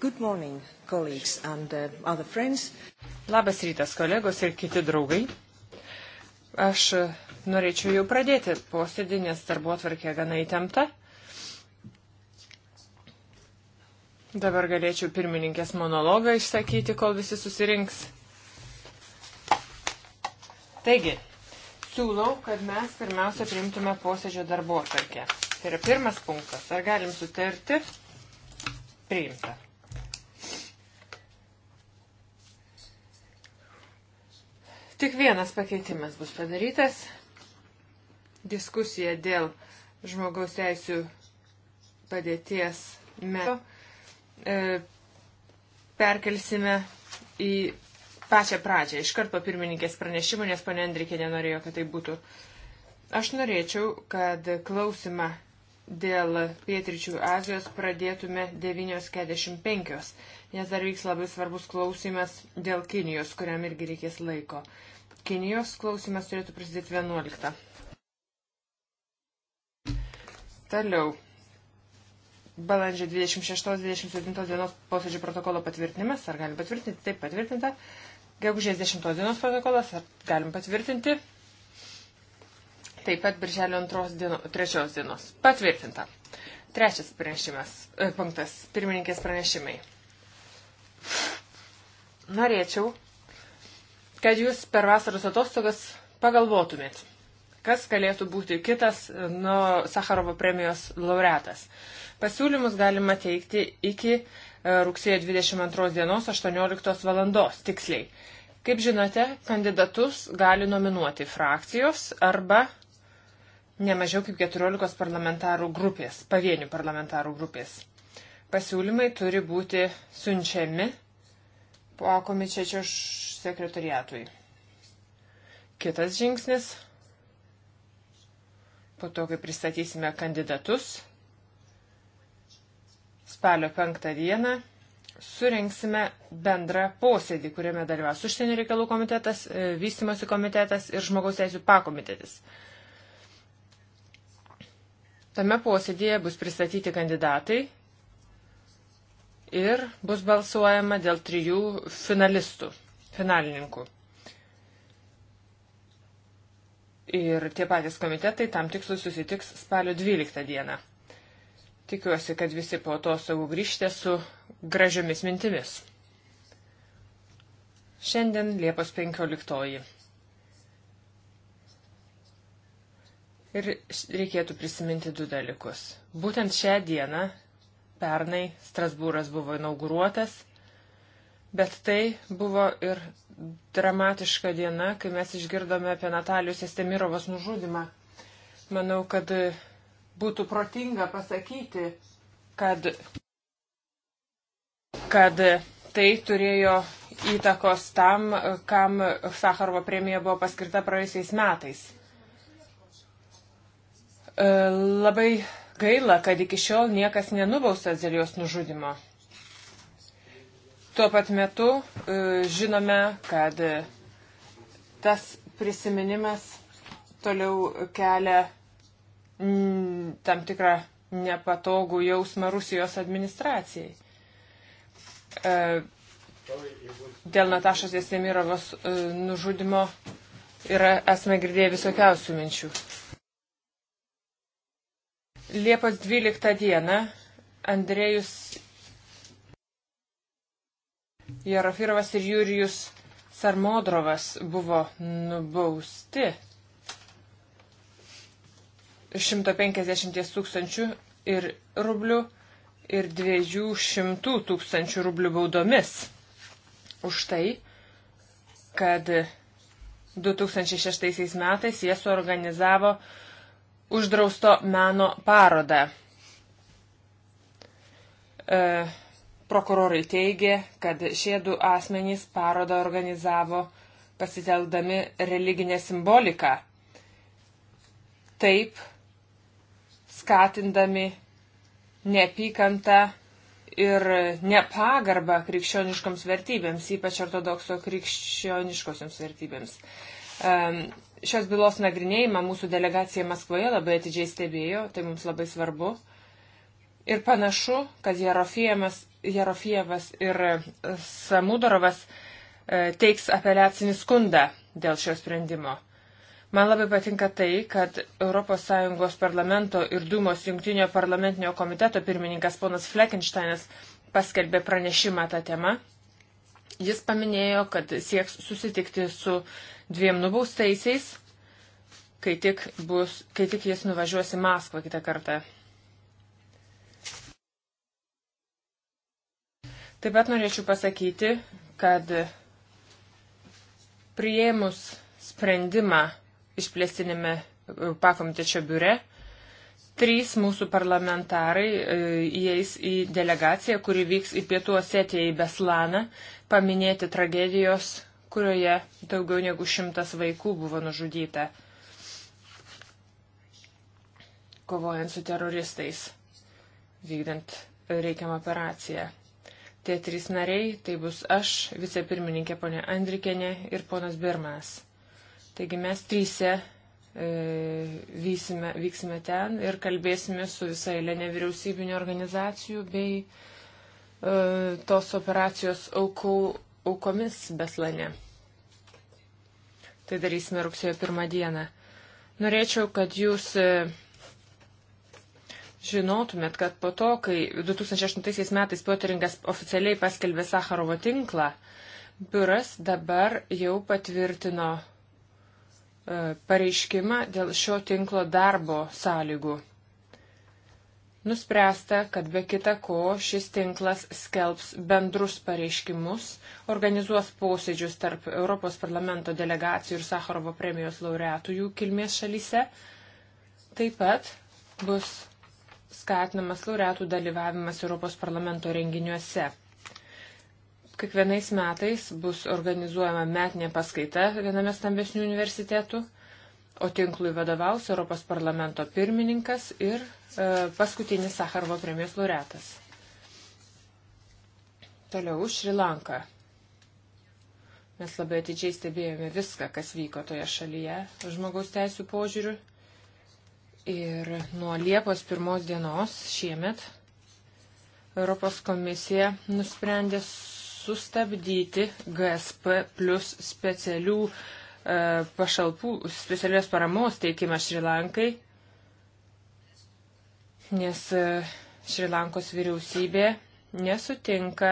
Good morning, colleagues and uh, other friends. Labas rytas, kolegos ir kiti draugai. Aš uh, norėčiau jau pradėti posėdį, nes darbo atvarkė gana įtempta. Dabar galėčiau pirmininkės monologą išsakyti, kol visi susirinks. Taigi, siūlau, kad mes pirmiausia priimtume posėdžio darbo atvarkę. Tai yra pirmas punktas. Ar galim sutarti? Priimta. Tik vienas pakeitimas bus padarytas. Diskusija dėl žmogaus teisų padėties metu e, perkelsime į pačią pradžią, iškart po pirmininkės pranešimų, nes ponė Andrikė nenorėjo, kad tai būtų. Aš norėčiau, kad klausimą dėl pietričių Azijos pradėtume 9.45 nes dar vyks labai svarbus klausimas dėl Kinijos, kuriam irgi reikės laiko. Kinijos klausimas turėtų prasidėti 11. Toliau. Balandžio 26-27 dienos posėdžio protokolo patvirtinimas. Ar galim patvirtinti? Taip, patvirtinta. Gegužės 10 dienos protokolas. Ar galim patvirtinti? Taip pat birželio 2 dieno, 3 dienos. Patvirtinta. Trečias pranešimas, e, punktas. Pirmininkės pranešimai norėčiau, kad jūs per vasaros atostogas pagalvotumėt, kas galėtų būti kitas e, nuo Sakarovo premijos laureatas. Pasiūlymus galima teikti iki e, rugsėjo 22 dienos 18 valandos tiksliai. Kaip žinote, kandidatus gali nominuoti frakcijos arba nemažiau kaip 14 parlamentarų grupės, pavienių parlamentarų grupės. Pasiūlymai turi būti siunčiami po komitečio sekretariatui. Kitas žingsnis. Po to, kai pristatysime kandidatus, spalio penktą dieną surinksime bendrą posėdį, kuriame dalyvaus užsienio reikalų komitetas, e, vystimosi komitetas ir žmogaus teisų pakomitetis. Tame posėdėje bus pristatyti kandidatai ir bus balsuojama dėl trijų finalistų, finalininkų. Ir tie patys komitetai tam tikslui susitiks spalio 12 dieną. Tikiuosi, kad visi po to savo grįžtė su gražiomis mintimis. Šiandien Liepos 15. Ir reikėtų prisiminti du dalykus. Būtent šią dieną Pernai Strasbūras buvo inauguruotas, bet tai buvo ir dramatiška diena, kai mes išgirdome apie Natalijos Estemirovos nužudimą. Manau, kad būtų protinga pasakyti, kad, kad tai turėjo įtakos tam, kam Sakarovo premija buvo paskirta praėjusiais metais. Labai Gaila, kad iki šiol niekas nenubaustas dėl jos nužudimo. Tuo pat metu e, žinome, kad e, tas prisiminimas toliau kelia mm, tam tikrą nepatogų jausmą Rusijos administracijai. E, dėl Natašos Jasemirovos nužudimo yra, esame girdėję visokiausių minčių. Liepos 12 dieną Andrėjus Jarofirovas ir Jurijus Sarmodrovas buvo nubausti 150 tūkstančių ir rublių ir 200 tūkstančių rublių baudomis už tai, kad 2006 metais jie suorganizavo uh, uždrausto meno parodą. E, prokurorai teigė, kad šie du asmenys parodą organizavo pasiteldami religinę simboliką, taip skatindami neapykantą ir nepagarbą krikščioniškoms vertybėms, ypač ortodokso krikščioniškosioms vertybėms. E, šios bylos nagrinėjimą mūsų delegacija Maskvoje labai atidžiai stebėjo, tai mums labai svarbu. Ir panašu, kad Jarofievas ir e, Samudorovas e, teiks apeliacinį skundą dėl šio sprendimo. Man labai patinka tai, kad ES parlamento ir Dūmos jungtinio parlamentinio komiteto pirmininkas ponas Fleckensteinas paskelbė pranešimą tą temą. Jis paminėjo, kad sieks susitikti su dviem nubaustaisiais, kai tik, bus, kai tik jis nuvažiuos į Maskvą kitą kartą. Taip pat norėčiau pasakyti, kad prieimus sprendimą išplėstinėme e, pakomitečio biure, trys mūsų parlamentarai e, įeis į delegaciją, kuri vyks į pietų Osetiją į Beslaną, paminėti tragedijos kurioje daugiau negu šimtas vaikų buvo nužudyta, kovojant su teroristais, vykdant reikiamą operaciją. Tie trys nariai - tai bus aš, vicepirmininkė ponė Andrikenė ir ponas Birmas. Taigi mes tryse e, vysime, vyksime ten ir kalbėsime su visai eilė nevyriausybinio organizacijų bei e, tos operacijos aukų aukomis Beslane. Tai darysime rugsėjo pirmą dieną. Norėčiau, kad jūs e, žinotumėt, kad po to, kai 2008 metais Poteringas oficialiai paskelbė Sakarovo tinklą, biuras dabar jau patvirtino e, pareiškimą dėl šio tinklo darbo sąlygų. Nuspręsta, kad be kita ko šis tinklas skelbs bendrus pareiškimus, organizuos posėdžius tarp Europos parlamento delegacijų ir Sakarovo premijos laureatų jų kilmės šalyse. Taip pat bus skatinamas laureatų dalyvavimas Europos parlamento renginiuose. Kiekvienais metais bus organizuojama metinė paskaita viename stambesnių universitetų o tinklui vadovaus Europos parlamento pirmininkas ir e, paskutinis Sakarvo premijos laureatas. Toliau Šrilanka. Mes labai atidžiai stebėjome viską, kas vyko toje šalyje žmogaus teisų požiūrių. Ir nuo Liepos pirmos dienos šiemet Europos komisija nusprendė sustabdyti GSP plus specialių uh, E, pašalpų specialios paramos teikimą Šrilankai, nes e, Šrilankos vyriausybė nesutinka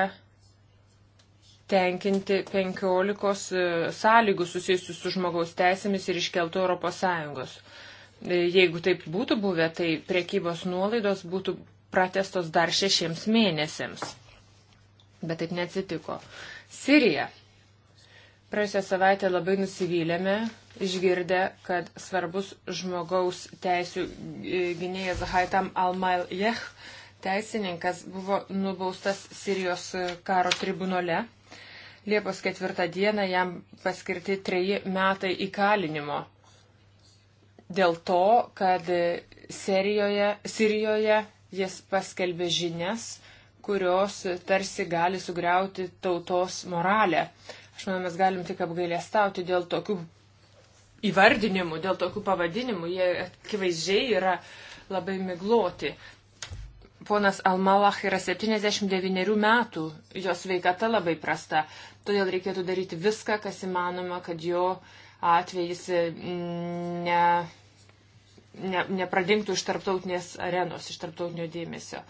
tenkinti 15 e, sąlygų susijusių su žmogaus teisėmis ir iškeltų ES. Jeigu taip būtų buvę, tai priekybos nuolaidos būtų pratestos dar šešiems mėnesiams. Bet taip neatsitiko. Sirija. Praėjusią savaitę labai nusivylėme, išgirdę, kad svarbus žmogaus teisų e, gynėjas Haitam Almail Jech teisininkas buvo nubaustas Sirijos karo tribunole. Liepos ketvirtą dieną jam paskirti treji metai įkalinimo. Dėl to, kad e, Serijoje, Sirijoje jis paskelbė žinias, kurios tarsi gali sugriauti tautos moralę. Aš manau, mes galim tik apgailėstauti dėl tokių įvardinimų, dėl tokių pavadinimų. Jie akivaizdžiai yra labai migloti. Ponas Almalach yra 79 metų, jo sveikata labai prasta, todėl reikėtų daryti viską, kas įmanoma, kad jo atvejis mm, ne, ne, nepradingtų iš tarptautinės arenos, iš tarptautinio dėmesio.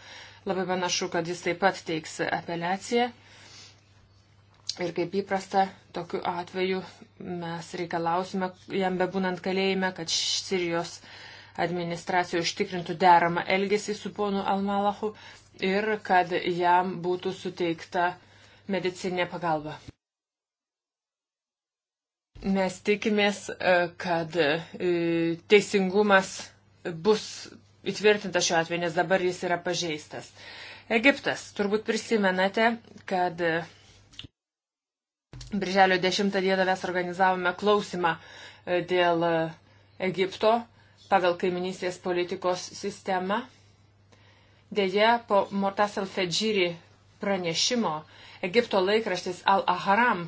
Labai panašu, kad jis taip pat teiks apeliaciją. Ir kaip įprasta, tokiu atveju mes reikalausime jam bebūnant kalėjime, kad Sirijos administracija užtikrintų deramą elgesį su ponu Almalahu ir kad jam būtų suteikta medicinė pagalba. Mes tikimės, e, kad e, teisingumas bus įtvirtintas šiuo atveju, nes dabar jis yra pažeistas. Egiptas, turbūt prisimenate, kad Birželio 10 dieną mes organizavome klausimą e, dėl e, Egipto pagal kaiminystės politikos sistemą. Deja, po Mortas Alfedžyri pranešimo Egipto laikraštis Al-Aharam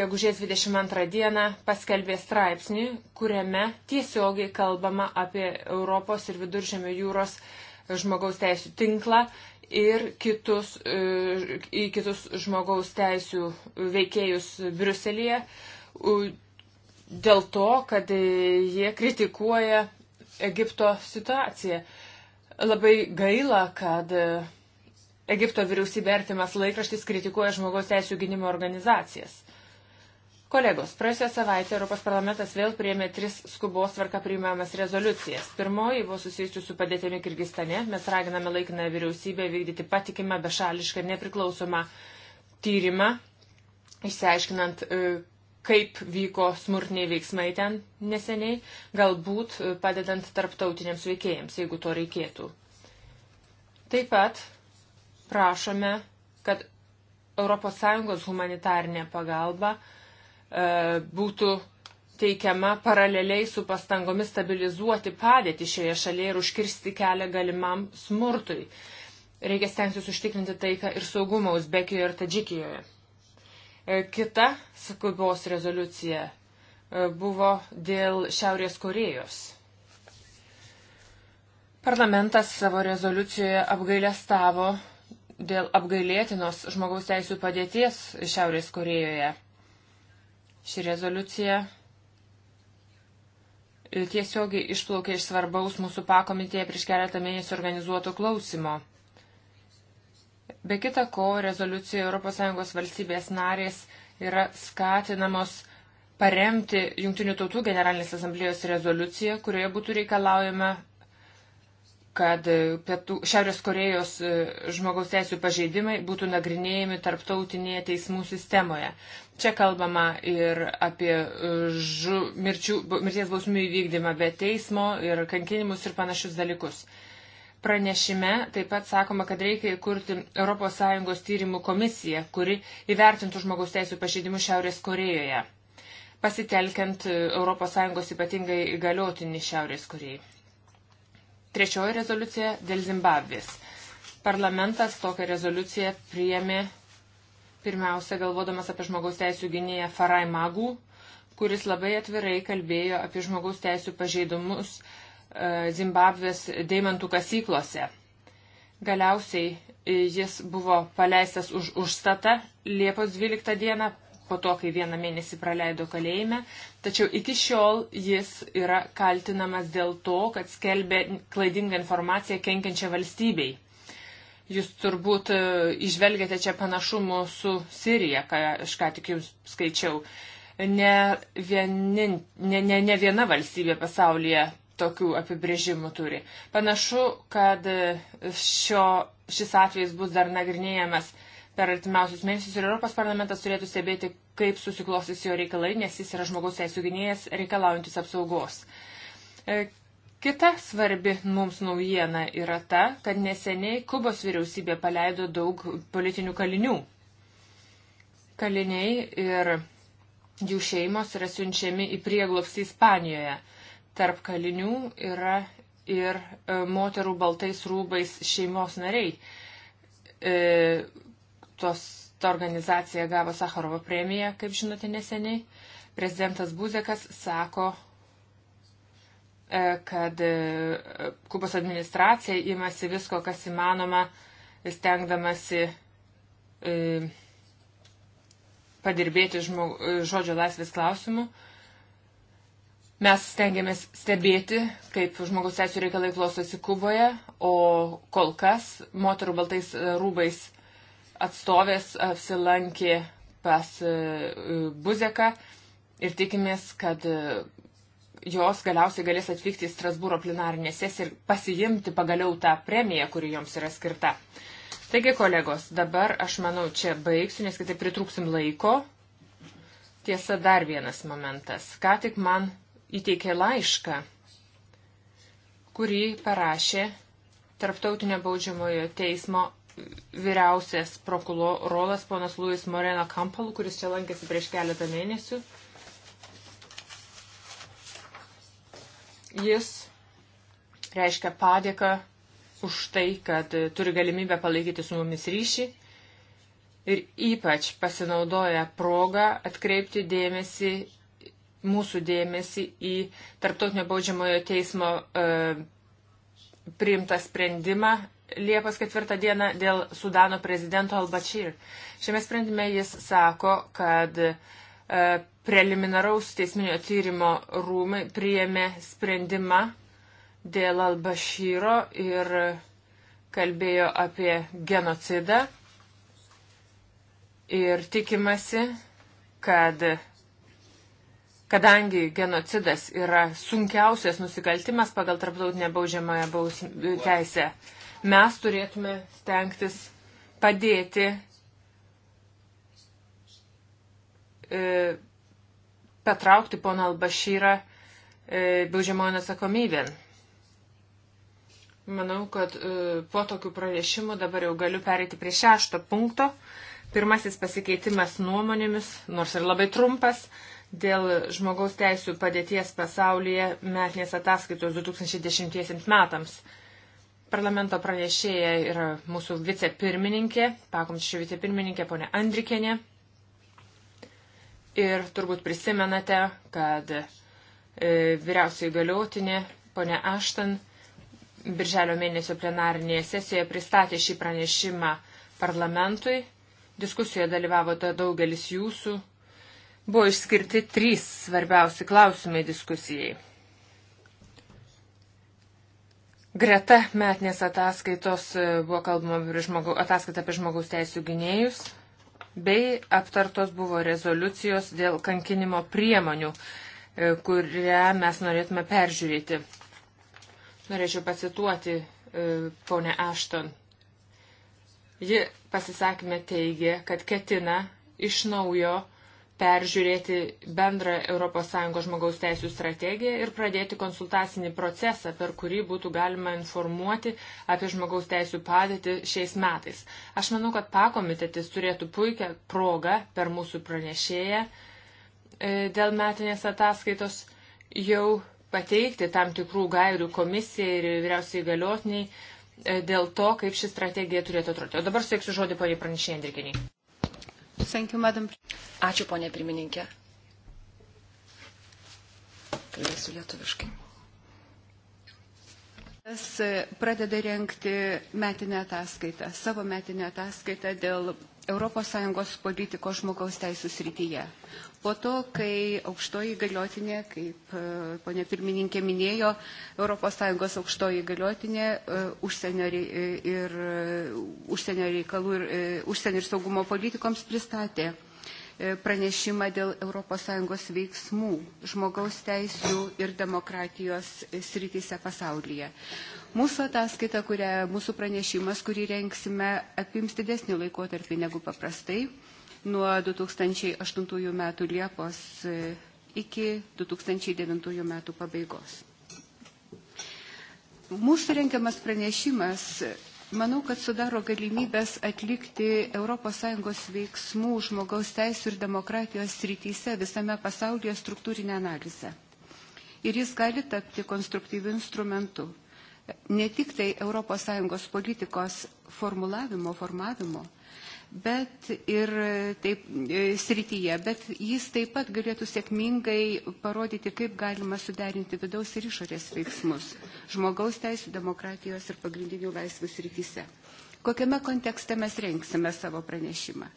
gegužės 22 dieną paskelbė straipsnį, kuriame tiesiogiai kalbama apie Europos ir Viduržėmio jūros žmogaus teisų tinklą ir kitus, e, į kitus žmogaus teisų veikėjus Briuselėje dėl to, kad jie kritikuoja Egipto situaciją. Labai gaila, kad Egipto vyriausybė artimas laikraštis kritikuoja žmogaus teisų gynimo organizacijas. Kolegos, praėjusią savaitę Europos parlamentas vėl priėmė tris skubos tvarka priimamas rezoliucijas. Pirmoji buvo susijusi su padėtėmi Kirgistane. Mes raginame laikiną vyriausybę vykdyti patikimą, bešališką ir nepriklausomą tyrimą, išsiaiškinant, e, kaip vyko smurtiniai veiksmai ten neseniai, galbūt e, padedant tarptautiniams veikėjams, jeigu to reikėtų. Taip pat prašome, kad ES humanitarinė pagalba E, būtų teikiama paraleliai su pastangomis stabilizuoti padėtį šioje šalyje ir užkirsti kelią galimam smurtui. Reikia stengtis užtikrinti taiką ir saugumą Uzbekijoje ir Tadžikijoje. E, kita skubos rezoliucija e, buvo dėl Šiaurės Korejos. Parlamentas savo rezoliucijoje apgailestavo dėl apgailėtinos žmogaus teisų padėties Šiaurės Korejoje Ši rezoliucija tiesiogiai išplaukė iš svarbaus mūsų pakomitėje prieš keletą mėnesių organizuoto klausimo. Be kita ko, rezoliucijoje ES valstybės narės yra skatinamos paremti Junktinių tautų generalinės asamblėjos rezoliuciją, kurioje būtų reikalaujama kad pietų, Šiaurės Korejos e, žmogaus teisų pažeidimai būtų nagrinėjami tarptautinėje teismų sistemoje. Čia kalbama ir apie e, žu, mirčių, mirties bausmių įvykdymą be teismo ir kankinimus ir panašius dalykus. Pranešime taip pat sakoma, kad reikia įkurti ES tyrimų komisiją, kuri įvertintų žmogaus teisų pažeidimus Šiaurės Korejoje, pasitelkiant ES ypatingai įgaliotinį Šiaurės Korejai. Trečioji rezoliucija dėl Zimbabvės. Parlamentas tokią rezoliuciją priėmė pirmiausia galvodamas apie žmogaus teisų gynėją Farai Magų, kuris labai atvirai kalbėjo apie žmogaus teisų pažeidumus e, Zimbabvės deimantų kasyklose. Galiausiai e, jis buvo paleistas už užstatą Liepos 12 dieną po to, kai vieną mėnesį praleido kalėjime, tačiau iki šiol jis yra kaltinamas dėl to, kad skelbė klaidingą informaciją kenkiančią valstybei. Jūs turbūt e, išvelgėte čia panašumų su Sirija, ką aš ką tik jums skaičiau. Ne, vienin, ne, ne, ne viena valstybė pasaulyje tokių apibrėžimų turi. Panašu, kad e, šio, šis atvejis bus dar nagrinėjamas uh, per artimiausius mėnesius ir Europos parlamentas turėtų stebėti, kaip susiklostys jo reikalai, nes jis yra žmogaus teisų gynėjas reikalaujantis apsaugos. E, kita svarbi mums naujiena yra ta, kad neseniai Kubos vyriausybė paleido daug politinių kalinių. Kaliniai ir jų šeimos yra siunčiami į prieglopstį Ispanijoje. Tarp kalinių yra ir e, moterų baltais rūbais šeimos nariai. E, tos, ta organizacija gavo Sakarovo premiją, kaip žinote, neseniai. Prezidentas Buzekas sako, e, kad e, Kubos administracija imasi visko, kas įmanoma, stengdamasi e, padirbėti žmog, žodžio laisvės klausimų. Mes stengiamės stebėti, kaip žmogus teisų reikalai klostosi Kuboje, o kol kas moterų baltais rūbais atstovės apsilankė pas e, Buzeką ir tikimės, kad e, jos galiausiai galės atvykti į Strasbūro plenarinę sesiją ir pasiimti pagaliau tą premiją, kuri joms yra skirta. Taigi, kolegos, dabar aš manau, čia baigsiu, nes kitaip pritrūksim laiko. Tiesa, dar vienas momentas. Ką tik man įteikė laišką, kurį parašė Tarptautinio baudžiamojo teismo vyriausias prokuroras ponas Luis Moreno Kampalu, kuris čia lankėsi prieš keletą mėnesių. Jis reiškia padėką už tai, kad turi galimybę palaikyti su mumis ryšį ir ypač pasinaudoja progą atkreipti dėmesį, mūsų dėmesį į Tarptautinio baudžiamojo teismo e, priimtą sprendimą Liepos ketvirtą dieną dėl Sudano prezidento Al-Bashir. Šiame sprendime jis sako, kad e, preliminaraus teisminio tyrimo rūmai priėmė sprendimą dėl Al-Bashiro ir kalbėjo apie genocidą. Ir tikimasi, kad kadangi genocidas yra sunkiausias nusikaltimas pagal tarptautinę baudžiamąją teisę, e, mes turėtume stengtis padėti e, patraukti poną Albašyrą e, baudžiamojo atsakomybėn. Manau, kad e, po tokių pranešimų dabar jau galiu pereiti prie šešto punkto. Pirmasis pasikeitimas nuomonėmis, nors ir labai trumpas, dėl žmogaus teisų padėties pasaulyje metinės ataskaitos 2010 metams. Parlamento pranešėja yra mūsų vicepirmininkė, pakomčių vicepirmininkė ponė Andrikienė. Ir turbūt prisimenate, kad e, vyriausiai galiotinė ponė Aštan Birželio mėnesio plenarinėje sesijoje pristatė šį pranešimą parlamentui. Diskusijoje dalyvavote daugelis jūsų. Buvo išskirti trys svarbiausi klausimai diskusijai. Greta metinės ataskaitos e, buvo kalbama apie žmogų, ataskaitą apie žmogaus teisų gynėjus, bei aptartos buvo rezoliucijos dėl kankinimo priemonių, e, kurią mes norėtume peržiūrėti. Norėčiau pacituoti e, ponę Ašton. Ji pasisakymė teigė, kad ketina iš naujo uh, peržiūrėti bendrą ES žmogaus teisų strategiją ir pradėti konsultacinį procesą, per kurį būtų galima informuoti apie žmogaus teisų padėtį šiais metais. Aš manau, kad pakomitetis turėtų puikią progą per mūsų pranešėją e, dėl metinės ataskaitos jau pateikti tam tikrų gairių komisijai ir vyriausiai galiotiniai e, dėl to, kaip ši strategija turėtų atrodyti. O dabar suteiksiu žodį poniai pranešėjai Andrikiniai. Ačiū, ponė pirmininkė. Kalbėsiu lietuviškai. Es e, pradeda renkti metinę ataskaitą, savo metinę ataskaitą dėl ES politikos žmogaus teisų srityje po to, kai aukštoji galiotinė, kaip e, ponė pirmininkė minėjo, ES aukštoji galiotinė e, užsienio, e, ir, užsienio reikalų ir užsienio ir saugumo politikoms pristatė pranešimą dėl ES veiksmų žmogaus teisų ir demokratijos srityse pasaulyje. Mūsų ataskaita, kurią, mūsų pranešimas, kurį renksime, apims didesnį laikotarpį negu paprastai nuo 2008 metų Liepos e, iki 2009 metų pabaigos. Mūsų rengiamas pranešimas, manau, kad sudaro galimybės atlikti ES veiksmų žmogaus teisų ir demokratijos srityse visame pasaulyje struktūrinę analizę. Ir jis gali tapti konstruktyviu instrumentu ne tik tai ES politikos formulavimo, formavimo, bet ir taip e, srityje, bet jis taip pat galėtų sėkmingai parodyti, kaip galima suderinti vidaus ir išorės veiksmus žmogaus teisų, demokratijos ir pagrindinių laisvų srityse. Kokiame kontekste mes renksime savo pranešimą?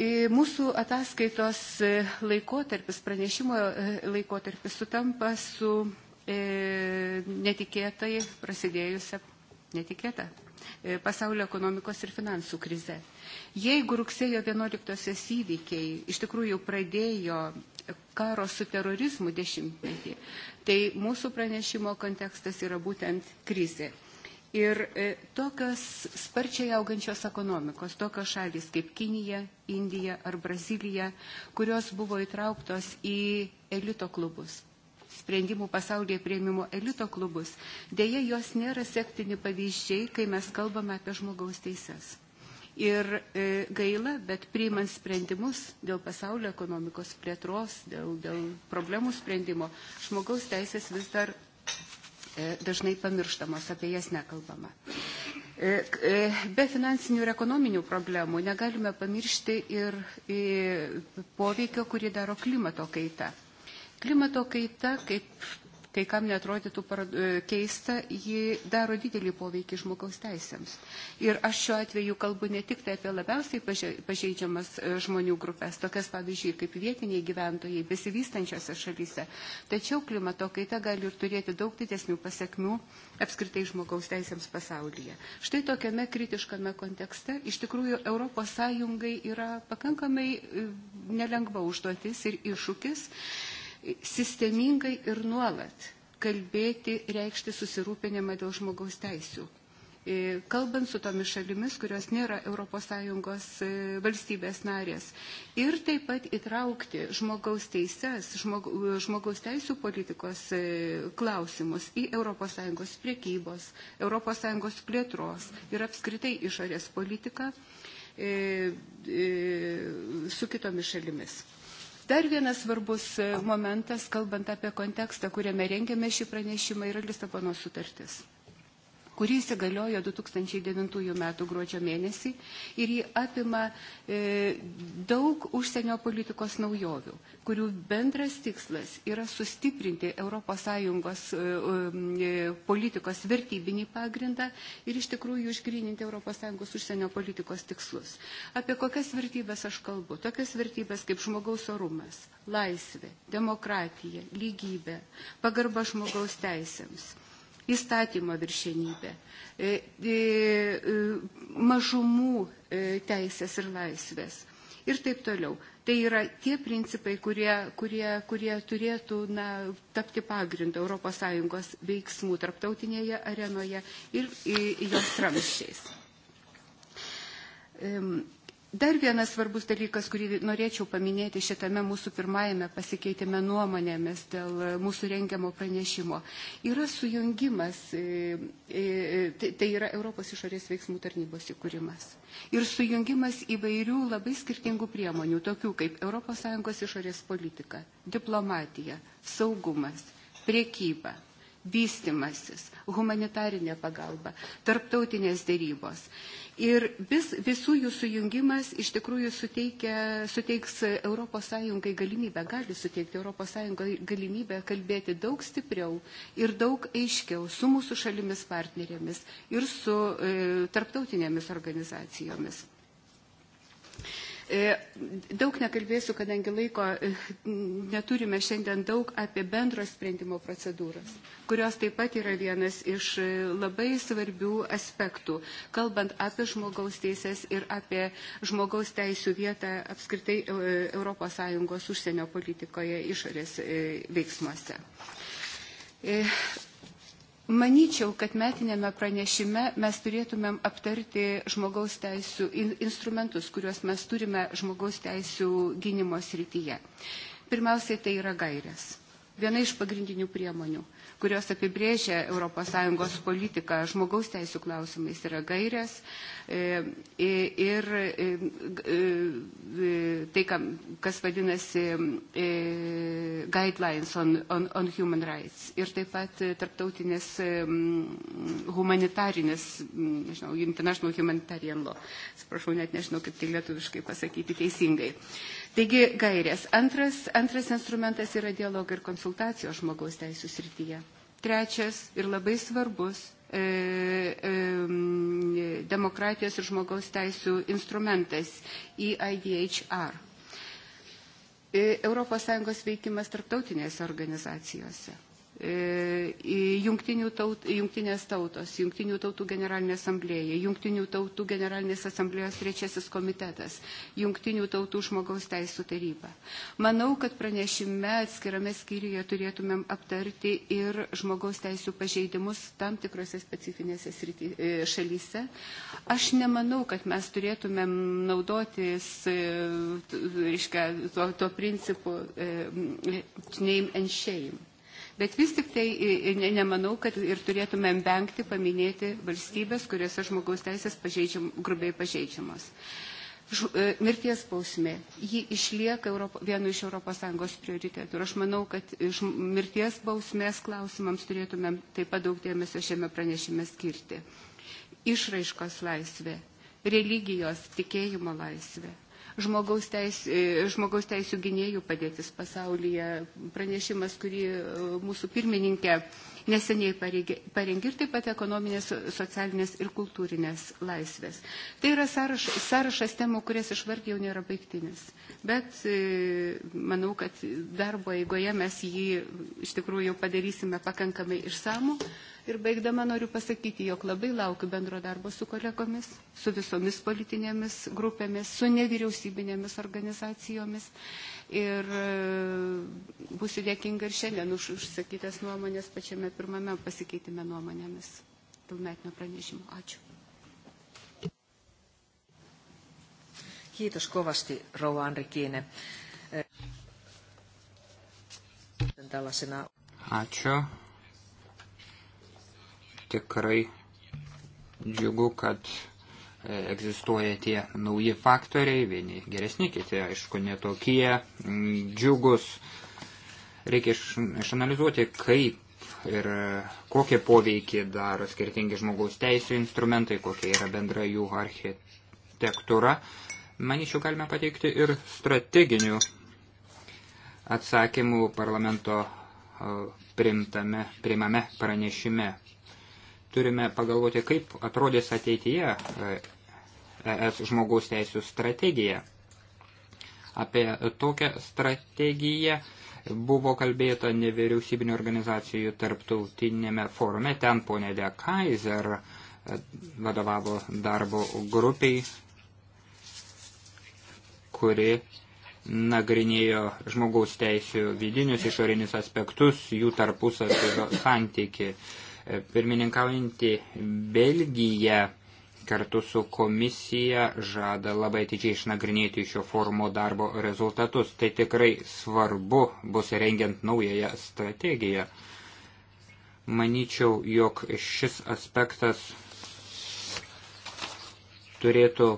E, mūsų ataskaitos e, laikotarpis, pranešimo laikotarpis sutampa su e, netikėtai prasidėjusią, netikėtą E, pasaulio ekonomikos ir finansų krize. Jeigu rugsėjo 11-osios įvykiai iš tikrųjų pradėjo karo su terorizmu dešimtmetį, tai mūsų pranešimo kontekstas yra būtent krizė. Ir e, tokios sparčiai augančios ekonomikos, tokios šalis kaip Kinija, Indija ar Brazilija, kurios buvo įtrauktos į elito klubus, sprendimų pasaulyje prieimimo elito klubus, dėja jos nėra sektini pavyzdžiai, kai mes kalbame apie žmogaus teises. Ir e, gaila, bet priimant sprendimus dėl pasaulio ekonomikos plėtros, dėl, dėl problemų sprendimo, žmogaus teisės vis dar e, dažnai pamirštamos, apie jas nekalbama. E, be finansinių ir ekonominių problemų negalime pamiršti ir poveikio, kurį daro klimato kaita. Klimato kaita, kaip kai kam netrodytų e, keista, ji daro didelį poveikį žmogaus teisėms. Ir aš šiuo atveju kalbu ne tik tai apie labiausiai pažeidžiamas e, žmonių grupės, tokias pavyzdžiui kaip vietiniai gyventojai besivystančiose šalyse, tačiau klimato kaita gali ir turėti daug didesnių pasiekmių apskritai žmogaus teisėms pasaulyje. Štai tokiame kritiškame kontekste iš tikrųjų ES yra pakankamai e, nelengva užduotis ir iššūkis sistemingai ir nuolat kalbėti, reikšti susirūpinimą dėl žmogaus teisių. E, kalbant su tomis šalimis, kurios nėra ES e, valstybės narės. Ir taip pat įtraukti žmogaus teises, žmogaus teisų politikos e, klausimus į ES priekybos, ES plėtros ir apskritai išorės politiką su kitomis šalimis. Dar vienas svarbus e, momentas, kalbant apie kontekstą, kuriame rengiame šį pranešimą, yra Lisabono sutartis kuri įsigaliojo 2009 m. gruodžio mėnesį ir jį apima e, daug užsienio politikos naujovių, kurių bendras tikslas yra sustiprinti ES e, e, politikos vertybinį pagrindą ir iš tikrųjų išgrininti ES užsienio politikos tikslus. Apie kokias vertybės aš kalbu? Tokias vertybės kaip žmogaus orumas, laisvė, demokratija, lygybė, pagarba žmogaus teisėms įstatymo viršenybę, e, e, e, mažumų teisės ir laisvės ir taip toliau. Tai yra tie principai, kurie, kurie, kurie turėtų na, tapti pagrindu ES veiksmų tarptautinėje arenoje ir jos ramščiais. Dar vienas svarbus dalykas, kurį norėčiau paminėti šitame mūsų pirmajame pasikeitime nuomonėmis dėl e, mūsų rengiamo pranešimo, yra sujungimas, e, e, tai, tai yra Europos išorės veiksmų tarnybos įkūrimas. Ir sujungimas įvairių labai skirtingų priemonių, tokių kaip ES išorės politika, diplomatija, saugumas, priekyba, vystimasis, humanitarinė pagalba, tarptautinės dėrybos. Ir vis, visų jų sujungimas iš tikrųjų suteikia, suteiks ES galimybę, gali suteikti ES galimybę kalbėti daug stipriau ir daug aiškiau su mūsų šalimis partnerėmis ir su e, tarptautinėmis organizacijomis. E, daug nekalbėsiu, kadangi laiko e, neturime šiandien daug apie bendro sprendimo procedūras, kurios taip pat yra vienas iš e, labai svarbių aspektų, kalbant apie žmogaus teisės ir apie žmogaus teisų vietą apskritai ES užsienio politikoje išorės veiksmuose. Maničiau, kad metinėme pranešime mes turėtumėm aptarti žmogaus teisų instrumentus, kuriuos mes turime žmogaus teisų gynimo srityje. Pirmiausiai tai yra gairės. Viena iš pagrindinių priemonių kurios apibrėžia ES politiką žmogaus teisų klausimais, yra gairės. E, ir e, e, tai, kas vadinasi guidelines on, on, on human rights. Ir taip pat tarptautinės humanitarinės, nežinau, international humanitarian law. Atsiprašau, net nežinau, kaip tai lietuviškai pasakyti teisingai. Uh, Taigi gairės. Antras, antras instrumentas yra dialogo ir konsultacijos žmogaus teisų srityje. Trečias ir labai svarbus e, e, demokratijos ir žmogaus teisų instrumentas EIDHR. ES veikimas tarptautinėse organizacijose. E, taut, jungtinės tautos, jungtinių tautų generalinė asamblėja, jungtinių tautų generalinės asamblėjos trečiasis komitetas, jungtinių tautų žmogaus teisų taryba. Manau, kad pranešime atskirame skyriuje turėtumėm aptarti ir žmogaus teisų pažeidimus tam tikrose specifinėse srity, e, šalyse. Aš nemanau, kad mes turėtumėm naudotis e, reiškia, tuo, tuo principu name and shame Bet vis tik tai ne, nemanau, kad ir turėtumėm vengti paminėti valstybės, kuriuose žmogaus teisės pažeidžiam, grubiai pažeidžiamos. Ž, e, mirties bausmė. Ji išlieka Europo, vienu iš ES prioritetų. Ir aš manau, kad iš mirties bausmės klausimams turėtumėm taip pat daug dėmesio šiame pranešime skirti. Išraiškos laisvė, religijos tikėjimo laisvė, žmogaus, teis, e, žmogaus teisų gynėjų padėtis pasaulyje. Pranešimas, kurį e, mūsų pirmininkė neseniai parengė ir taip pat ekonominės, socialinės ir kultūrinės laisvės. Tai yra sąrašas, sąrašas temų, kurias išvardėjau, nėra baigtinis. Bet e, manau, kad darbo eigoje mes jį iš tikrųjų padarysime pakankamai išsamų. Ir baigdama noriu pasakyti, jog labai laukiu bendro darbo su kolegomis, su visomis politinėmis grupėmis, su nevyriausybinėmis organizacijomis. Ir e, būsiu dėkinga ir šiandien už užsakytas nuomonės pačiame pirmame pasikeitime nuomonėmis pilmetinio pranešimo. Ačiū. Kiitos kovasti, rouva Andrikiine. Eh, tällaisena... Ačiū. Tikrai džiugu, kad eh, egzistuoja tie nauji faktoriai, vieni geresni, kiti, aišku, netokie mm, džiugus. Reikia išanalizuoti, kaip ir e, kokie poveikiai daro skirtingi žmogaus teisų instrumentai, kokia yra bendra jų architektūra. Manyčiau, galime pateikti ir strateginių atsakymų parlamento e, primtame, primame pranešime. Turime pagalvoti, kaip atrodys ateityje ES e žmogaus teisų strategija. Apie tokią strategiją buvo kalbėta nevyriausybinio organizacijų tarptautinėme forume. Ten ponė De Kaiser e, vadovavo darbo grupiai, kuri nagrinėjo žmogaus teisų vidinius išorinius aspektus, jų tarpusavio santyki. E, Pirmininkaujantį Belgiją kartu su komisija žada labai atidžiai išnagrinėti šio forumo darbo rezultatus. Tai tikrai svarbu bus rengiant naująją strategiją. Maničiau, jog šis aspektas turėtų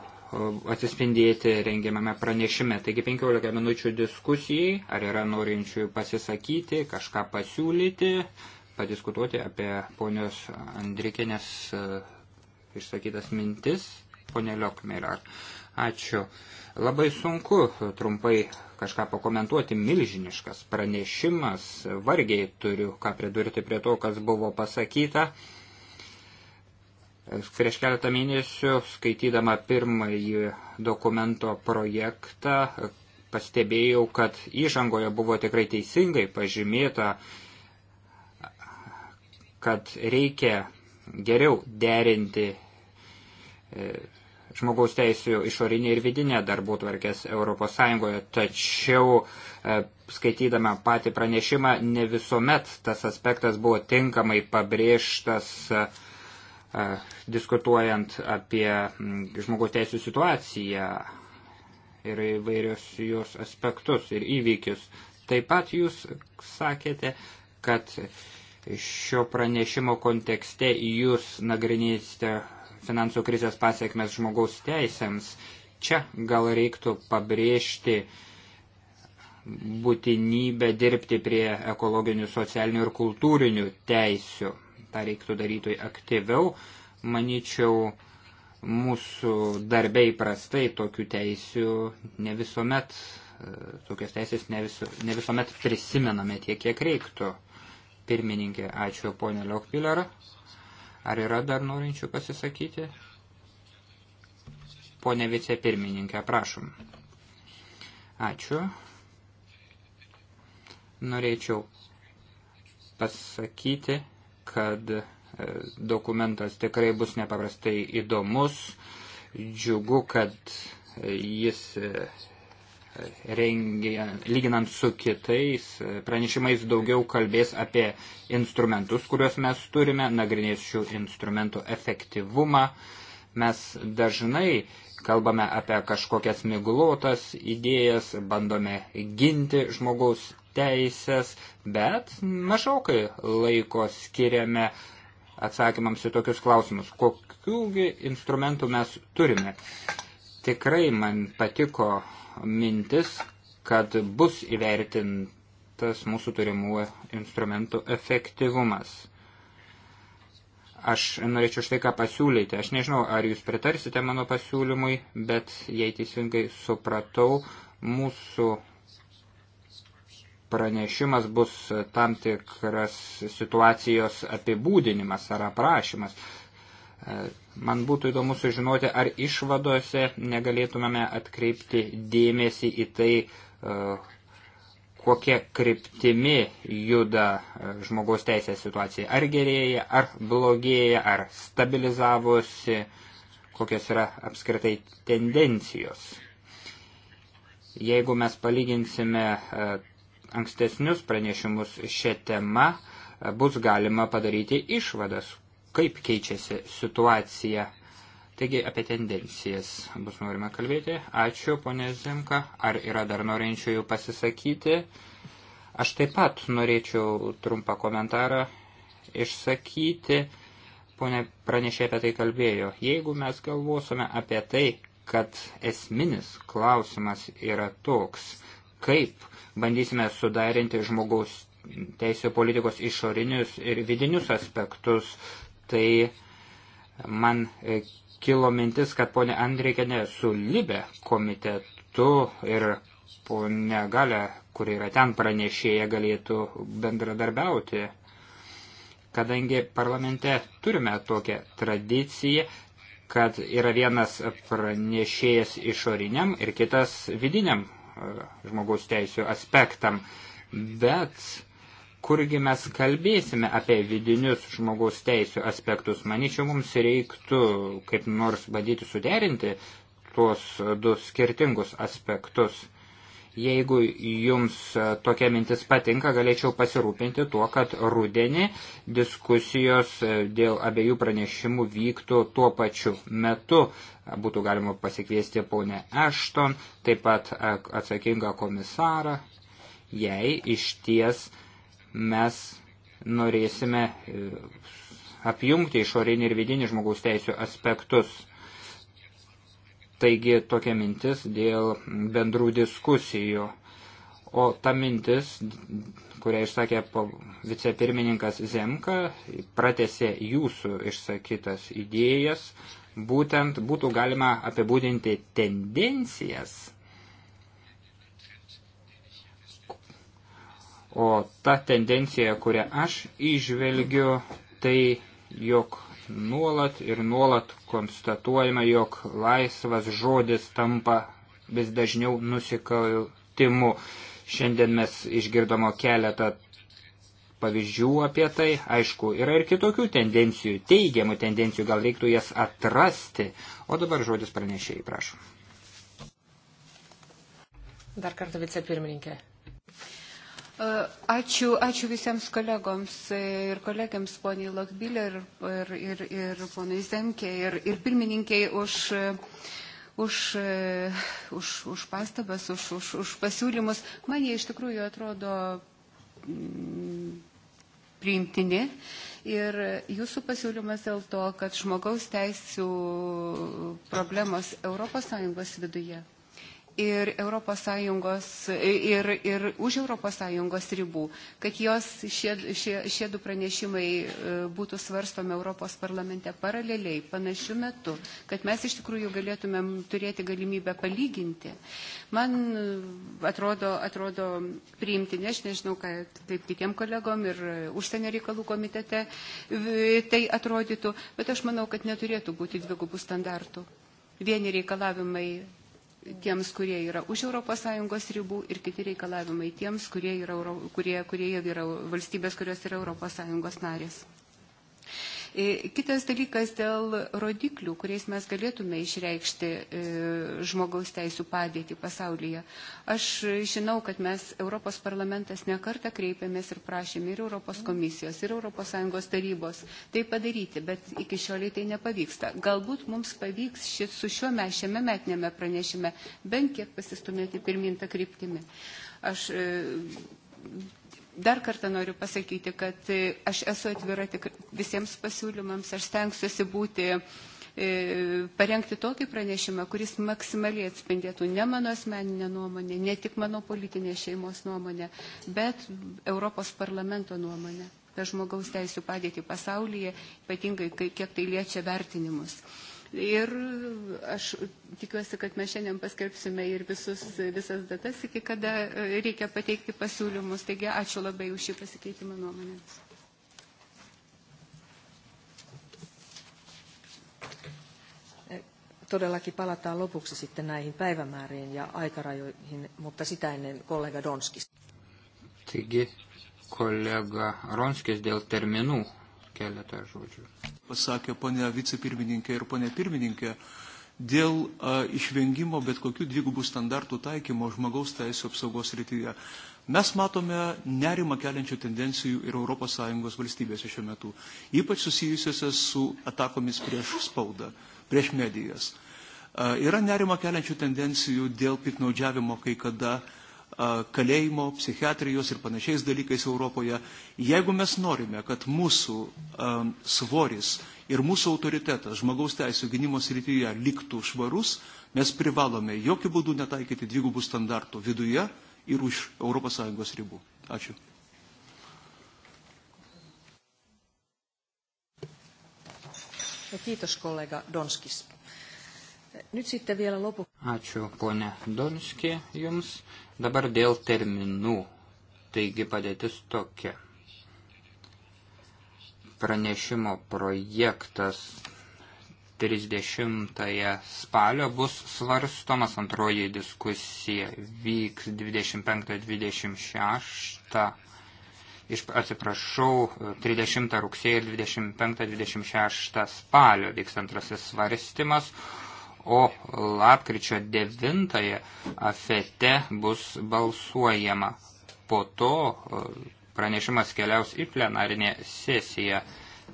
atsispindėti rengiamame pranešime. Taigi 15 minučių diskusijai, ar yra norinčių pasisakyti, kažką pasiūlyti, padiskutuoti apie ponios Andrikinės išsakytas mintis, ponė Liokmerar. Ačiū. Labai sunku trumpai kažką pakomentuoti, milžiniškas pranešimas, vargiai turiu ką pridurti prie to, kas buvo pasakyta. Prieš keletą mėnesių, skaitydama pirmąjį dokumento projektą, pastebėjau, kad įžangoje buvo tikrai teisingai pažymėta, kad reikia geriau derinti e, žmogaus teisų išorinė ir vidinė darbų tvarkės ES, tačiau e, skaitydama patį pranešimą ne visuomet tas aspektas buvo tinkamai pabrėžtas e, diskutuojant apie mm, žmogaus teisų situaciją ir įvairius jos aspektus ir įvykius. Taip pat jūs sakėte, kad Tai šio pranešimo kontekste jūs nagrinėsite finansų krizės pasiekmes žmogaus teisėms. Čia gal reiktų pabrėžti būtinybę dirbti prie ekologinių, socialinių ir kultūrinių teisių. Ta reiktų daryti aktyviau. Maničiau, mūsų darbiai prastai tokių teisių ne visuomet, e, tokios teisės ne, visu, ne visuomet prisimename tiek, kiek reiktų pirmininkė. Ačiū, ponė Liokpiler. Ar yra dar norinčių pasisakyti? Pone vicepirmininkė, prašom. Ačiū. Norėčiau pasakyti, kad e, dokumentas tikrai bus nepaprastai įdomus. Džiugu, kad e, jis e, rengia, lyginant su kitais e, pranešimais daugiau kalbės apie instrumentus, kuriuos mes turime, nagrinės šių instrumentų efektyvumą. Mes dažnai kalbame apie kažkokias miglotas idėjas, bandome ginti žmogaus teisės, bet mažokai laiko skiriame atsakymams į tokius klausimus, kokiųgi instrumentų mes turime. Tikrai man patiko mintis, kad bus įvertintas mūsų turimų instrumentų efektyvumas. Aš norėčiau štai ką pasiūlyti. Aš nežinau, ar jūs pritarsite mano pasiūlymui, bet jei teisingai supratau, mūsų pranešimas bus tam tikras situacijos apibūdinimas ar aprašymas. Man būtų įdomu sužinoti, ar išvadose negalėtumėme atkreipti dėmesį į tai, e, kokia kryptimi juda e, žmogaus teisės situacija. Ar gerėja, ar blogėja, ar stabilizavosi, kokios yra apskritai tendencijos. Jeigu mes palyginsime e, ankstesnius pranešimus šią temą, bus galima padaryti išvadas, kaip keičiasi situacija. Taigi apie tendencijas bus norime kalbėti. Ačiū, ponė Zemka. Ar yra dar norinčiųjų pasisakyti? Aš taip pat norėčiau trumpą komentarą išsakyti. Pone pranešė apie tai kalbėjo. Jeigu mes galvosime apie tai, kad esminis klausimas yra toks, kaip bandysime sudarinti žmogaus teisų politikos išorinius ir vidinius aspektus, tai man e, kilo mintis, kad ponė Andrėkenė su Libe komitetu ir ponė Galė, kuri yra ten pranešėja, galėtų bendradarbiauti. Kadangi parlamente turime tokią tradiciją, kad yra vienas pranešėjas išoriniam ir kitas vidiniam e, žmogaus teisų aspektam, bet kurgi mes kalbėsime apie vidinius žmogaus teisų aspektus. Manyčiau, mums reiktų kaip nors bandyti suderinti tuos du skirtingus aspektus. Jeigu jums tokia mintis patinka, galėčiau pasirūpinti tuo, kad rudenį diskusijos dėl abiejų pranešimų vyktų tuo pačiu metu. Būtų galima pasikviesti ponę Ashton, taip pat atsakingą komisarą, jei iš ties uh, mes norėsime e, apjungti išorinį ir vidinį žmogaus teisų aspektus. Taigi tokia mintis dėl bendrų diskusijų. O ta mintis, kurią išsakė vicepirmininkas Zemka, pratėsi jūsų išsakytas idėjas, būtent būtų galima apibūdinti tendencijas O ta tendencija, kurią aš išvelgiu, tai jog nuolat ir nuolat konstatuojama, jog laisvas žodis tampa vis dažniau nusikaltimu. Šiandien mes išgirdome keletą pavyzdžių apie tai. Aišku, yra ir kitokių tendencijų, teigiamų tendencijų, gal reiktų jas atrasti. O dabar žodis pranešėjai, prašom. Dar kartą vicepirmininkė. E, ačiū, ačiū visiems kolegoms ir kolegiams, poniai Lokbilė ir, ir, ir, ir poniai Zemkė ir, ir pirmininkiai už, už, už, už pastabas, už, už, už pasiūlymus. Man jie iš tikrųjų atrodo mm, priimtini. Ir jūsų pasiūlymas dėl to, kad žmogaus teisų problemos ES viduje ir, ES, ir, ir už ES ribų, kad jos šie, šie, šie du pranešimai e, būtų svarstomi Europos parlamente paraleliai, panašiu metu, kad mes iš tikrųjų galėtumėm turėti galimybę palyginti. Man atrodo, atrodo priimti, ne, aš nežinau, kad, kaip kitiem kolegom ir užsienio reikalų komitete tai atrodytų, bet aš manau, kad neturėtų būti dvigubų standartų. Vieni reikalavimai tiems, kurie yra už ES ribų ir kiti reikalavimai tiems, kurie, yra, kurie, kurie yra valstybės, kurios yra ES narės. E, kitas dalykas dėl rodiklių, kuriais mes galėtume išreikšti e, žmogaus teisų padėtį pasaulyje. Aš žinau, kad mes Europos parlamentas nekartą kreipėmės ir prašėme ir Europos komisijos, ir ES tarybos tai padaryti, bet iki šioliai tai nepavyksta. Galbūt mums pavyks šit, su šiuo mes šiame metinėme pranešime bent kiek pasistumėti pirmintą kryptimį. Aš e, dar kartą noriu pasakyti, kad e, aš esu atvira tik visiems pasiūlymams, aš stengsiuosi būti e, parengti tokį pranešimą, kuris maksimaliai atspindėtų ne mano asmeninę nuomonę, ne tik mano politinę šeimos nuomonę, bet Europos parlamento nuomonę apie žmogaus teisų padėtį pasaulyje, ypatingai kiek tai liečia vertinimus. Ir aš tikiuosi, kad mes šiandien paskelbsime ir visus, visas datas, iki kada e, reikia pateikti pasiūlymus. Taigi ačiū labai už šį pasikeitimą nuomonėmis. E, todellakin palataan lopuksi sitten näihin päivämääriin ja aikarajoihin, mutta sitä ennen kollega Donskis. Taigi kollega Ronskis dėl terminų keletą žodžių. Pasakė ponia vicepirmininkė ir ponia pirmininkė, dėl a, išvengimo bet kokių dvigubų standartų taikymo žmogaus teisų apsaugos rytyje. Mes matome nerimą keliančių tendencijų ir ES valstybėse šiuo metu, ypač susijusiuose su atakomis prieš spaudą, prieš medijas. A, yra nerima keliančių tendencijų dėl piknaudžiavimo kai kada uh, kalėjimo, psichiatrijos ir panašiais dalykais Europoje. Jeigu mes norime, kad mūsų svoris ir mūsų autoritetas žmogaus teisų gynimo srityje liktų švarus, mes privalome jokių būdų netaikyti dvigubų standartų viduje ir už ES ribų. Ačiū. Ja kiitos kollega Donskis. Ačiū, ponė Donskė, jums. Dabar dėl terminų. Taigi padėtis tokia. Pranešimo projektas 30 spalio bus svarstomas, antroji diskusija vyks 25-26 iš, atsiprašau, 30 rugsėjo ir 25-26 spalio vyks antrasis svarstymas, o lapkričio 9 afete bus balsuojama. Po to e, pranešimas keliaus į plenarinę sesiją,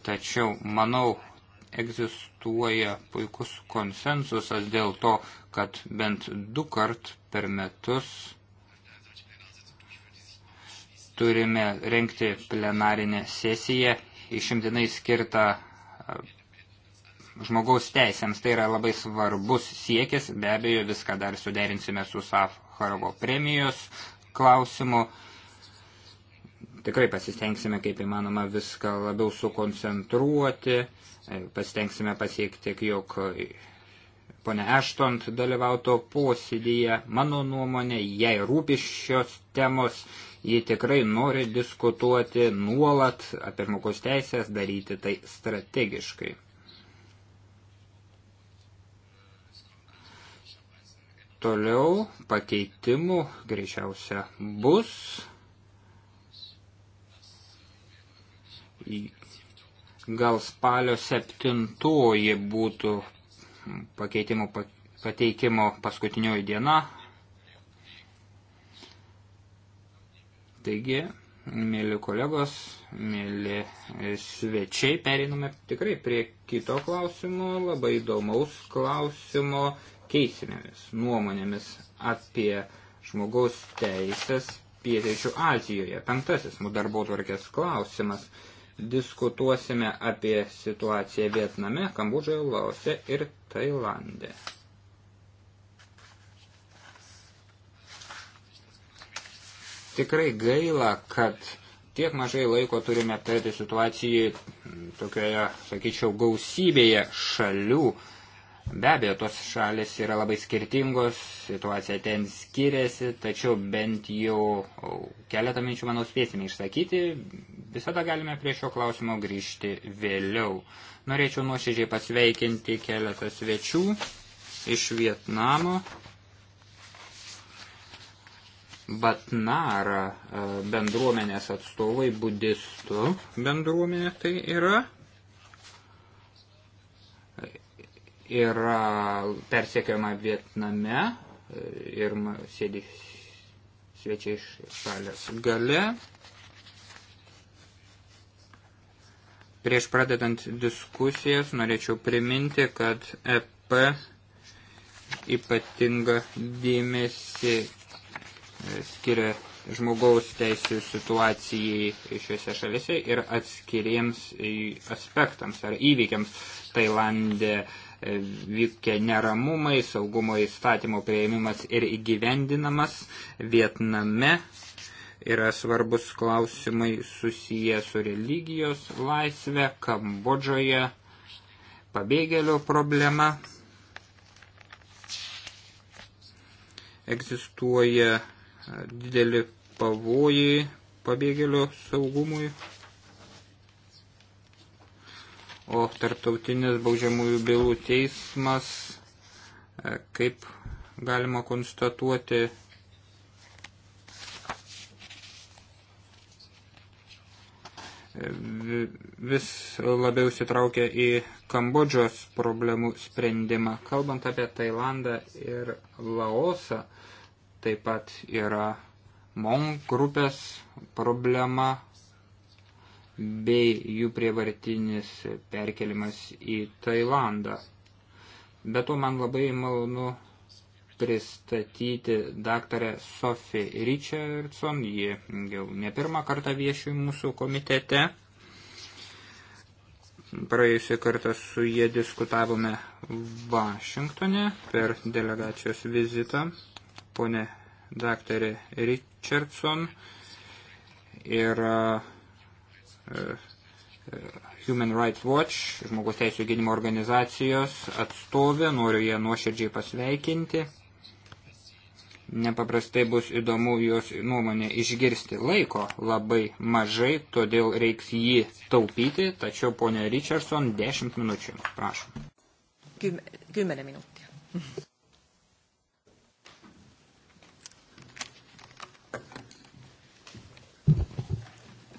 tačiau manau egzistuoja puikus konsensusas dėl to, kad bent du kart per metus turime renkti plenarinę sesiją išimtinai skirtą e, žmogaus teisėms. Tai yra labai svarbus siekis, be abejo viską dar suderinsime su Safarovo premijos klausimu. Tikrai pasistengsime, kaip įmanoma, viską labiau sukoncentruoti, e, pasistengsime pasiekti, jog ponia Eštont dalyvauto posėdėje. Mano nuomonė, jai rūpi šios temos, ji tikrai nori diskutuoti nuolat apie žmogaus teisės, daryti tai strategiškai. Toliau pakeitimų greičiausia bus. Gal spalio septintoji būtų pakeitimų pateikimo paskutinioji diena. Taigi, Mėly kolegos, mėly svečiai, periname tikrai prie kito klausimo, labai įdomaus klausimo, keisimėmis nuomonėmis apie žmogaus teisės pietiečių Azijoje. Penktasis mūsų darbo tvarkės klausimas. Diskutuosime apie situaciją Vietname, Kambodžoje, Laose ir Tailandė. Tikrai gaila, kad tiek mažai laiko turime aptarti situacijai tokioje, sakyčiau, gausybėje šalių. Be abejo, tos šalis yra labai skirtingos, situacija ten skiriasi, tačiau bent jau keletą minčių, manau, spėsime išsakyti, visada galime prie šio klausimo grįžti vėliau. Norėčiau nuoširdžiai pasveikinti keletą svečių iš Vietnamo. Batnara e, bendruomenės atstovai, budistų bendruomenė tai yra. Yra persiekiama Vietname e, ir sėdi svečiai iš salės gale. Prieš pradedant diskusijas norėčiau priminti, kad EP ypatinga dėmesį skiria žmogaus teisų situacijai šiuose šalise ir atskiriems aspektams ar įvykiams Tailandė e, vykė neramumai, saugumo įstatymo prieimimas ir įgyvendinamas Vietname. Yra svarbus klausimai susiję su religijos laisvė, Kambodžoje pabėgėlių problema. Egzistuoja dideli pavojai pabėgėlių saugumui, o tarptautinis baudžiamųjų bylų teismas, e, kaip galima konstatuoti, e, vis labiau sitraukia į Kambodžos problemų sprendimą. Kalbant apie Tailandą ir Laosą, taip pat yra MON grupės problema bei jų prievartinis perkelimas į Tailandą. Be to man labai malonu pristatyti daktarę Sophie Richardson, ji jau ne pirmą kartą vieši mūsų komitete. Praėjusią kartą su jie diskutavome Vašingtone per delegacijos vizitą. Pone daktarė Richardson ir e, e, Human Rights Watch, žmogus teisų gynimo organizacijos atstovė, noriu ją nuoširdžiai pasveikinti. Nepaprastai bus įdomu jos nuomonę išgirsti. Laiko labai mažai, todėl reiks jį taupyti, tačiau ponė Richardson 10 minučių. Prašom. 10 minučių.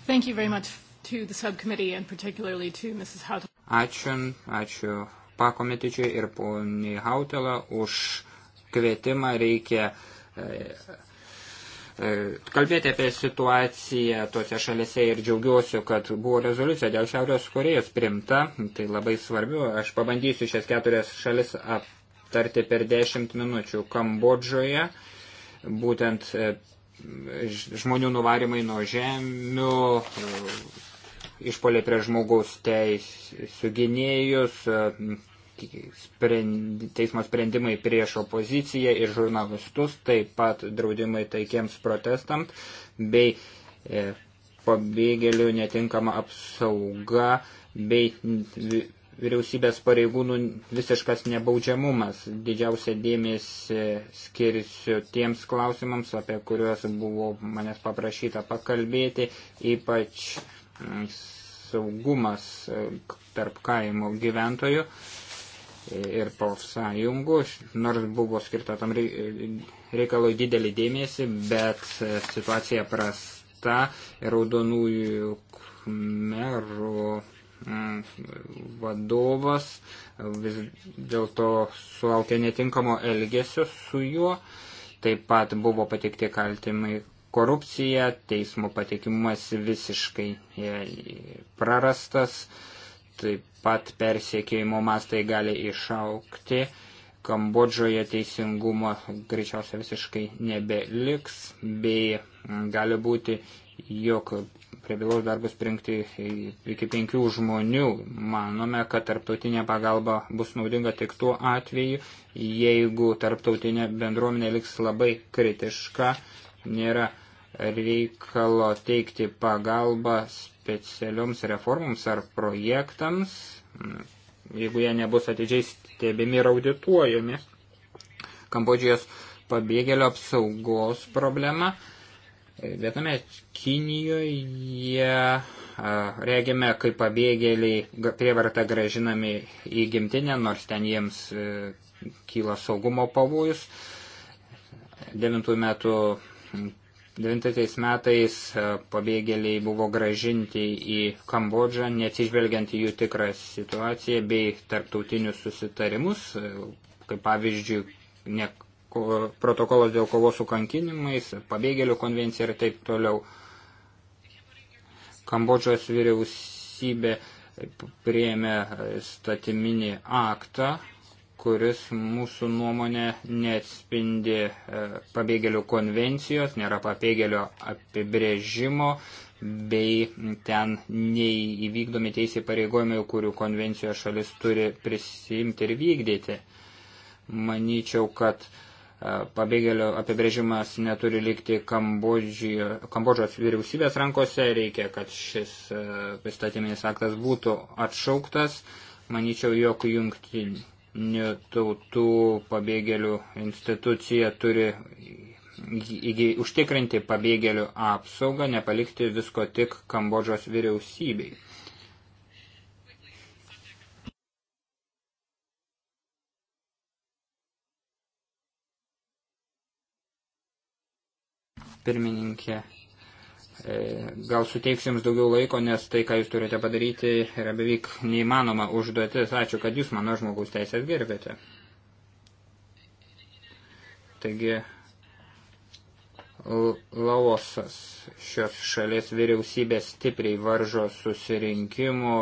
Thank you very much to the subcommittee and particularly to Mrs. Hautala. Ačiū, ačiū pakomitečiui ir poniai Hautala už kvietimą reikia e, e, kalbėti apie situaciją tose šalise ir džiaugiuosi, kad buvo rezoliucija dėl Šiaurės Korejos primta, tai labai svarbu, aš pabandysiu šias keturias šalis aptarti per dešimt minučių Kambodžoje, būtent e, žmonių nuvarimai nuo žemių, išpolė prie žmogaus teisų gynėjus, sprend, teismo sprendimai prieš opoziciją ir žurnalistus, taip pat draudimai taikiems protestams bei e, pabėgėlių netinkama apsauga bei vyriausybės pareigūnų visiškas nebaudžiamumas. Didžiausia dėmesį skirsiu tiems klausimams, apie kuriuos buvo manęs paprašyta pakalbėti, ypač mm, saugumas e, tarp kaimo gyventojų ir profsąjungų, nors buvo skirta tam reikalui didelį dėmesį, bet e, situacija prasta ir raudonųjų merų Mm, vadovas vis dėlto sulaukė netinkamo elgesio su juo. Taip pat buvo patikti kaltimai korupcija, teismo patikimumas visiškai e, prarastas, taip pat persiekėjimo mastai gali išaukti. Kambodžoje teisingumo greičiausia visiškai nebeliks, bei gali būti, jog prie bylos dar bus prinkti iki penkių žmonių. Manome, kad tarptautinė pagalba bus naudinga tik tuo atveju, jeigu tarptautinė bendruomenė liks labai kritiška, nėra reikalo teikti pagalbą specialioms reformoms ar projektams, jeigu jie nebus atidžiai stebimi ir audituojami. Kambodžijos pabėgėlio apsaugos problema Vietname, Kinijoje regime, kaip pabėgėliai prievarta gražinami į gimtinę, nors ten jiems e, kyla saugumo pavojus. 9 metų, 9 metais pabėgėliai buvo gražinti į Kambodžą, neatsižvelgiant į jų tikrą situaciją bei tarptautinius susitarimus, e, kaip pavyzdžiui, ne protokolas dėl kovos su kankinimais, pabėgėlių konvencija ir taip toliau. Kambodžos vyriausybė prieėmė statiminį aktą, kuris mūsų nuomonė neatspindi e, pabėgėlių konvencijos, nėra pabėgėlio apibrėžimo, bei ten neįvykdomi teisė pareigojimai, kurių konvencijos šalis turi prisimti ir vykdyti. Manyčiau, kad uh, E, pabėgėlio apibrėžimas neturi likti Kambodžos vyriausybės rankose, reikia, kad šis e, įstatyminis aktas būtų atšauktas. Manyčiau, jog jungtinių tautų pabėgėlių institucija turi įgy, užtikrinti pabėgėlių apsaugą, nepalikti visko tik Kambodžos vyriausybei. pirmininkė. E, gal suteiksiu jums daugiau laiko, nes tai, ką jūs turite padaryti, yra beveik neįmanoma užduotis. Ačiū, kad jūs mano žmogaus teisės gerbėte. Taigi, Laosas šios šalies vyriausybė stipriai varžo susirinkimų,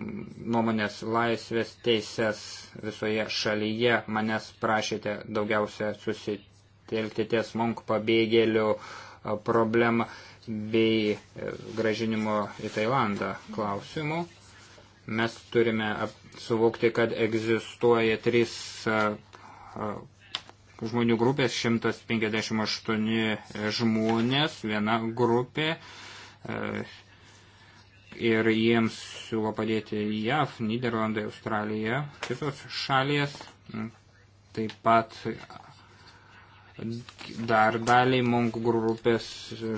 nuomonės laisvės teisės visoje šalyje. Manęs prašėte daugiausia susitikti telkti ties munk pabėgėlių problemą bei e, gražinimo į Tailandą klausimų. Mes turime suvokti, kad egzistuoja trys žmonių grupės, 158 e, žmonės, viena grupė e, ir jiems siūlo padėti JAV, Niderlandai, Australija, kitos šalies. Taip pat dar daliai mong grupės,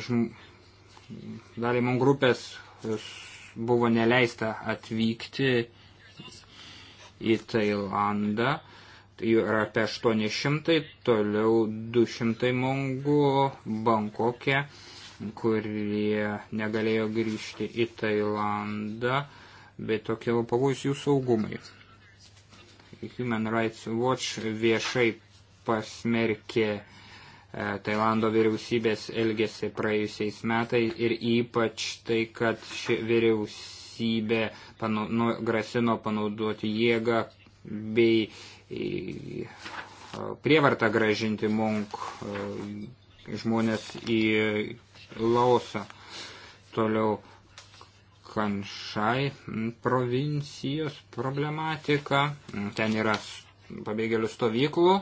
žm... daliai mong grupės buvo neleista atvykti į Tailandą. Jų yra apie 800, toliau 200 mongų Bankokė, kurie negalėjo grįžti į Tailandą, bet tokie pavojus jų saugumai. Human Rights Watch viešai pasmerkė e, Tailando vyriausybės elgesi praėjusiais metais ir ypač tai, kad ši vyriausybė panu, nu, grasino panaudoti jėgą bei e, e, prievartą gražinti munk žmonės į Laosą. Toliau Kanšai provincijos problematika. Ten yra pabėgėlių stovyklų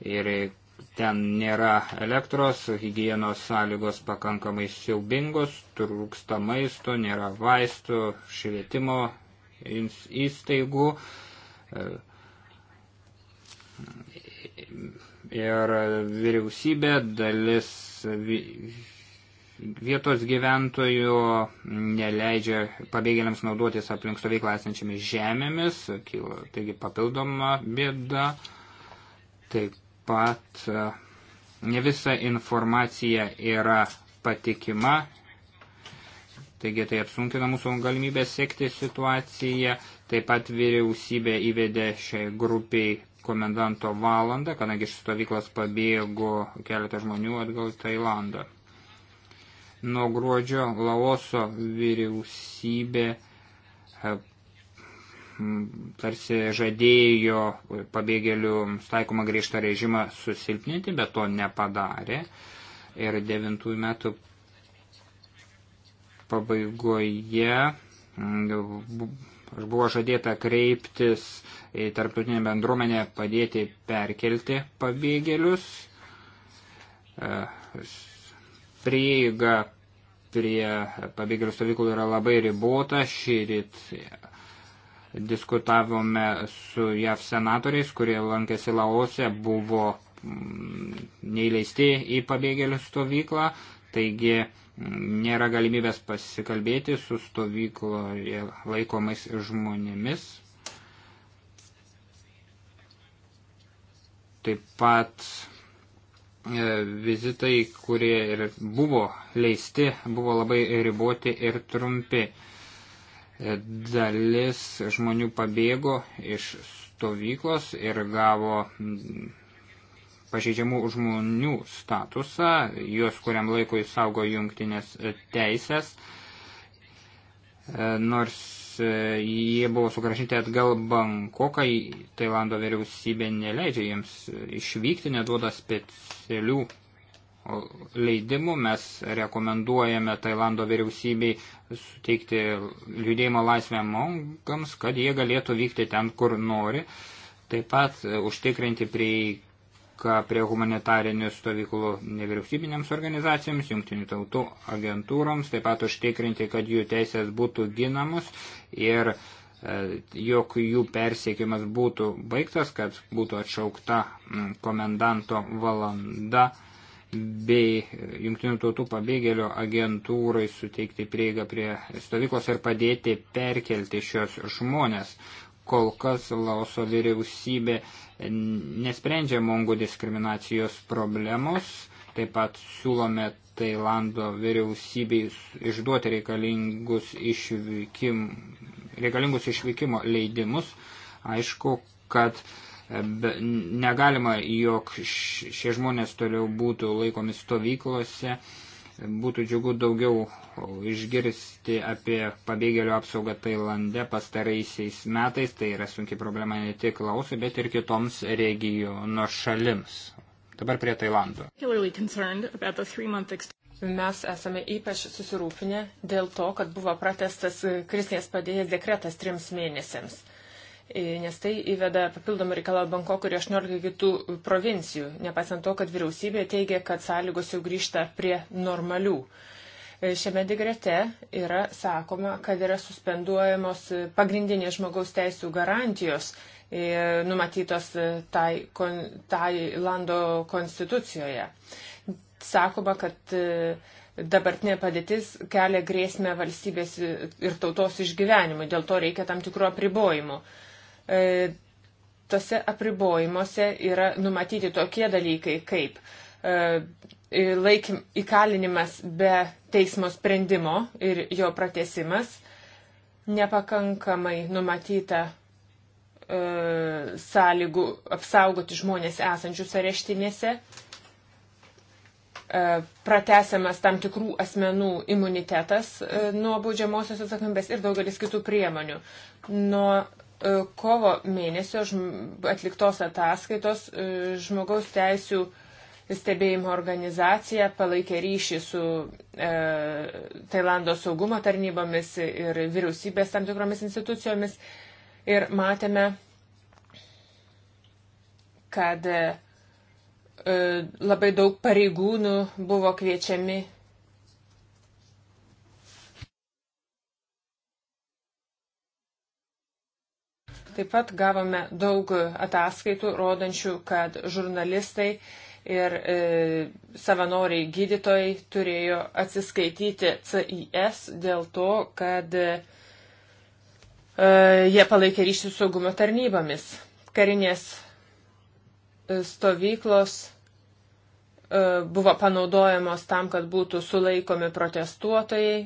ir ten nėra elektros, hygienos sąlygos pakankamai siaubingos, trūksta maisto, nėra vaistų, švietimo įstaigų. Ir vyriausybė dalis vietos gyventojų neleidžia pabėgėliams naudotis aplink stovyklą esančiamis žemėmis, taigi papildoma bėda. Taip pat e, ne visa informacija yra patikima, taigi tai apsunkina mūsų galimybę sekti situaciją. Taip pat vyriausybė įvedė šiai grupiai komendanto valandą, kadangi iš stovyklas pabėgo keletą žmonių atgal į Tailandą. Nuo gruodžio Laoso vyriausybė e, tarsi žadėjo pabėgėlių taikomą griežtą režimą susilpninti, bet to nepadarė. Ir devintųjų metų pabaigoje mm, buvo žadėta kreiptis į tarptautinę bendruomenę padėti perkelti pabėgėlius. E, prieiga prie pabėgėlių stovyklų yra labai ribota. Šį rytą Diskutavome su JAV senatoriais, kurie lankėsi Laose, buvo mm, neįleisti į pabėgėlių stovyklą, taigi mm, nėra galimybės pasikalbėti su stovykloje laikomais žmonėmis. Taip pat e, vizitai, kurie ir buvo leisti, buvo labai riboti ir trumpi dalis žmonių pabėgo iš stovyklos ir gavo pažeidžiamų žmonių statusą, juos kuriam laikui saugo jungtinės teisės, nors jie buvo sugražinti atgal Bankokai, Tailando vyriausybė neleidžia jiems išvykti, neduoda specialių leidimų. Mes rekomenduojame Tailando vyriausybei suteikti judėjimo laisvę mongams, kad jie galėtų vykti ten, kur nori. Taip pat e, užtikrinti prieigą prie humanitarinių stovyklų nevyriausybinėms organizacijoms, jungtinių tautų agentūroms, taip pat užtikrinti, kad jų teisės būtų ginamos ir e, jog jų persiekimas būtų baigtas, kad būtų atšaukta komendanto valanda bei Junktinių tautų pabėgėlio agentūrai suteikti prieigą prie stovyklos ir padėti perkelti šios žmonės. Kol kas Laoso vyriausybė nesprendžia mongų diskriminacijos problemos, taip pat siūlome Tailando vyriausybei išduoti reikalingus, išvykim, reikalingus išvykimo leidimus. Aišku, kad uh, Negalima, jog šie žmonės toliau būtų laikomi stovyklose. Būtų džiugu daugiau išgirsti apie pabėgėlių apsaugą Tailande pastaraisiais metais. Tai yra sunki problema ne tik Lausui, bet ir kitoms regiono šalims. Dabar prie Tailando. Mes esame ypač susirūpinę dėl to, kad buvo pratestas krisnės padėjęs dekretas trims mėnesiams. E, nes tai įveda papildomą reikalą Bankokui ir 18 kitų provincijų, nepaisant to, kad vyriausybė teigia, kad sąlygos jau grįžta prie normalių. E, šiame digrete yra sakoma, kad yra suspenduojamos pagrindinės žmogaus teisų garantijos e, numatytos tai, kon, Tailando konstitucijoje. Sakoma, kad dabartinė padėtis kelia grėsmę valstybės ir tautos išgyvenimui, dėl to reikia tam tikrų apribojimų. E, tose apribojimuose yra numatyti tokie dalykai kaip e, laikim, įkalinimas be teismo sprendimo ir jo pratesimas, nepakankamai numatyta e, sąlygų apsaugoti žmonės esančius areštinėse, e, pratesiamas tam tikrų asmenų imunitetas e, nuo baudžiamosios atsakomybės ir daugelis kitų priemonių. Nuo E, kovo mėnesio atliktos ataskaitos e, žmogaus teisų stebėjimo organizacija palaikė ryšį su e, Tailando saugumo tarnybomis ir vyriausybės tam tikromis institucijomis ir matėme, kad e, labai daug pareigūnų buvo kviečiami Taip pat gavome daug ataskaitų, rodančių, kad žurnalistai ir e, savanoriai gydytojai turėjo atsiskaityti CIS dėl to, kad e, jie palaikė ryšį su saugumo tarnybomis. Karinės e, stovyklos e, buvo panaudojamos tam, kad būtų sulaikomi protestuotojai,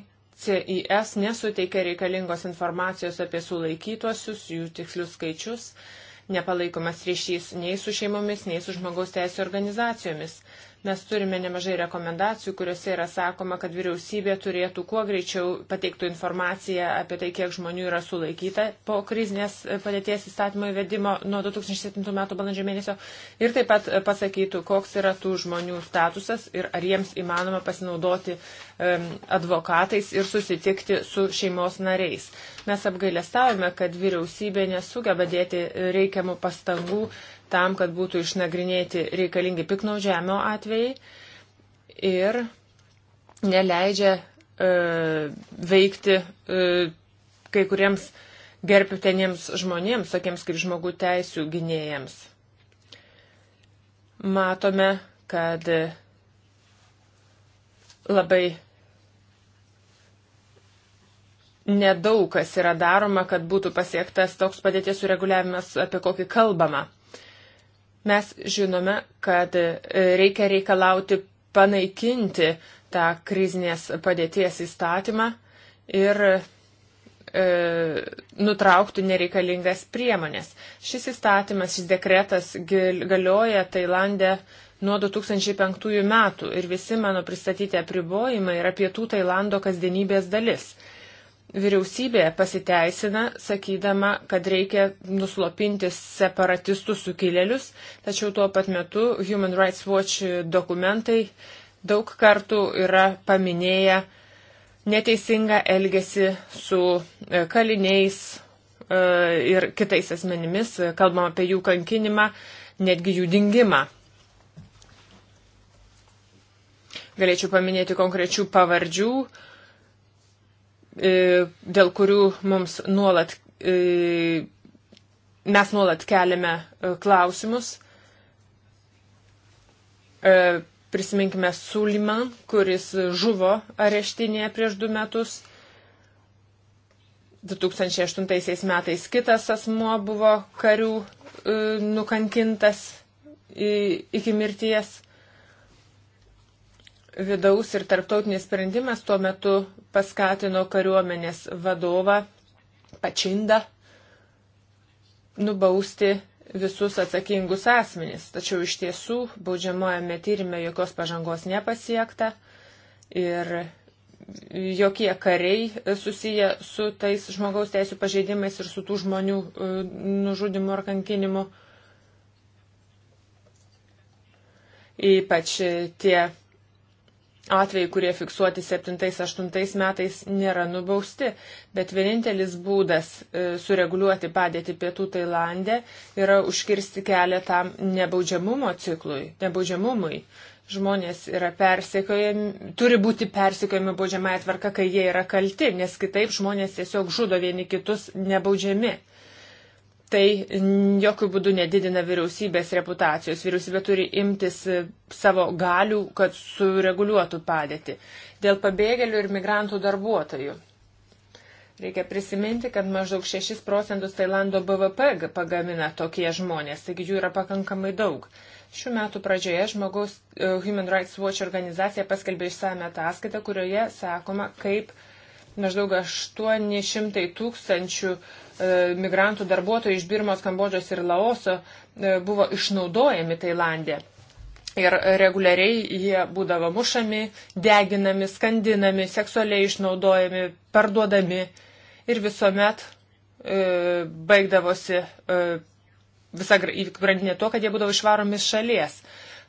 CIS nesuteikia reikalingos informacijos apie sulaikytuosius, jų tikslius skaičius, nepalaikomas ryšys nei su šeimomis, nei su žmogaus teisų organizacijomis. Mes turime nemažai rekomendacijų, kuriuose yra sakoma, kad vyriausybė turėtų kuo greičiau pateiktų informaciją apie tai, kiek žmonių yra sulaikyta po krizinės padėties įstatymo įvedimo nuo 2007 metų balandžio mėnesio ir taip pat pasakytų, koks yra tų žmonių statusas ir ar jiems įmanoma pasinaudoti um, advokatais ir susitikti su šeimos nariais. Mes apgailestavome, kad vyriausybė nesugeba dėti reikiamų pastangų tam, kad būtų išnagrinėti reikalingi piknaudžiamio atvejai ir neleidžia e, veikti e, kai kuriems gerbtiniems žmonėms, tokiems kaip žmogų teisų gynėjams. Matome, kad labai nedaug kas yra daroma, kad būtų pasiektas toks padėties sureguliavimas, apie kokį kalbama. Mes žinome, kad e, reikia reikalauti panaikinti tą krizinės padėties įstatymą ir e, nutraukti nereikalingas priemonės. Šis įstatymas, šis dekretas galioja Tailandė nuo 2005 metų ir visi mano pristatyti apribojimai yra pietų Tailando kasdienybės dalis vyriausybė pasiteisina, sakydama, kad reikia nuslopinti separatistų sukilėlius, tačiau tuo pat metu Human Rights Watch dokumentai daug kartų yra paminėję neteisingą elgesį su e, kaliniais e, ir kitais asmenimis, kalbam apie jų kankinimą, netgi jų dingimą. Galėčiau paminėti konkrečių pavardžių, E, dėl kurių mums nuolat, e, mes nuolat keliame e, klausimus. Prisiminkime Suliman, kuris žuvo areštinėje prieš du metus. 2008 metais kitas asmuo buvo karių nukankintas iki mirties vidaus ir tarptautinis sprendimas tuo metu paskatino kariuomenės vadovą Pačindą nubausti visus atsakingus asmenys. Tačiau iš tiesų baudžiamojame tyrimė jokios pažangos nepasiekta ir jokie kariai susiję su tais žmogaus teisų pažeidimais ir su tų žmonių e, nužudimu ar kankinimu. Ypač tie atvejai, kurie fiksuoti 7-8 metais, nėra nubausti, bet vienintelis būdas e, sureguliuoti padėtį pietų Tailandė yra užkirsti kelią tam nebaudžiamumo ciklui, nebaudžiamumui. Žmonės yra persikojami, turi būti persikojami baudžiamąją tvarką, kai jie yra kalti, nes kitaip žmonės tiesiog žudo vieni kitus nebaudžiami tai jokių būdų nedidina vyriausybės reputacijos. Vyriausybė turi imtis e, savo galių, kad sureguliuotų padėtį. Dėl pabėgėlių ir migrantų darbuotojų. Reikia prisiminti, kad maždaug 6 procentus Tailando BVP pagamina tokie žmonės, taigi jų yra pakankamai daug. Šių metų pradžioje žmogaus e, Human Rights Watch organizacija paskelbė išsame ataskaitą, kurioje sakoma, kaip maždaug 800 tūkstančių uh, E, migrantų darbuotojai iš Birmos, Kambodžos ir Laoso e, buvo išnaudojami Tailandė. Ir reguliariai jie būdavo mušami, deginami, skandinami, seksualiai išnaudojami, parduodami ir visuomet e, baigdavosi e, visa grandinė to, kad jie būdavo išvaromi šalies.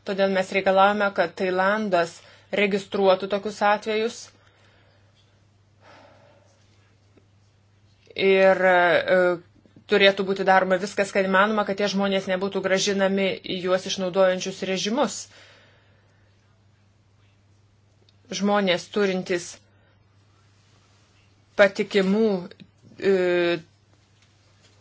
Todėl mes reikalavome, kad Tailandas registruotų tokius atvejus ir e, turėtų būti daroma viskas, kad įmanoma, kad tie žmonės nebūtų gražinami į juos išnaudojančius režimus. Žmonės turintys patikimų e,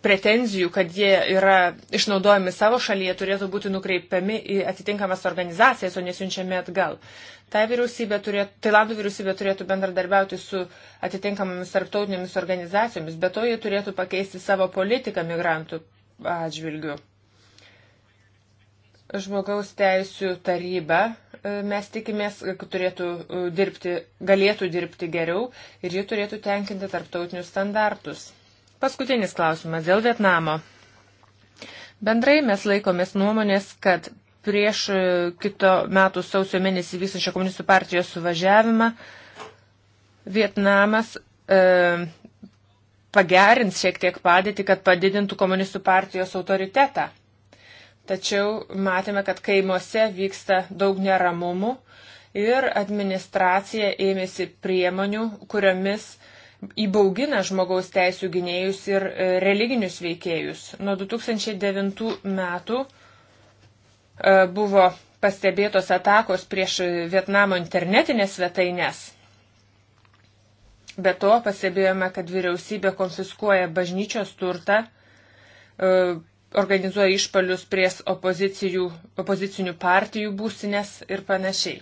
pretenzijų, kad jie yra išnaudojami savo šalyje, turėtų būti nukreipiami į atitinkamas organizacijas, o nesiunčiami atgal. E, Tai vyriausybė turėtų, Tailandų vyriausybė turėtų bendradarbiauti su atitinkamomis tarptautinėmis organizacijomis, bet to jie turėtų pakeisti savo politiką migrantų atžvilgių. Žmogaus teisų taryba e, mes tikimės, kad turėtų e, dirbti, galėtų dirbti geriau ir ji turėtų tenkinti tarptautinius standartus. Paskutinis klausimas dėl Vietnamo. Bendrai mes laikomės nuomonės, kad prieš e, kito metų sausio mėnesį vysančią komunistų partijos suvažiavimą Vietnamas e, pagerins šiek tiek padėtį, kad padidintų komunistų partijos autoritetą. Tačiau matėme, kad kaimuose vyksta daug neramumų ir administracija ėmėsi priemonių, kuriomis įbaugina žmogaus teisų gynėjus ir e, religinius veikėjus. Nuo 2009 metų E, buvo pastebėtos atakos prieš Vietnamo internetinės svetainės. Be to pastebėjome, kad vyriausybė konfiskuoja bažnyčios turtą, e, organizuoja išpalius prieš opozicinių partijų būsinės ir panašiai.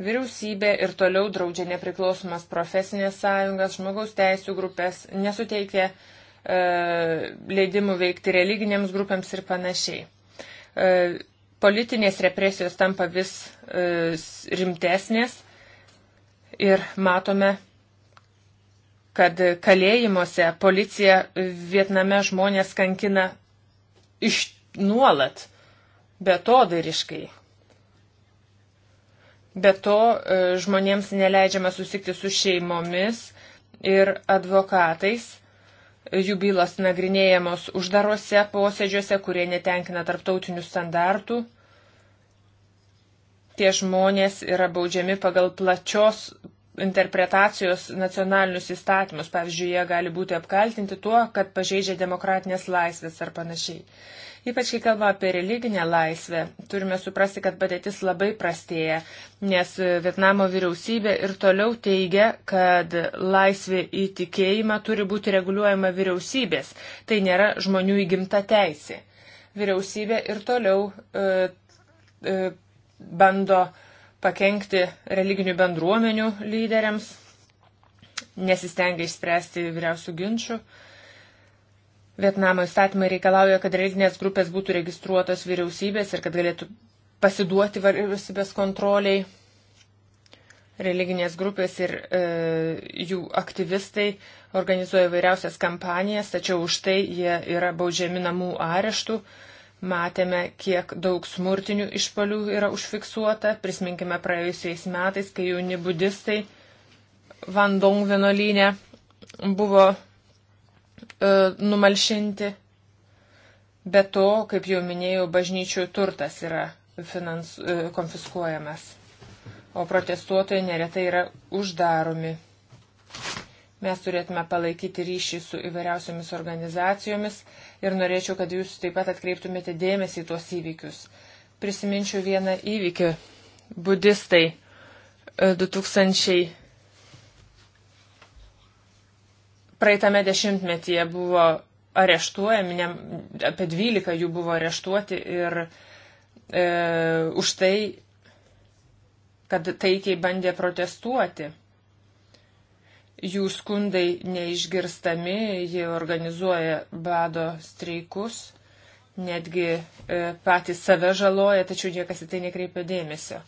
Vyriausybė ir toliau draudžia nepriklausomas profesinės sąjungas, žmogaus teisų grupės, nesuteikia e, leidimų veikti religinėms grupėms ir panašiai. E, politinės represijos tampa vis e, rimtesnės ir matome, kad kalėjimuose policija Vietname žmonės kankina iš nuolat, betodariškai. Be to e, žmonėms neleidžiama susikti su šeimomis ir advokatais jų bylos nagrinėjamos uždarose posėdžiuose, kurie netenkina tarptautinių standartų tie žmonės yra baudžiami pagal plačios interpretacijos nacionalinius įstatymus. Pavyzdžiui, jie gali būti apkaltinti tuo, kad pažeidžia demokratinės laisvės ar panašiai. Ypač kai kalba apie religinę laisvę, turime suprasti, kad padėtis labai prastėja, nes Vietnamo vyriausybė ir toliau teigia, kad laisvė į tikėjimą turi būti reguliuojama vyriausybės. Tai nėra žmonių įgimta teisė. Vyriausybė ir toliau. E, e, bando pakengti religinių bendruomenių lyderiams, nesistengia išspręsti vyriausių ginčių. Vietnamo įstatymai reikalauja, kad religinės grupės būtų registruotos vyriausybės ir kad galėtų pasiduoti vyriausybės kontroliai. Religinės grupės ir e, jų aktyvistai organizuoja vairiausias kampanijas, tačiau už tai jie yra baudžiami namų areštų. E, Matėme, kiek daug smurtinių išpalių yra užfiksuota. Prisiminkime praėjusiais metais, kai jauni budistai Vandong vienolyne buvo e, numalšinti. Be to, kaip jau minėjau, bažnyčių turtas yra finans, e, konfiskuojamas, o protestuotojai neretai yra uždaromi. Mes turėtume palaikyti ryšį su įvairiausiomis organizacijomis ir norėčiau, kad jūs taip pat atkreiptumėte dėmesį į tuos įvykius. Prisiminčiau vieną įvykį. Budistai 2000. E, praeitame dešimtmetyje buvo areštuojami, ne, apie 12 jų buvo areštuoti ir e, už tai, kad taikiai bandė protestuoti jų skundai neišgirstami, jie organizuoja bado streikus, netgi e, patys save žaloja, tačiau niekas į tai nekreipia dėmesio.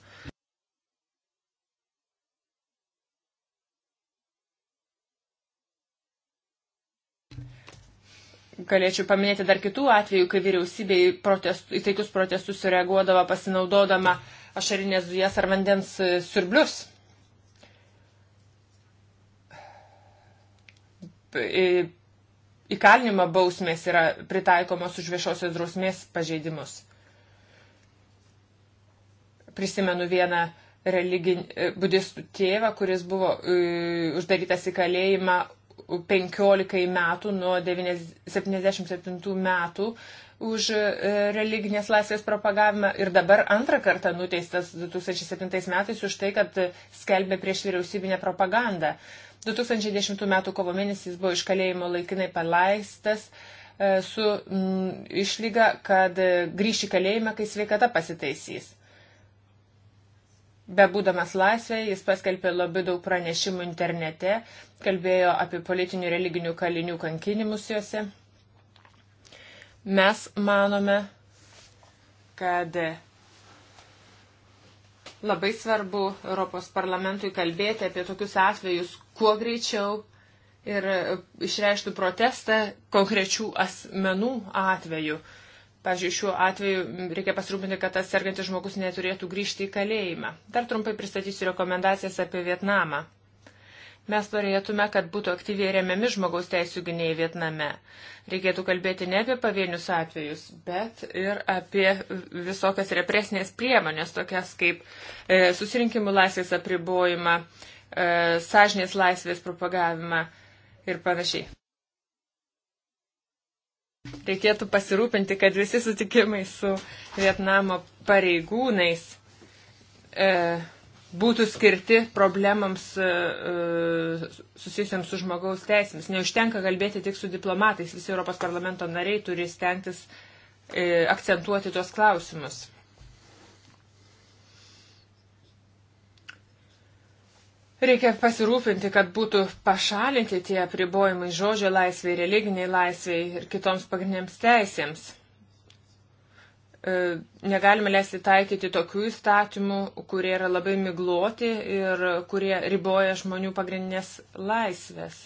Galėčiau paminėti dar kitų atvejų, kai vyriausybė į, protest, į taikius protestus sureaguodavo pasinaudodama ašarinės dujas ar vandens e, siurblius. įkalinimo bausmės yra pritaikomos už viešosios drausmės pažeidimus. Prisimenu vieną religin, budistų tėvą, kuris buvo e, uždarytas į kalėjimą 15 metų nuo 9, 77 metų už e, religinės laisvės propagavimą ir dabar antrą kartą nuteistas 2007 metais už tai, kad skelbė prieš vyriausybinę propagandą. 2010 m. kovo mėnesį jis buvo iš kalėjimo laikinai palaistas e, su išlyga, kad e, grįš į kalėjimą, kai sveikata pasitaisys. Bebūdamas laisvėje, jis paskelbė labai daug pranešimų internete, kalbėjo apie politinių religinių kalinių kankinimus juose. Mes manome, kad labai svarbu Europos parlamentui kalbėti apie tokius atvejus kuo greičiau ir išreikštų protestą konkrečių asmenų atveju. Pavyzdžiui, šiuo atveju reikia pasirūpinti, kad tas sergantis žmogus neturėtų grįžti į kalėjimą. Dar trumpai pristatysiu rekomendacijas apie Vietnamą. Mes norėtume, kad būtų aktyviai remiami žmogaus teisų gynėjai Vietname. Reikėtų kalbėti ne apie pavienius atvejus, bet ir apie visokias represinės priemonės, tokias kaip e, susirinkimų laisvės apribojimą, e, sąžinės laisvės propagavimą ir panašiai. Reikėtų pasirūpinti, kad visi sutikimai su Vietnamo pareigūnais. E, būtų skirti problemams e, e, susijusiams su žmogaus teisėmis. Neužtenka kalbėti tik su diplomatais, visi Europos parlamento nariai turi stengtis e, akcentuoti tuos klausimus. Reikia pasirūpinti, kad būtų pašalinti tie apribojimai žodžio laisvai, religiniai laisvai ir kitoms pagrindiniams teisėms. E, negalime leisti taikyti tokių įstatymų, kurie yra labai migloti ir kurie riboja žmonių pagrindinės laisvės.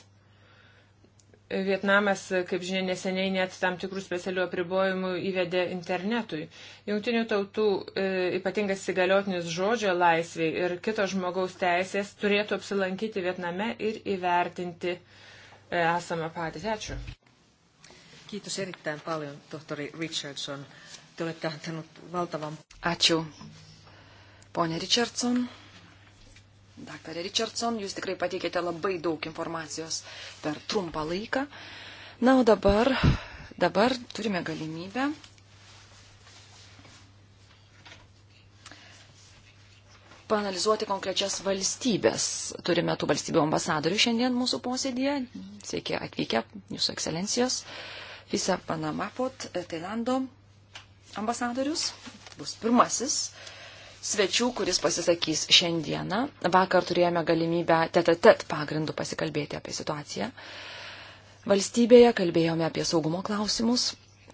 Vietnamas, kaip žinia, neseniai net tam tikrų specialių apribojimų įvedė internetui. Jungtinių tautų e, ypatingas įgaliotinis žodžio laisviai ir kitos žmogaus teisės turėtų apsilankyti Vietname ir įvertinti e, esamą patys. Ačiū. Kiitos erittäin paljon, tohtori Richardson. Te olette antanut valtavan... Ačiū. Pone Richardson. Daktarė Richardson, jūs tikrai pateikėte labai daug informacijos per trumpą laiką. Na, o dabar, dabar turime galimybę panalizuoti konkrečias valstybės. Turime tų valstybių ambasadorių šiandien mūsų posėdėje. Sveiki atvykę, Jūsų ekscelencijos. Visa Panamapot, Tailando, ambasadorius, bus pirmasis svečių, kuris pasisakys šiandieną. Vakar turėjome galimybę tetatet pagrindų pasikalbėti apie situaciją. Valstybėje kalbėjome apie saugumo klausimus,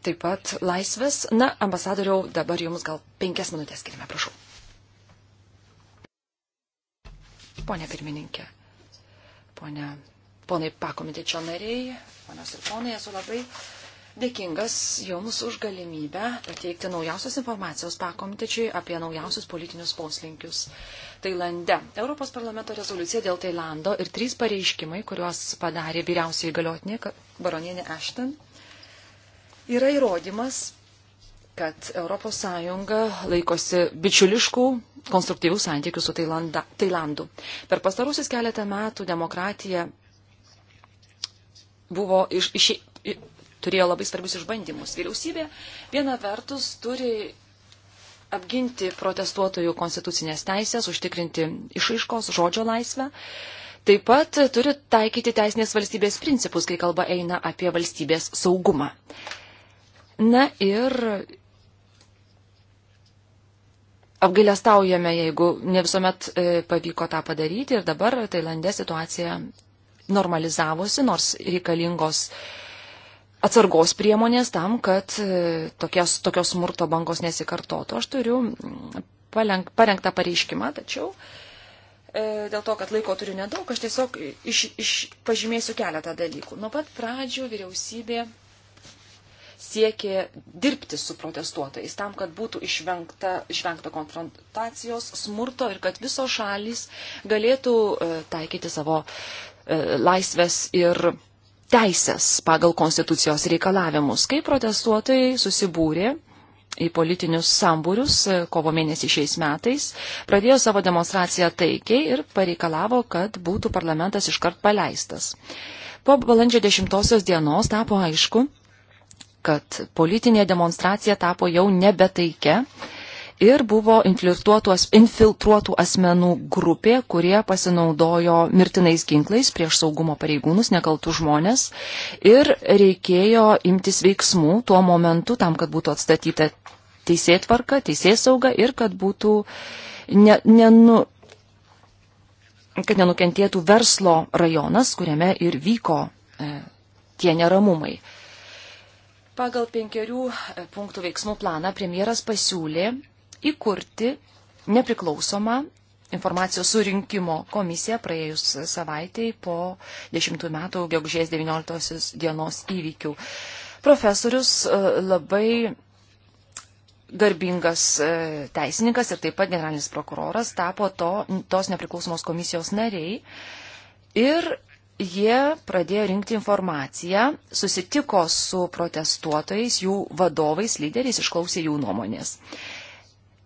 taip pat laisvės. Na, ambasadoriau, dabar jums gal penkias minutės skirime, prašau. Pone pirmininkė, pone, ponai pakomitečio nariai, ponios ir ponai, esu labai uh, dėkingas Jums už galimybę pateikti naujausios informacijos pakomitečiui apie naujausius politinius poslinkius Tailande. Europos parlamento rezoliucija dėl Tailando ir trys pareiškimai, kuriuos padarė vyriausiai galiotinė baronienė Ashton, yra įrodymas, kad ES laikosi bičiuliškų, konstruktyvių santykių su Tailanda, Tailandu. Per pastarusius keletą metų demokratija buvo iš, iš, turėjo labai svarbius išbandymus. Vyriausybė viena vertus turi apginti protestuotojų konstitucinės teisės, užtikrinti išaiškos žodžio laisvę. Taip pat turi taikyti teisinės valstybės principus, kai kalba eina apie valstybės saugumą. Na ir apgailestaujame, jeigu ne visuomet e, pavyko tą padaryti ir dabar Tailandė situacija normalizavosi, nors reikalingos uh, atsargos priemonės tam, kad e, tokios, tokios smurto bangos nesikartotų. Aš turiu mm, palenk, parengtą pareiškimą, tačiau e, dėl to, kad laiko turiu nedaug, aš tiesiog iš, iš pažymėsiu keletą dalykų. Nuo pat pradžių vyriausybė siekė dirbti su protestuotojais tam, kad būtų išvengta, išvengta konfrontacijos, smurto ir kad visos šalys galėtų e, taikyti savo laisvės ir teisės pagal konstitucijos reikalavimus. Kai protestuotojai susibūrė į politinius sambūrius e, kovo mėnesį šiais metais, pradėjo savo demonstraciją taikiai ir pareikalavo, kad būtų parlamentas iškart paleistas. Po balandžio 10 dienos tapo aišku, kad politinė demonstracija tapo jau nebetaikia ir buvo infiltruotų asmenų grupė, kurie pasinaudojo mirtinais ginklais prieš saugumo pareigūnus, nekaltų žmonės ir reikėjo imtis veiksmų tuo momentu tam, kad būtų atstatyta teisėtvarka, teisėsauga ir kad būtų ne, nenu, kad nenukentėtų verslo rajonas, kuriame ir vyko e, tie neramumai. Pagal penkerių e, punktų veiksmų planą premjeras pasiūlė įkurti nepriklausomą informacijos surinkimo komisiją praėjus savaitėj po 10 metų gegužės 19 dienos įvykių. Profesorius e, labai garbingas e, teisininkas ir taip pat generalinis prokuroras tapo to, tos nepriklausomos komisijos nariai ir jie pradėjo rinkti informaciją, susitiko su protestuotojais, jų vadovais, lyderiais, išklausė jų nuomonės. Uh,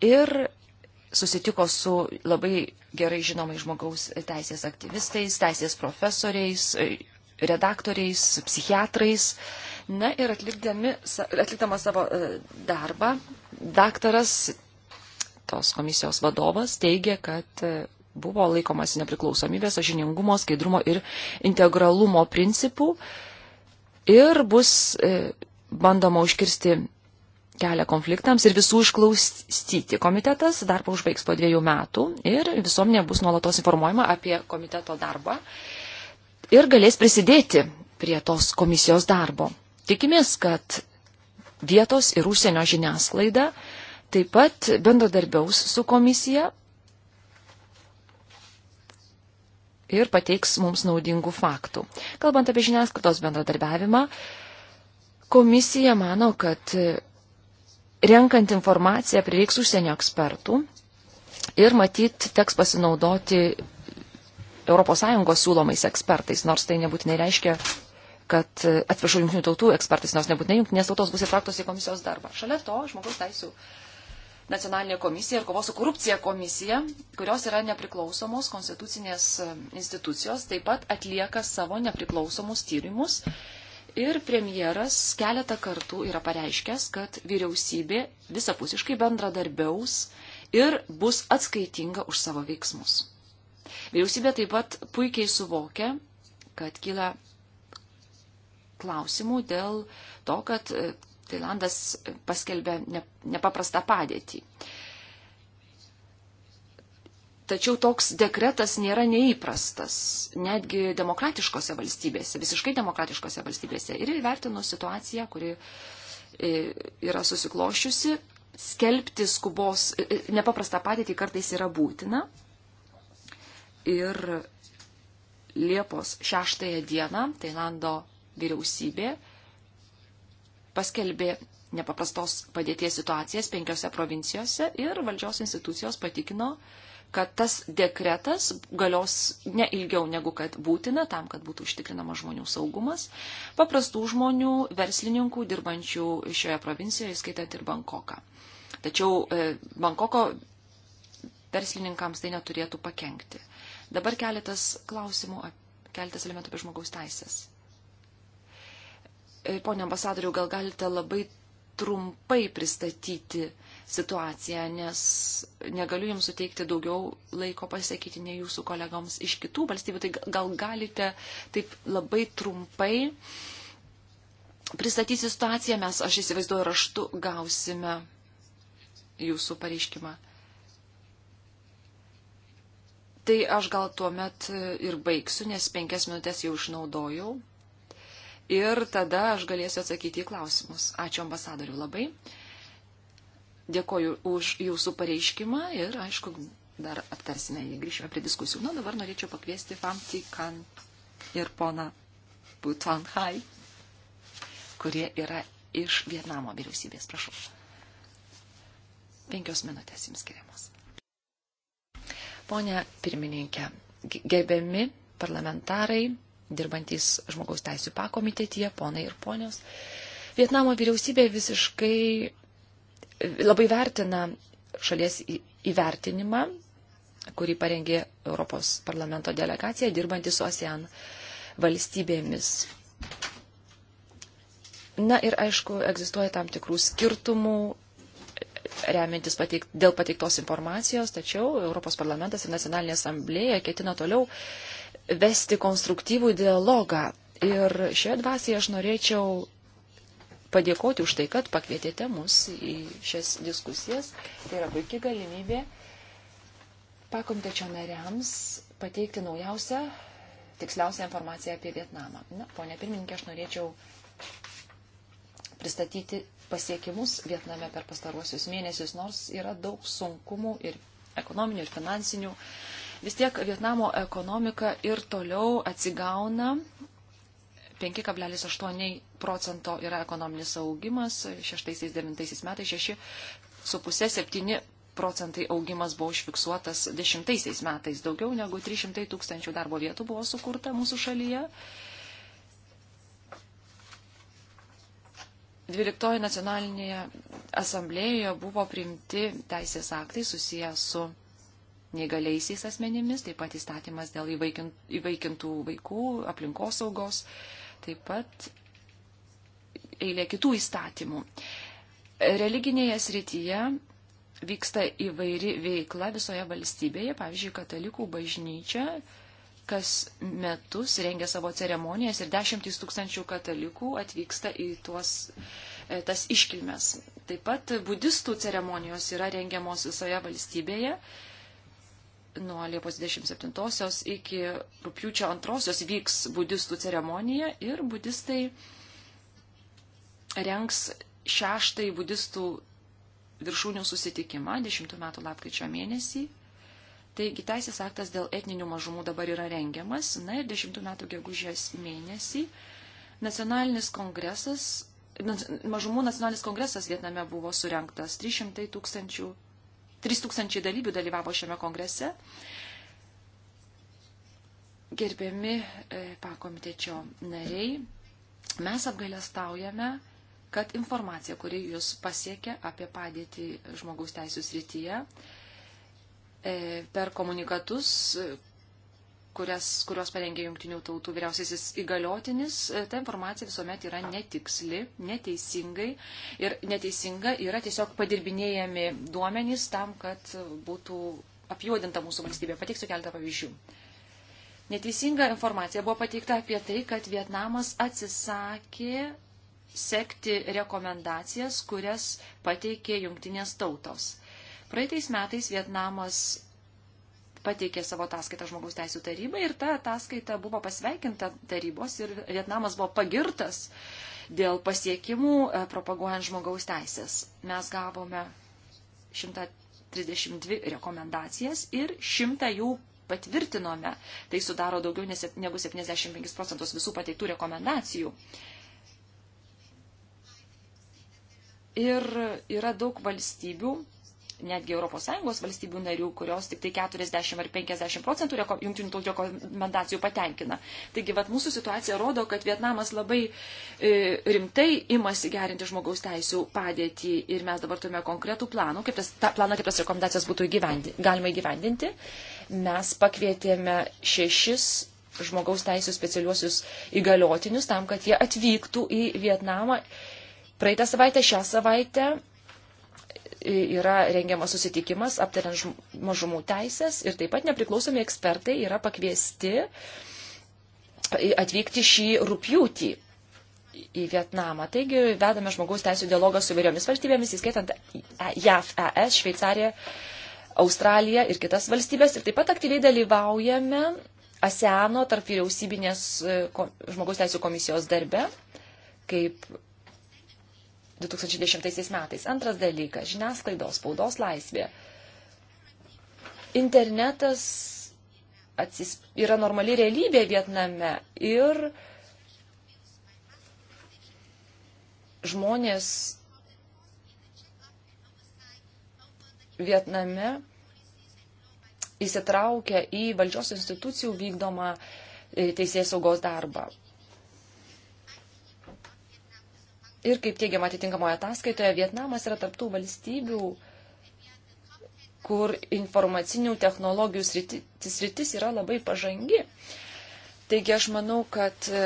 ir susitiko su labai gerai žinomai žmogaus teisės aktyvistais, teisės profesoriais, redaktoriais, psichiatrais. Na ir atlikdama savo e, darbą, daktaras, tos komisijos vadovas, teigia, kad e, buvo laikomasi nepriklausomybės, sažiningumo, skaidrumo ir integralumo principų ir bus e, bandoma užkirsti kelią konfliktams ir visų išklausyti. Komitetas darbą užbaigs po dviejų metų ir visuomenė bus nuolatos informuojama apie komiteto darbą ir galės prisidėti prie tos komisijos darbo. Tikimės, kad vietos ir užsienio žiniasklaida taip pat bendradarbiaus su komisija ir pateiks mums naudingų faktų. Kalbant apie žiniasklaidos bendradarbiavimą, komisija mano, kad renkant informaciją prireiks užsienio ekspertų ir matyt teks pasinaudoti ES siūlomais ekspertais, nors tai nebūtinai reiškia, kad e, atsiprašau jungtinių tautų ekspertais, nors nebūtinai jungtinės tautos bus įtrauktos į komisijos darbą. Šalia to žmogaus teisų nacionalinė komisija ir kovos su korupcija komisija, kurios yra nepriklausomos konstitucinės e, institucijos, taip pat atlieka savo nepriklausomus tyrimus Ir premjeras keletą kartų yra pareiškęs, kad vyriausybė visapusiškai bendradarbiaus ir bus atskaitinga už savo veiksmus. Vyriausybė taip pat puikiai suvokia, kad kyla klausimų dėl to, kad Tailandas paskelbė nepaprastą padėtį. Tačiau toks dekretas nėra neįprastas, netgi demokratiškose valstybėse, visiškai demokratiškose valstybėse. Ir įvertino situaciją, kuri e, yra susikloščiusi, skelbti skubos, e, e, nepaprastą padėtį kartais yra būtina. Ir Liepos 6 dieną Tailando vyriausybė paskelbė nepaprastos padėties situacijas penkiose provincijose ir valdžios institucijos patikino, kad tas dekretas galios ne ilgiau negu kad būtina tam, kad būtų užtikrinama žmonių saugumas, paprastų žmonių, verslininkų, dirbančių šioje provincijoje, skaitant ir Bankoką. Tačiau e, Bankoko verslininkams tai neturėtų pakengti. Dabar keletas klausimų, keletas elementų apie žmogaus teisės. E, pone ambasadoriu, gal galite labai trumpai pristatyti uh, situaciją, nes negaliu jums suteikti daugiau laiko pasakyti nei jūsų kolegoms iš kitų valstybių. Tai gal galite taip labai trumpai pristatyti situaciją, mes, aš įsivaizduoju, raštu gausime jūsų pareiškimą. Tai aš gal tuo met ir baigsiu, nes penkias minutės jau išnaudojau. Ir tada aš galėsiu atsakyti į klausimus. Ačiū ambasadoriu labai. Dėkoju už jūsų pareiškimą ir, aišku, dar aptarsime jį, grįšime prie diskusijų. Na, dabar norėčiau pakviesti Famti Kan ir pona Butanhai, kurie yra iš Vietnamo vyriausybės. Prašau. Penkios minutės jums skiriamos. Pone pirmininkė, gerbiami parlamentarai, dirbantys žmogaus teisų pakomitetyje, ponai ir ponios, Vietnamo vyriausybė visiškai labai vertina šalies įvertinimą, kurį parengė Europos parlamento delegacija, dirbanti su ASEAN valstybėmis. Na ir aišku, egzistuoja tam tikrų skirtumų remiantis pateik, dėl pateiktos informacijos, tačiau Europos parlamentas ir Nacionalinė asamblėja ketina toliau vesti konstruktyvų dialogą. Ir šioje dvasioje aš norėčiau padėkoti už tai, kad pakvietėte mus į šias diskusijas. Tai yra puikia galimybė pakomtečio nariams pateikti naujausią, tiksliausią informaciją apie Vietnamą. Na, ponia pirmininkė, aš norėčiau pristatyti pasiekimus Vietname per pastaruosius mėnesius, nors yra daug sunkumų ir ekonominių, ir finansinių. Vis tiek Vietnamo ekonomika ir toliau atsigauna 5,8 procento yra ekonominis augimas, 6-9 metais 6,5-7 procentai augimas buvo užfiksuotas 10 metais. Daugiau negu 300 tūkstančių darbo vietų buvo sukurta mūsų šalyje. 12 nacionalinėje asamblėjoje buvo priimti teisės aktai susiję su neįgaliaisiais asmenimis, taip pat įstatymas dėl įvaikintų vaikų, aplinkosaugos, taip pat eilė kitų įstatymų. Religinėje srityje vyksta įvairi veikla visoje valstybėje, pavyzdžiui, katalikų bažnyčia kas metus rengia savo ceremonijas ir dešimtys tūkstančių katalikų atvyksta į tuos, e, tas iškilmes. Taip pat budistų ceremonijos yra rengiamos visoje valstybėje nuo Liepos 27 iki rūpjūčio 2 vyks budistų ceremonija ir budistai rengs šeštąjį budistų viršūnių susitikimą 10 metų lapkričio mėnesį. Taigi teisės aktas dėl etninių mažumų dabar yra rengiamas. Na ir 10 metų gegužės mėnesį nacionalinis kongresas, mažumų nacionalinis kongresas Vietname buvo surinktas 300 tūkstančių 3000 dalyvių dalyvavo šiame kongrese. Gerbiami e, pakomitečio nariai, mes apgailestaujame, kad informacija, kuri jūs pasiekia apie padėtį žmogaus teisų srityje, e, per komunikatus, kurias, kurios parengė Junktinių tautų vyriausiasis įgaliotinis, e, ta informacija visuomet yra netiksli, neteisingai ir neteisinga yra tiesiog padirbinėjami duomenys tam, kad būtų apjuodinta mūsų valstybė. Pateiksiu keletą pavyzdžių. Neteisinga informacija buvo pateikta apie tai, kad Vietnamas atsisakė sekti rekomendacijas, kurias pateikė jungtinės tautos. Praeitais metais Vietnamas pateikė savo ataskaitą žmogaus teisų tarybai ir ta ataskaita buvo pasveikinta tarybos ir Vietnamas buvo pagirtas dėl pasiekimų e, propaguojant žmogaus teisės. Mes gavome 132 rekomendacijas ir 100 jų patvirtinome. Tai sudaro daugiau negu 75 procentus visų pateiktų rekomendacijų. Ir yra daug valstybių, netgi ES valstybių narių, kurios tik tai 40 ar 50 procentų jungtinių tautų rekomendacijų patenkina. Taigi, vat, mūsų situacija rodo, kad Vietnamas labai e, rimtai imasi gerinti žmogaus teisų padėtį ir mes dabar turime konkretų planų, kaip tas, ta, planą, kaip tas rekomendacijas būtų įgyvendi, galima įgyvendinti. Mes pakvietėme šešis žmogaus teisų specialiuosius įgaliotinius tam, kad jie atvyktų į Vietnamą. Praeitą savaitę, šią savaitę yra rengiamas susitikimas aptariant mažumų teisės ir taip pat nepriklausomi ekspertai yra pakviesti atvykti šį rūpjūtį į Vietnamą. Taigi vedame žmogaus teisų dialogą su vėriomis valstybėmis, įskaitant JAF, ES, Šveicariją, Australiją ir kitas valstybės. Ir taip pat aktyviai dalyvaujame ASEANO tarp vyriausybinės e, žmogaus teisų komisijos darbe, kaip 2010 metais. Antras dalykas - žiniasklaidos, spaudos laisvė. Internetas atsis, yra normali realybė Vietname ir žmonės Vietname įsitraukia į valdžios institucijų vykdomą e, teisės saugos darbą. Ir kaip teigiama atitinkamoje ataskaitoje, Vietnamas yra tarptų valstybių, kur informacinių technologijų sritis, sritis yra labai pažangi. Taigi aš manau, kad e,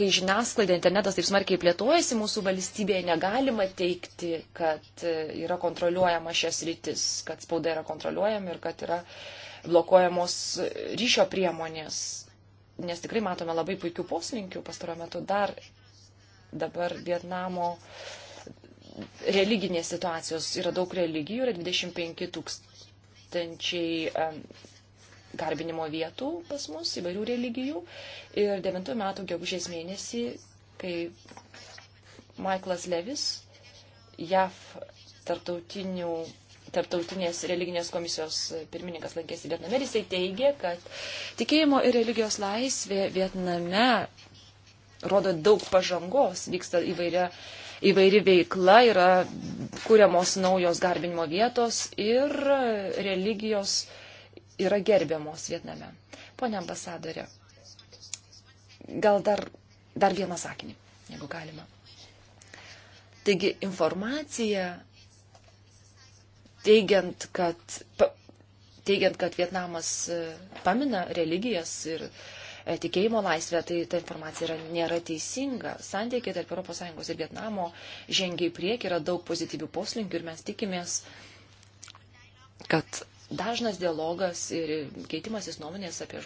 kai žiniasklaida, internetas taip smarkiai plėtojasi, mūsų valstybėje negalima teikti, kad e, yra kontroliuojama šias rytis, kad spauda yra kontroliuojama ir kad yra blokuojamos ryšio priemonės. Nes tikrai matome labai puikių poslinkių pastaruoju metu. Dar dabar Vietnamo religinės situacijos. Yra daug religijų, yra 25 tūkstančiai garbinimo vietų pas mus, įvairių religijų. Ir 9 metų gegužės mėnesį, kai Michaelas Levis, JAF tarptautinių Tarptautinės religinės komisijos pirmininkas lankėsi Vietname ir jisai teigė, kad tikėjimo ir religijos laisvė Vietname rodo daug pažangos, vyksta įvairia, įvairi veikla, yra kūriamos naujos garbinimo vietos ir religijos yra gerbiamos Vietname. Pone ambasadorė, gal dar, dar vieną sakinį, jeigu galima. Taigi informacija, teigiant, kad, teigiant, kad Vietnamas e, pamina religijas ir uh, E, tikėjimo laisvę, tai ta informacija yra, nėra teisinga. Santykiai tarp ES ir Vietnamo žengia į priekį, yra daug pozityvių poslinkių ir mes tikimės, kad dažnas dialogas ir keitimasis nuomonės apie,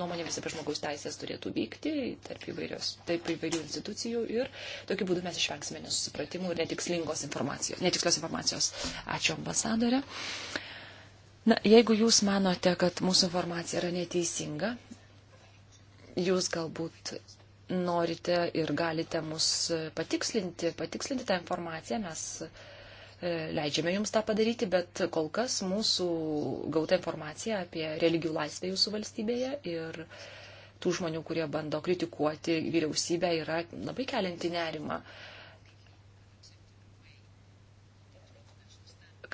nuomonėmis apie žmogaus teisės turėtų vykti tarp, įvairios, tarp įvairių institucijų ir tokiu būdu mes išvengsime nesusipratimų ir netikslingos informacijos. Netikslios informacijos. Ačiū ambasadorė. Na, jeigu jūs manote, kad mūsų informacija yra neteisinga, Jūs galbūt norite ir galite mus patikslinti, patikslinti tą informaciją, mes e, leidžiame jums tą padaryti, bet kol kas mūsų gauta informacija apie religijų laisvę jūsų valstybėje ir tų žmonių, kurie bando kritikuoti vyriausybę, yra labai kelinti nerimą,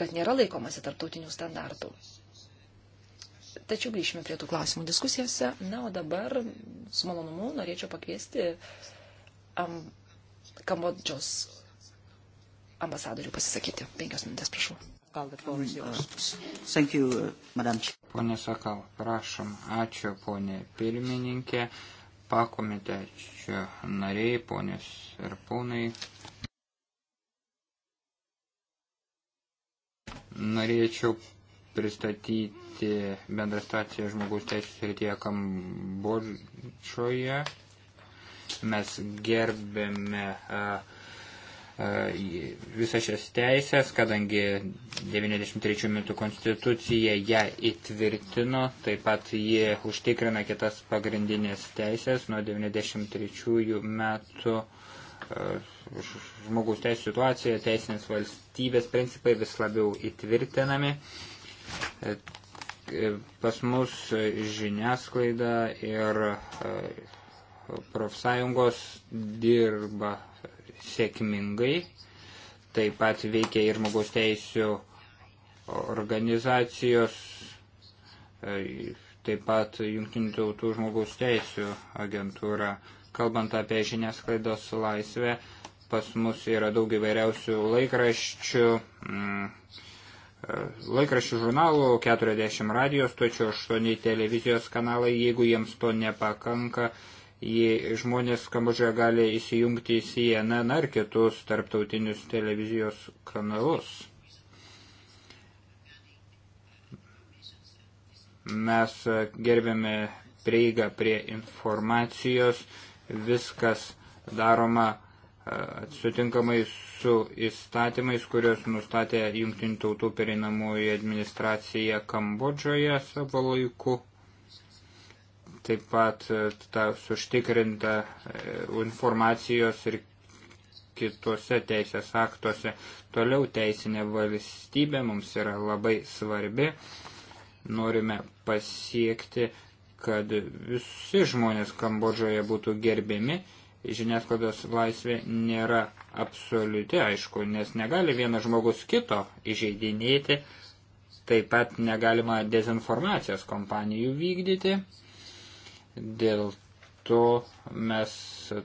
kad nėra laikomasi tarptautinių standartų. Tačiau grįšime prie tų klausimų diskusijose. Na, o dabar su malonumu norėčiau pakviesti um, Kambodžos ambasadorių pasisakyti. Penkios minutės, prašau. Uh, uh, pone Sakal, prašom, ačiū ponė pirmininkė, pakomitečio nariai, ponės ir ponai. Norėčiau pristatyti bendrą situaciją žmogaus teisų srityje Kambodžoje. Mes gerbėme visas šias teisės, kadangi 93 metų konstitucija ją įtvirtino, taip pat ji užtikrina kitas pagrindinės teisės nuo 93 metų žmogaus teisų situacija, teisinės valstybės principai vis labiau įtvirtinami. E, pas mus žiniasklaida ir e, profsąjungos dirba sėkmingai, taip pat veikia ir žmogaus teisų organizacijos, e, taip pat Junktinių tautų žmogaus teisų agentūra. Kalbant apie žiniasklaidos laisvę, pas mus yra daug įvairiausių laikraščių, mm, laikraščių žurnalų, 40 radijos, tačiau 8 televizijos kanalai, jeigu jiems to nepakanka, jie, žmonės Kambodžoje gali įsijungti į CNN ar kitus tarptautinius televizijos kanalus. Mes gerbėme prieigą prie informacijos, viskas daroma E, sutinkamai su įstatymais, kurios nustatė Junktinių tautų pereinamųjų administracija Kambodžoje savo laiku. Taip pat e, ta suštikrinta e, informacijos ir kitose teisės aktuose. Toliau teisinė valstybė mums yra labai svarbi. Norime pasiekti, kad visi žmonės Kambodžoje būtų gerbiami žiniasklaidos laisvė nėra absoliuti, aišku, nes negali vienas žmogus kito įžeidinėti, taip pat negalima dezinformacijos kompanijų vykdyti. Dėl to mes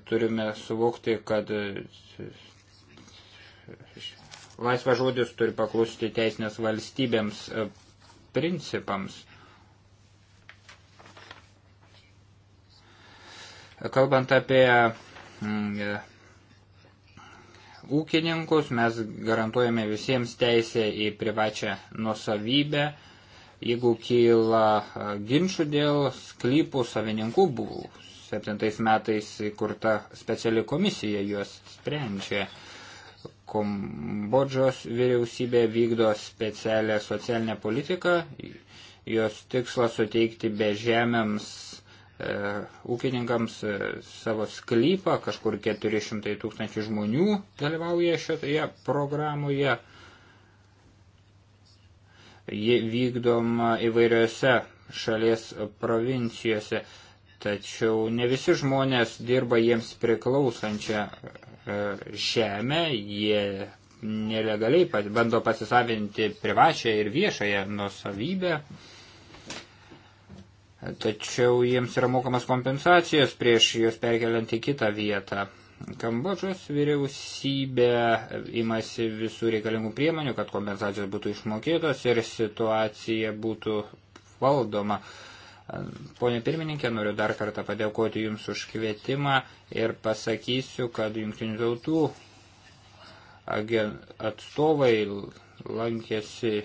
turime suvokti, kad laisvas žodis turi paklusti teisinės valstybėms principams. Kalbant apie Mm, ūkininkus, mes garantuojame visiems teisę į privačią nusavybę. Jeigu kyla ginčių dėl sklypų savininkų, buvo septintais metais įkurta speciali komisija juos sprendžia. Kambodžos vyriausybė vykdo specialią socialinę politiką, jos tikslas suteikti bežemiams E, ūkininkams e, savo sklypą, kažkur 400 tūkstančių žmonių dalyvauja šioje programoje. Ji vykdoma įvairiose šalies provincijose, tačiau ne visi žmonės dirba jiems priklausančią e, žemę, jie nelegaliai bando pasisavinti privačią ir viešąją nusavybę. savybę tačiau jiems yra mokamas kompensacijos prieš juos perkeliant į kitą vietą. Kambodžos vyriausybė imasi visų reikalingų priemonių, kad kompensacijos būtų išmokėtos ir situacija būtų valdoma. Pone pirmininkė, noriu dar kartą padėkoti Jums už kvietimą ir pasakysiu, kad jungtinių tautų atstovai lankėsi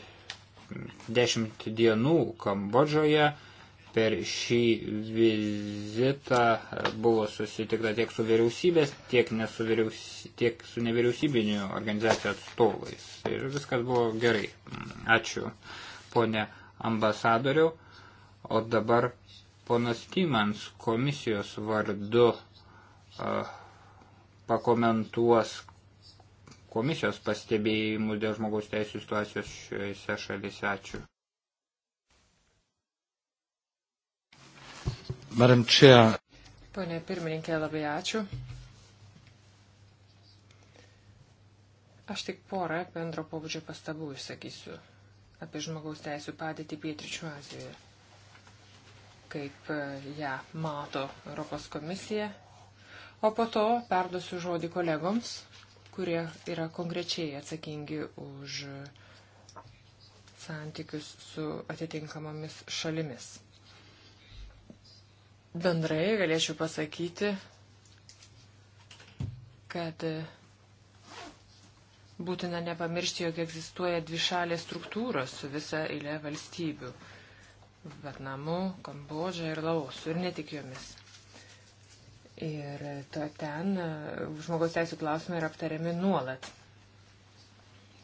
dešimt dienų Kambodžoje Per šį vizitą buvo susitikta tiek su vyriausybės, tiek, su, vyriausy, tiek su nevyriausybinių organizacijų atstovais. Ir viskas buvo gerai. Ačiū, ponė ambasadoriau. O dabar ponas Timans komisijos vardu uh, pakomentuos komisijos pastebėjimus dėl žmogaus teisų situacijos šiuose šalyse. Ačiū. Madam Chair. Pone pirmininkė, labai ačiū. Aš tik porą bendro pobūdžio pastabų išsakysiu apie žmogaus teisų padėtį Pietričių Azijoje. Kaip e, ją mato Europos komisija. O po to perduosiu žodį kolegoms, kurie yra konkrečiai atsakingi už santykius su atitinkamomis šalimis bendrai galėčiau pasakyti, kad būtina nepamiršti, jog egzistuoja dvišalės struktūros su visa eilė valstybių - Vietnamu, Kambodža ir Laosu, ir ne tik jomis. Ir to ten e, žmogaus teisų klausimai yra aptariami nuolat.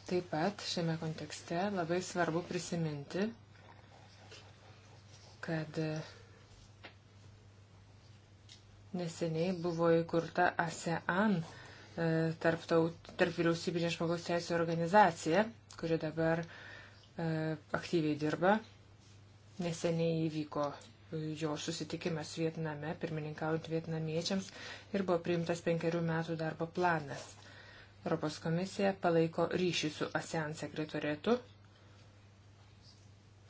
Taip pat šiame kontekste labai svarbu prisiminti, kad Neseniai buvo įkurta ASEAN e, tarp, tarp vyriausybinė žmogaus teisų organizacija, kuri dabar e, aktyviai dirba. Neseniai įvyko e, jo susitikimas Vietname, pirmininkaujant vietnamiečiams, ir buvo priimtas penkerių metų darbo planas. Europos komisija palaiko ryšį su ASEAN sekretorietu.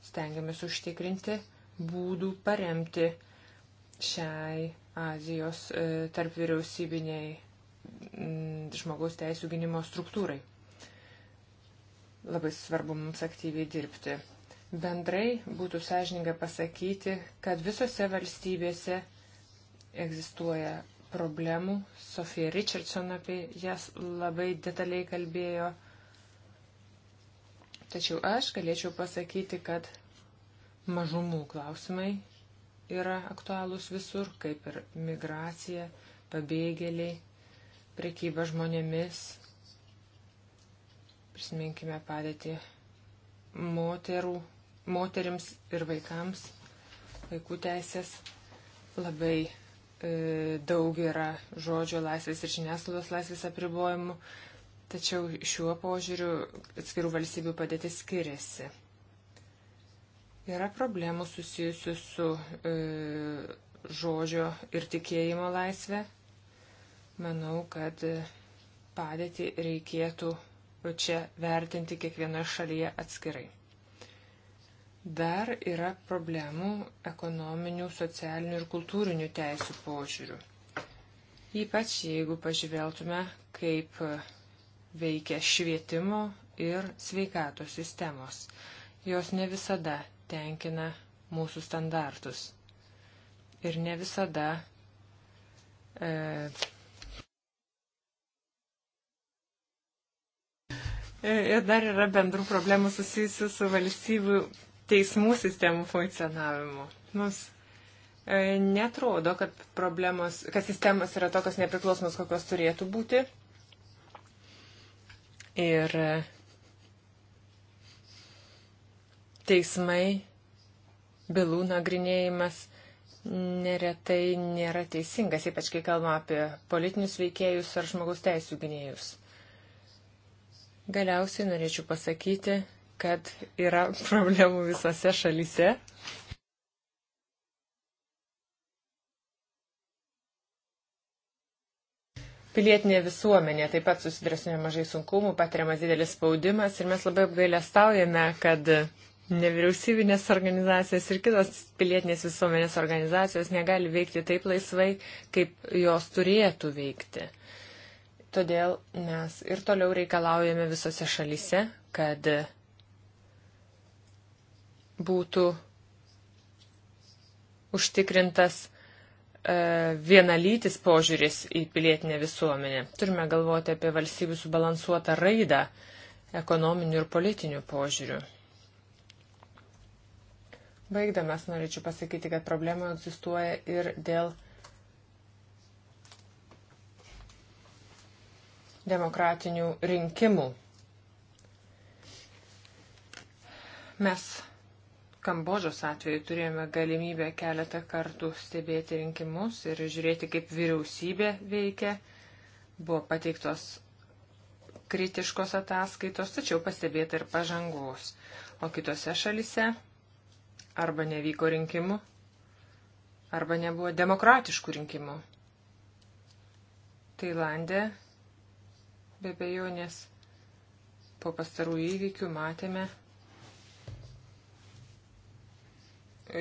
Stengiamės užtikrinti būdų paremti šiai Azijos e, tarp vyriausybiniai mm, žmogaus teisų gynimo struktūrai. Labai svarbu mums aktyviai dirbti. Bendrai būtų sąžininga pasakyti, kad visose valstybėse egzistuoja problemų. Sofija Richardson apie jas labai detaliai kalbėjo. Tačiau aš galėčiau pasakyti, kad mažumų klausimai yra aktualūs visur, kaip ir migracija, pabėgėliai, prekyba žmonėmis. Prisiminkime padėti moterų, moterims ir vaikams, vaikų teisės. Labai e, daug yra žodžio laisvės ir žiniasklaidos laisvės apribojimų, tačiau šiuo požiūriu atskirų valstybių padėtis skiriasi. Yra problemų susijusių su e, žodžio ir tikėjimo laisvė. Manau, kad e, padėtį reikėtų čia vertinti kiekvienoje šalyje atskirai. Dar yra problemų ekonominių, socialinių ir kultūrinių teisų požiūrių. Ypač jeigu pažvelgtume, kaip veikia švietimo ir sveikatos sistemos. Jos ne visada tenkina mūsų standartus. Ir ne visada e, e, Ir dar yra bendrų problemų susijusių su valstybių teismų sistemų funkcionavimu. Mums e, netrodo, kad, problemos, kad sistemos yra tokios nepriklausomos, kokios turėtų būti. Ir e, teismai, bylų nagrinėjimas neretai nėra teisingas, ypač kai kalbama apie politinius veikėjus ar žmogaus teisų gynėjus. Galiausiai norėčiau pasakyti, kad yra problemų visose šalyse. Pilietinė visuomenė taip pat susiduria su nemažai sunkumų, patiriamas didelis spaudimas ir mes labai apgailestaujame, kad Nevyriausybinės organizacijos ir kitos pilietinės visuomenės organizacijos negali veikti taip laisvai, kaip jos turėtų veikti. Todėl mes ir toliau reikalaujame visose šalise, kad būtų užtikrintas e, vienalytis požiūris į pilietinę visuomenę. Turime galvoti apie valstybių subalansuotą raidą ekonominių ir politinių požiūrių. Baigdamas norėčiau pasakyti, kad problema egzistuoja ir dėl demokratinių rinkimų. Mes Kambodžos atveju turėjome galimybę keletą kartų stebėti rinkimus ir žiūrėti, kaip vyriausybė veikia. Buvo pateiktos kritiškos ataskaitos, tačiau pastebėta ir pažangos. O kitose šalise Arba nevyko rinkimų, arba nebuvo demokratiškų rinkimų. Tailandė be bejonės po pastarų įvykių matėme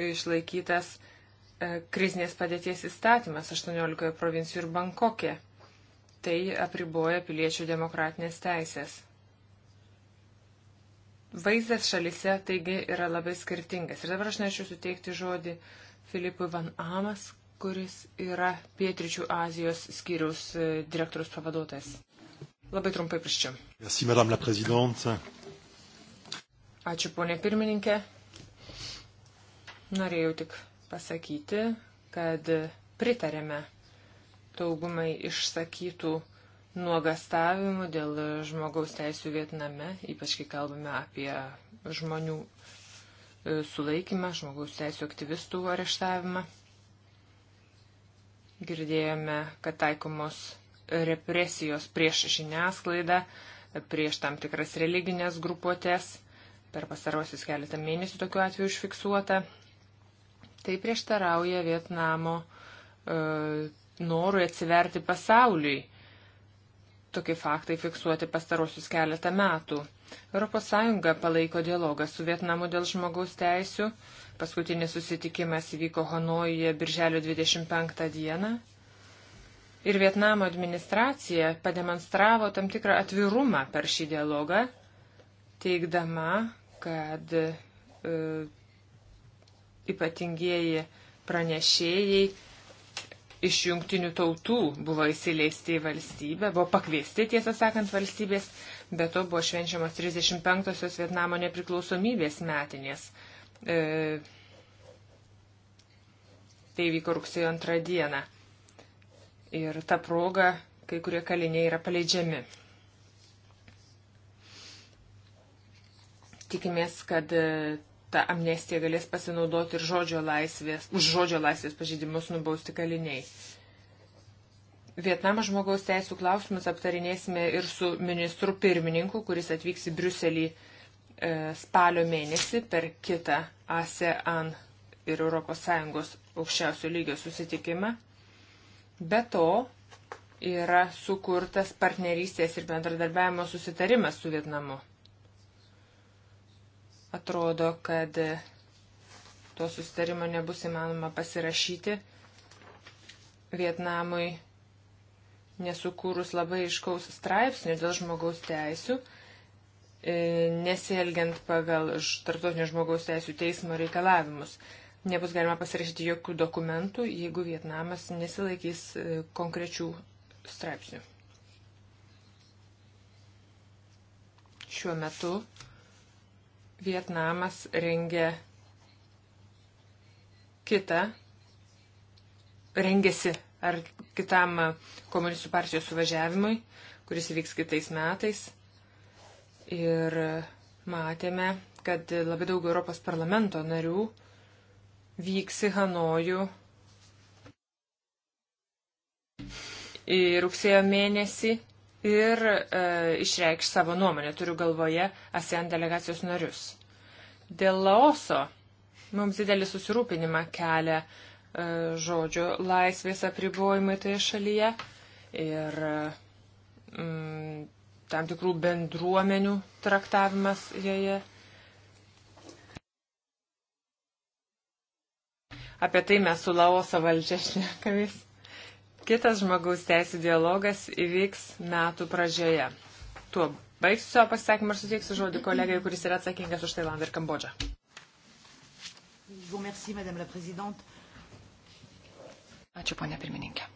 išlaikytas e, krizinės padėties įstatymas 18 provincijų ir Bankokė. Tai apriboja piliečių demokratinės teisės vaizdas šalise taigi yra labai skirtingas. Ir dabar aš norėčiau suteikti žodį Filipui Van Amas, kuris yra Pietričių Azijos skyriaus e, direktorius pavaduotojas. Labai trumpai praščiau. Merci, madame la présidente. Ačiū, ponė pirmininkė. Norėjau tik pasakyti, kad pritarėme daugumai išsakytų uh, nuogastavimų dėl žmogaus teisų Vietname, ypač kai kalbame apie žmonių e, sulaikymą, žmogaus teisų aktyvistų areštavimą. Girdėjome, kad taikomos represijos prieš žiniasklaidą, prieš tam tikras religinės grupuotės. Per pasarosius keletą mėnesių tokiu atveju užfiksuota. Tai prieštarauja Vietnamo e, norui atsiverti pasauliui tokie faktai fiksuoti pastarosius keletą metų. ES palaiko dialogą su Vietnamu dėl žmogaus teisių. Paskutinis susitikimas įvyko Hanojuje birželio 25 dieną. Ir Vietnamo administracija pademonstravo tam tikrą atvirumą per šį dialogą, teikdama, kad e, ypatingieji pranešėjai iš jungtinių tautų buvo įsileisti į valstybę, buvo pakviesti, tiesą sakant, valstybės, bet to buvo švenčiamas 35-osios Vietnamo nepriklausomybės metinės. E, tai vyko rugsėjo antrą dieną. Ir ta proga kai kurie kaliniai yra paleidžiami. Tikimės, kad e, ta amnestija galės pasinaudoti ir žodžio laisvės, už žodžio laisvės pažydimus nubausti kaliniai. Vietnamo žmogaus teisų klausimus aptarinėsime ir su ministru pirmininku, kuris atvyks į Briuselį e, spalio mėnesį per kitą ASEAN ir ES aukščiausio lygio susitikimą. Be to yra sukurtas partnerystės ir bendradarbiavimo susitarimas su Vietnamu. Atrodo, kad to sustarimo nebus įmanoma pasirašyti Vietnamui nesukūrus labai iškaus straipsnių dėl žmogaus teisių, e, nesielgiant pagal tarptautinio žmogaus teisų teismo reikalavimus. Nebus galima pasirašyti jokių dokumentų, jeigu Vietnamas nesilaikys e, konkrečių straipsnių. Šiuo metu Vietnamas rengia kitą, rengiasi ar kitam komunistų partijos suvažiavimui, kuris vyks kitais metais. Ir matėme, kad labai daug Europos parlamento narių vyks į Hanojų į rugsėjo mėnesį ir e, išreikš savo nuomonę, turiu galvoje ASEAN delegacijos narius. Dėl Laoso mums didelį susirūpinimą kelia e, žodžio laisvės apribojimai toje šalyje ir mm, tam tikrų bendruomenių traktavimas joje. Apie tai mes su Laoso valdžia šnekamės. Kitas žmogaus teisų dialogas įvyks metų pradžioje. Tuo baigsiu savo pasisakymą ir suteiksiu žodį kolegai, kuris yra atsakingas už Tailandą ir Kambodžą. Ačiū, ponia pirmininkė.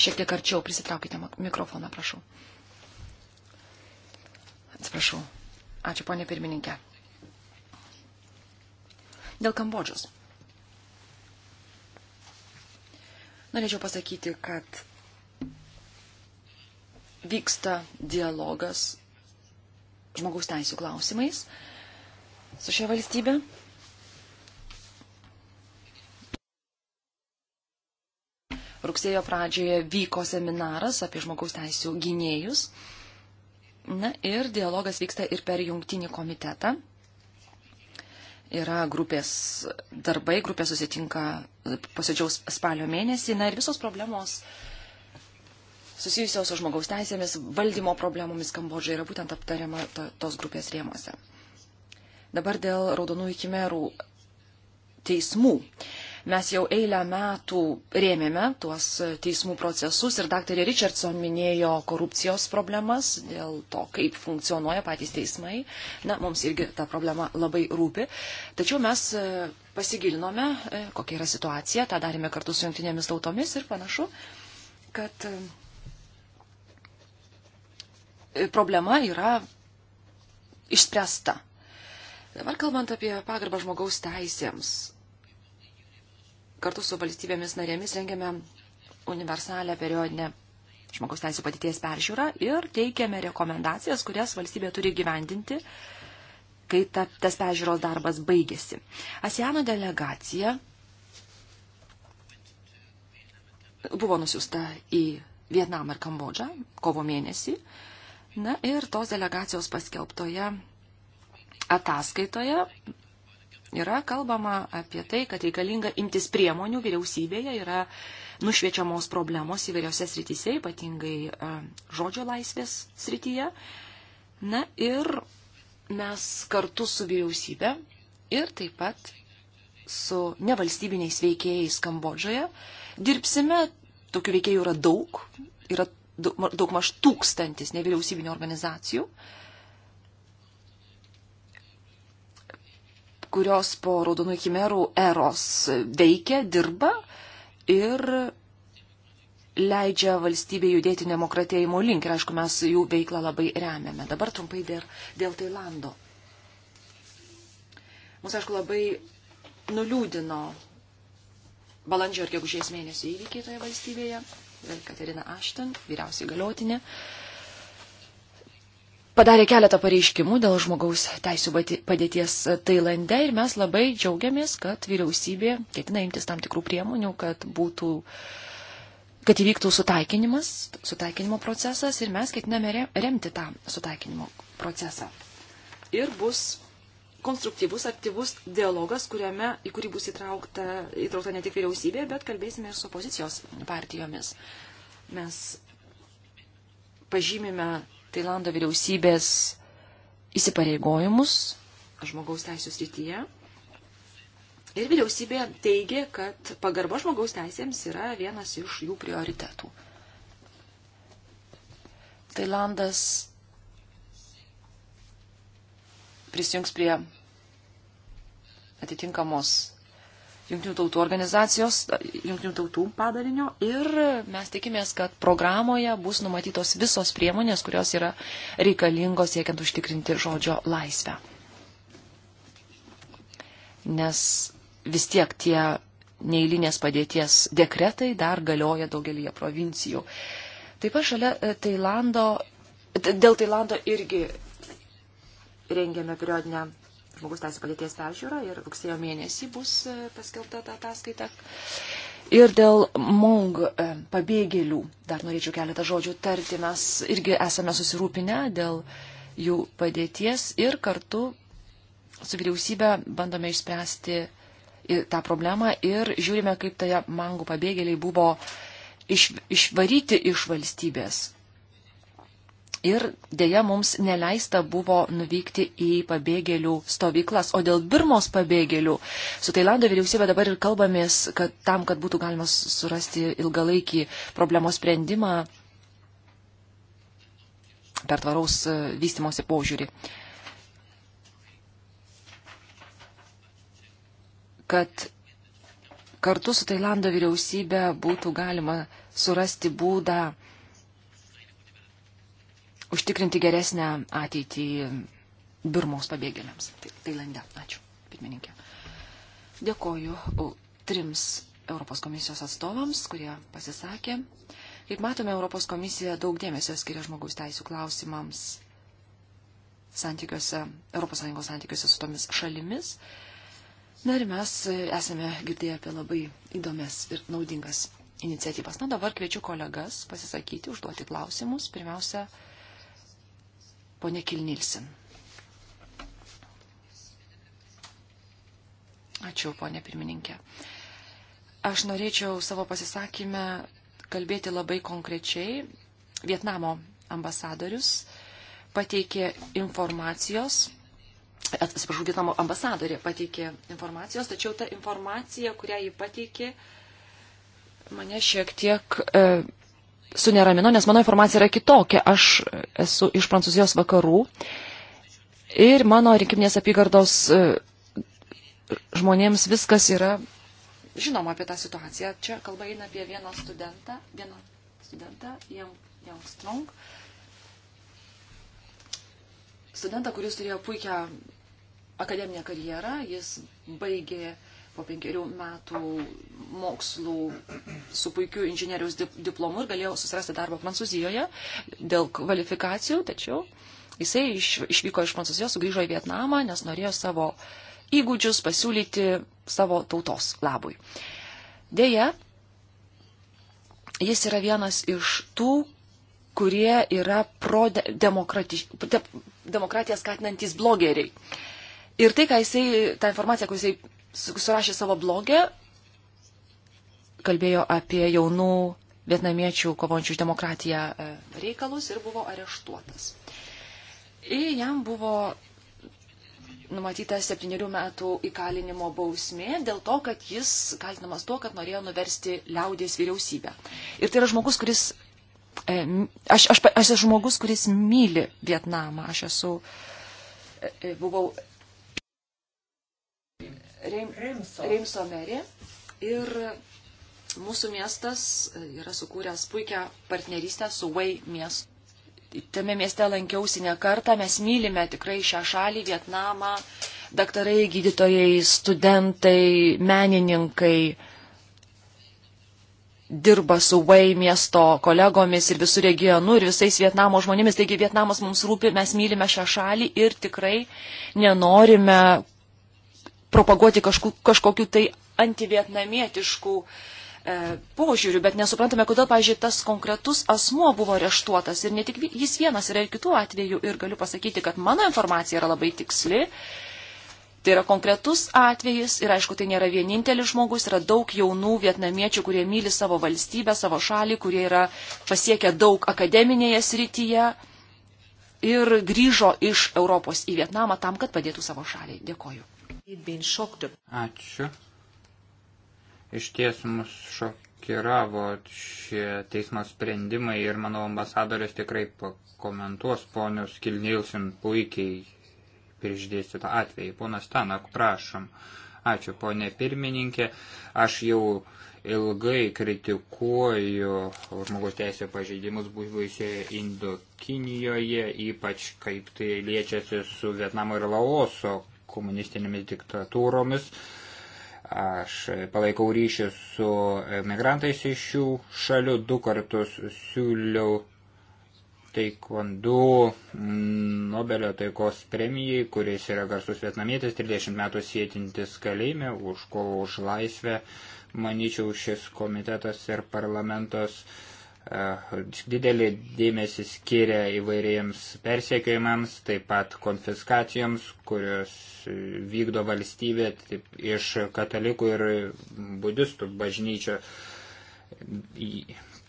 Šiek tiek arčiau prisitraukite mikrofoną, prašau. Atsiprašau. Ačiū, ponė pirmininkė. Dėl Kambodžos. Norėčiau pasakyti, kad vyksta dialogas žmogaus teisų klausimais su šia valstybė. Rugsėjo pradžioje vyko seminaras apie žmogaus teisų gynėjus. Na ir dialogas vyksta ir per jungtinį komitetą yra grupės darbai, grupė susitinka posėdžiaus spalio mėnesį. Na ir visos problemos susijusios su žmogaus teisėmis, valdymo problemomis Kambodžai yra būtent aptariama to, tos grupės rėmose. Dabar dėl raudonųjų kimerų teismų. Mes jau eilę metų rėmėme tuos teismų procesus ir dr. Richardson minėjo korupcijos problemas dėl to, kaip funkcionuoja patys teismai. Na, mums irgi ta problema labai rūpi. Tačiau mes e, pasigilinome, e, kokia yra situacija, tą darėme kartu su jungtinėmis tautomis ir panašu, kad e, problema yra išspręsta. Dabar kalbant apie pagarbą žmogaus teisėms, kartu su valstybėmis narėmis rengiame universalę periodinę žmogaus teisų patyties peržiūrą ir teikiame rekomendacijas, kurias valstybė turi gyvendinti, kai ta, tas peržiūros darbas baigėsi. Asiano delegacija buvo nusiusta į Vietnamą ir Kambodžą kovo mėnesį. Na ir tos delegacijos paskelbtoje ataskaitoje yra kalbama apie tai, kad reikalinga imtis priemonių vyriausybėje, yra nušviečiamos problemos įvairiose srityse, ypatingai e, žodžio laisvės srityje. Na ir mes kartu su vyriausybė ir taip pat su nevalstybiniais veikėjais Kambodžoje dirbsime. Tokių veikėjų yra daug, yra daug maž tūkstantis nevyriausybinio organizacijų. Uh, kurios po raudonų chimerų eros veikia, dirba ir leidžia valstybė judėti demokratėjimo link. Ir aišku, mes jų veiklą labai remiame. Dabar trumpai dėl, dėl Tailando. Mus, aišku, labai nuliūdino balandžio ir gegužės mėnesio įvykiai toje valstybėje. Vėl Katerina Ašten, vyriausiai galiotinė. Uh, padarė keletą pareiškimų dėl žmogaus teisų padėties Tailande ir mes labai džiaugiamės, kad vyriausybė ketina imtis tam tikrų priemonių, kad būtų kad įvyktų sutaikinimas, sutaikinimo procesas ir mes ketiname remti tą sutaikinimo procesą. Ir bus konstruktyvus, aktyvus dialogas, kuriame, į kurį bus įtraukta, įtraukta ne tik vyriausybė, bet kalbėsime ir su opozicijos partijomis. Mes pažymime Tailando vyriausybės įsipareigojimus žmogaus teisų srityje. Ir vyriausybė teigia, kad pagarba žmogaus teisėms yra vienas iš jų prioritetų. Tailandas prisijungs prie atitinkamos Junktinių tautų organizacijos, Junktinių tautų padalinio ir mes tikimės, kad programoje bus numatytos visos priemonės, kurios yra reikalingos siekiant užtikrinti žodžio laisvę. Nes vis tiek tie neįlinės padėties dekretai dar galioja daugelįje provincijų. Taip pat šalia e, Tailando, dėl Tailando irgi rengėme periodinę žmogus teisų padėties peržiūra ir rugsėjo mėnesį bus e, paskelbta ta ataskaita. Ir dėl Mong e, pabėgėlių dar norėčiau keletą žodžių tarti. Mes irgi esame susirūpinę dėl jų padėties ir kartu su vyriausybė bandome išspręsti tą problemą ir žiūrime, kaip tai mangų pabėgėliai buvo iš, išvaryti iš valstybės ir dėja mums neleista buvo nuvykti į pabėgėlių stovyklas. O dėl Birmos pabėgėlių su Tailando vyriausybė dabar ir kalbamės, kad tam, kad būtų galima surasti ilgalaikį problemos sprendimą per tvaraus e, vystimosi požiūrį. Kad kartu su Tailando vyriausybė būtų galima surasti būdą užtikrinti geresnę ateitį Birmos pabėgėliams. Tai, Tailande. Ačiū, pirmininkė. Dėkoju o, trims Europos komisijos atstovams, kurie pasisakė. Kaip matome, Europos komisija daug dėmesio skiria žmogaus teisų klausimams santykiuose, ES santykiuose su tomis šalimis. Na ir mes esame girdėję apie labai įdomias ir naudingas iniciatyvas. Na dabar kviečiu kolegas pasisakyti, užduoti klausimus. Pirmiausia, Pone Kilnilsin. Ačiū, ponė pirmininkė. Aš norėčiau savo pasisakymę kalbėti labai konkrečiai. Vietnamo ambasadorius pateikė informacijos, atsiprašau, Vietnamo ambasadorė pateikė informacijos, tačiau ta informacija, kurią ji pateikė, mane šiek tiek e, suneramino, nes mano informacija yra kitokia. Aš esu iš Prancūzijos vakarų ir mano rinkiminės apygardos e, žmonėms viskas yra žinoma apie tą situaciją. Čia kalba eina apie vieną studentą, vieną studentą, Youngstrong. Studentą, kuris turėjo puikią akademinę karjerą, jis baigė po penkerių metų mokslų su puikiu inžinieriaus diplomu ir galėjau susirasti darbą Prancūzijoje dėl kvalifikacijų, tačiau jisai iš, išvyko iš Prancūzijos, sugrįžo į Vietnamą, nes norėjo savo įgūdžius pasiūlyti savo tautos labui. Deja, jis yra vienas iš tų, kurie yra pro de demokratiją skatinantis blogeriai. Ir tai, ką jisai, tą informaciją, kur jisai surašė savo blogę, kalbėjo apie jaunų vietnamiečių kovančių už demokratiją e, reikalus ir buvo areštuotas. Ir jam buvo numatyta septyniarių metų įkalinimo bausmė dėl to, kad jis kaltinamas tuo, kad norėjo nuversti liaudės vyriausybę. Ir tai yra žmogus, kuris. E, aš, aš, aš esu žmogus, kuris myli Vietnamą. Aš esu, e, buvau Reim, Reimso. Reimso merė. Ir mūsų miestas e, yra sukūręs puikią partnerystę su Wei miestu. Tame mieste lankiausi ne kartą, mes mylime tikrai šią šalį, Vietnamą, daktarai, gydytojai, studentai, menininkai dirba su Wei miesto kolegomis ir visų regionų ir visais Vietnamo žmonėmis. Taigi Vietnamas mums rūpi, mes mylime šią šalį ir tikrai nenorime propaguoti kažku, kažkokiu tai antivietnamietiškų e, požiūrių, bet nesuprantame, kodėl, pažiūrėjau, tas konkretus asmo buvo areštuotas ir ne tik jis vienas yra ir kitų atvejų ir galiu pasakyti, kad mano informacija yra labai tiksli. Tai yra konkretus atvejis ir aišku, tai nėra vienintelis žmogus, yra daug jaunų vietnamiečių, kurie myli savo valstybę, savo šalį, kurie yra pasiekę daug akademinėje srityje ir grįžo iš Europos į Vietnamą tam, kad padėtų savo šaliai. Dėkoju. Ačiū. Iš ties mus šokiravo šie teismo sprendimai ir mano ambasadorius tikrai pakomentuos ponios Kilnilsin puikiai priždėstytą atvejį. Ponas Tanak, prašom. Ačiū, ponė pirmininkė. Aš jau ilgai kritikuoju žmogaus teisė pažeidimus buvusioje Indokinijoje, ypač kaip tai liečiasi su Vietnamo ir Laoso komunistinėmis diktatūromis. Aš palaikau ryšį su migrantais iš šių šalių, du kartus siūliau taikvandų mm, Nobelio taikos premijai, kuris yra garsus vietnamietis, 30 metų sėtintis kalėjime už kovą už laisvę. Manyčiau, šis komitetas ir parlamentas uh, E, didelį dėmesį skiria įvairiems persiekiojimams, taip pat konfiskacijoms, kurios vykdo valstybė taip, iš katalikų ir budistų bažnyčio.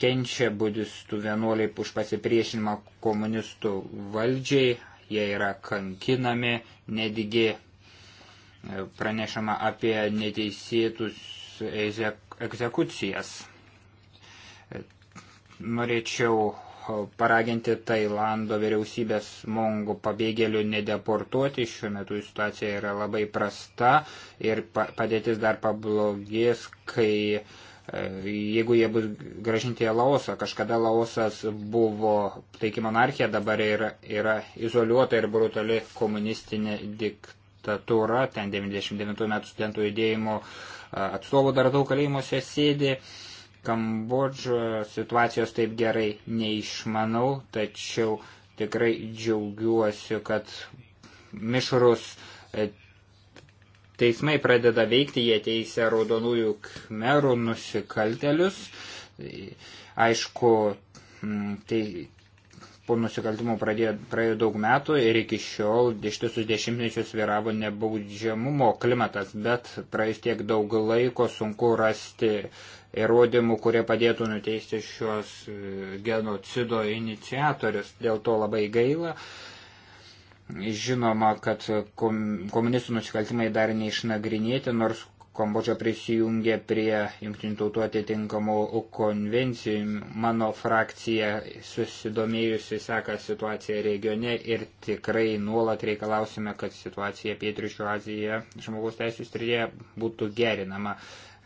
Kenčia budistų vienuoliai už pasipriešinimą komunistų valdžiai, jie yra kankinami, netgi e, pranešama apie neteisėtus egzekucijas Norėčiau e, paraginti Tailando vyriausybės mongų pabėgėlių nedeportuoti. Šiuo metu situacija yra labai prasta ir padėtis dar pablogės, kai e, jeigu jie bus gražinti į Laosą. Kažkada Laosas buvo taiki monarchija, dabar yra, yra izoliuota ir brutali komunistinė diktatūra. Ten 99 metų studentų judėjimo e, atstovų dar daug kalėjimuose sėdi. Uh, Kambodžos situacijos taip gerai neišmanau, tačiau tikrai džiaugiuosi, kad mišrus e, teismai pradeda veikti, jie teisė raudonųjų kmerų nusikaltelius. E, aišku, tai po nusikaltimų pradėjo, praėjo daug metų ir iki šiol ištisus dešimtmečius vyravo nebaudžiamumo klimatas, bet praėjus tiek daug laiko sunku rasti įrodymų, kurie padėtų nuteisti šios e, genocido iniciatorius. Dėl to labai gaila. Žinoma, kad komunistų nusikaltimai dar neišnagrinėti, nors Kambodža prisijungė prie jungtinių tautų atitinkamų konvencijų. Mano frakcija susidomėjusi seka situaciją regione ir tikrai nuolat reikalausime, kad situacija Pietričio Azijoje žmogaus teisų strėje būtų gerinama.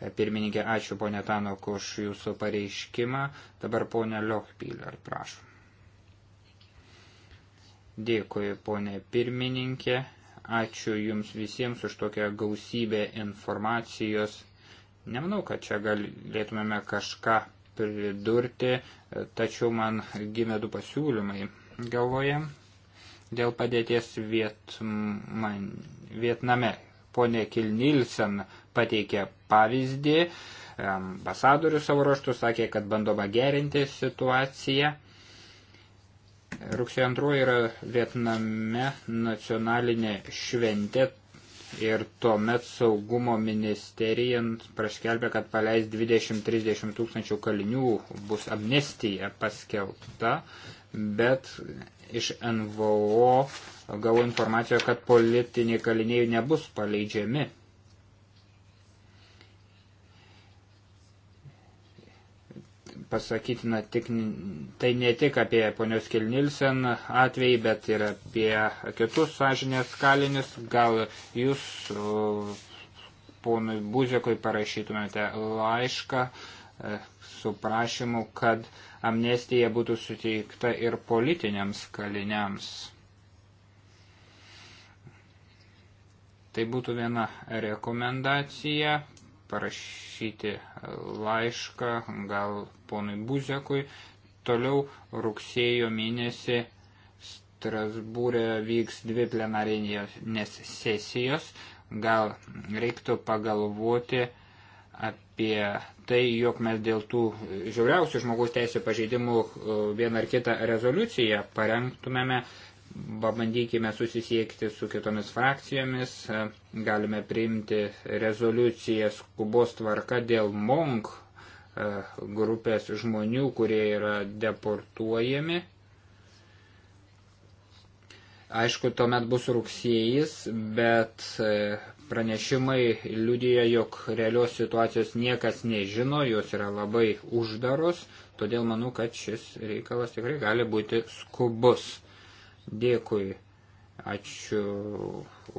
Pirmininkė, ačiū ponė Tanok už jūsų pareiškimą. Dabar ponė Lochpiler, prašom. Dėkui, ponė pirmininkė. Ačiū Jums visiems už tokią gausybę informacijos. Nemanau, kad čia galėtumėme kažką pridurti, tačiau man gimė du pasiūlymai galvoje dėl padėties Vietman, Vietname. Pone Kilnilsen pateikė pavyzdį, ambasadorius savo raštų sakė, kad bandoma gerinti situaciją. Rugsėjo 2 yra Vietname nacionalinė šventė ir tuomet saugumo ministerija praškelbė, kad paleis 20-30 tūkstančių kalinių, bus amnestija paskelbta, bet iš NVO gavau informaciją, kad politiniai kaliniai nebus paleidžiami pasakytina tik, tai ne tik apie ponios Kilnilsen atvejį, bet ir apie kitus sąžinės kalinius. Gal jūs ponui Buzekui parašytumėte laišką e, su prašymu, kad amnestija būtų suteikta ir politiniams kaliniams. Tai būtų viena rekomendacija parašyti laišką gal ponui Buzekui. Toliau rugsėjo mėnesį Strasbūrė vyks dvi plenarinės sesijos. Gal reiktų pagalvoti apie tai, jog mes dėl tų žiauriausių žmogaus teisų pažeidimų e, vieną ar kitą rezoliuciją parengtumėme pabandykime susisiekti su kitomis frakcijomis, galime priimti rezoliuciją skubos tvarka dėl MONK e, grupės žmonių, kurie yra deportuojami. Aišku, tuomet bus rugsėjais, bet e, pranešimai liudyja, jog realios situacijos niekas nežino, jos yra labai uždaros, todėl manau, kad šis reikalas tikrai gali būti skubus. Dėkui. Ačiū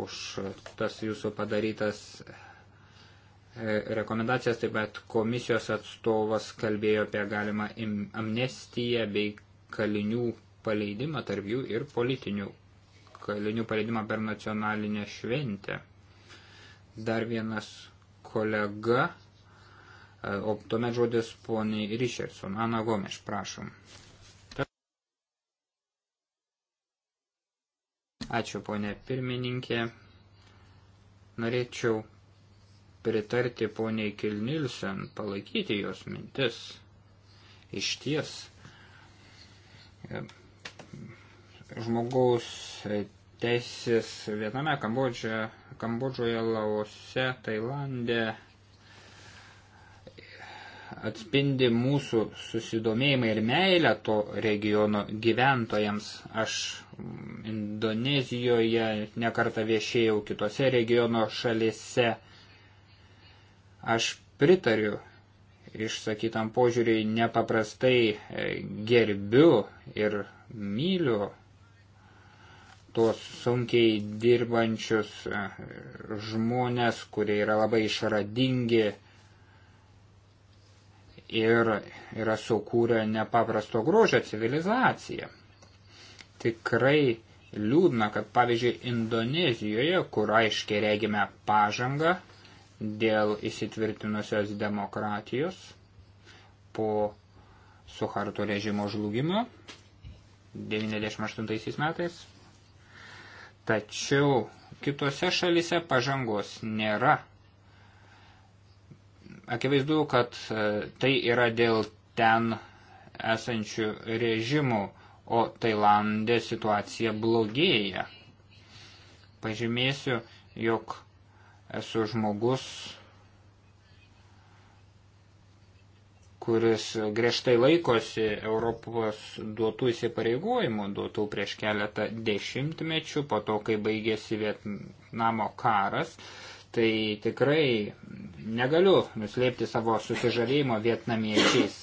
už tas jūsų padarytas e, rekomendacijas. Taip pat komisijos atstovas kalbėjo apie galimą amnestiją bei kalinių paleidimą tarp jų ir politinių kalinių paleidimą per nacionalinę šventę. Dar vienas kolega, e, o tuomet žodis poniai Richardson. Ana Gomeš, prašom. Ačiū, ponė pirmininkė. Norėčiau pritarti poniai Kilnilsen, palaikyti jos mintis. Iš ties, e, žmogaus teisės viename Kambodžioje, Kambodžoje, Laose, Tailandė atspindi mūsų susidomėjimą ir meilę to regiono gyventojams. Aš mm, Indonezijoje nekartą viešėjau kitose regiono šalise. Aš pritariu išsakytam požiūriui nepaprastai e, gerbiu ir myliu tuos sunkiai dirbančius e, žmonės, kurie yra labai išradingi, ir yra sukūrę nepaprasto grožio civilizaciją. Tikrai liūdna, kad pavyzdžiui Indonezijoje, kur aiškiai regime pažangą dėl įsitvirtinusios demokratijos po Suharto režimo žlugimo 98 metais, tačiau kitose šalise pažangos nėra Akivaizdu, kad e, tai yra dėl ten esančių režimų, o Tailandė situacija blogėja. Pažymėsiu, jog esu žmogus, kuris griežtai laikosi Europos duotų įsipareigojimų, duotų prieš keletą dešimtmečių, po to, kai baigėsi Vietnamo karas. Uh, Tai tikrai negaliu nuslėpti savo susižavėjimo vietnamiečiais.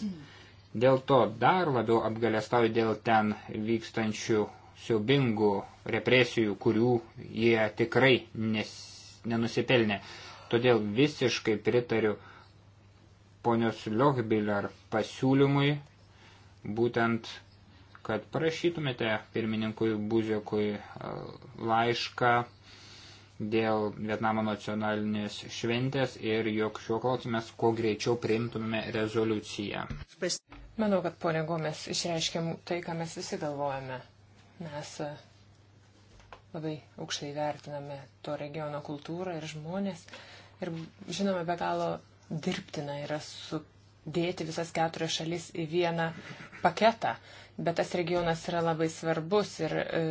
Dėl to dar labiau apgalėstauju dėl ten vykstančių siaubingų represijų, kurių jie tikrai nes, nenusipelnė. Todėl visiškai pritariu ponios Lochbiller pasiūlymui, būtent, kad parašytumėte pirmininkui Buzekui e, laišką dėl Vietnamo nacionalinės šventės ir jog šiuo klausimės kuo greičiau priimtumėme rezoliuciją. Manau, kad ponė Gomes išreiškėm tai, ką mes visi galvojame. Mes e, labai aukštai vertiname to regiono kultūrą ir žmonės ir žinome be galo dirbtina yra sudėti visas keturias šalis į vieną paketą. Bet tas regionas yra labai svarbus ir e,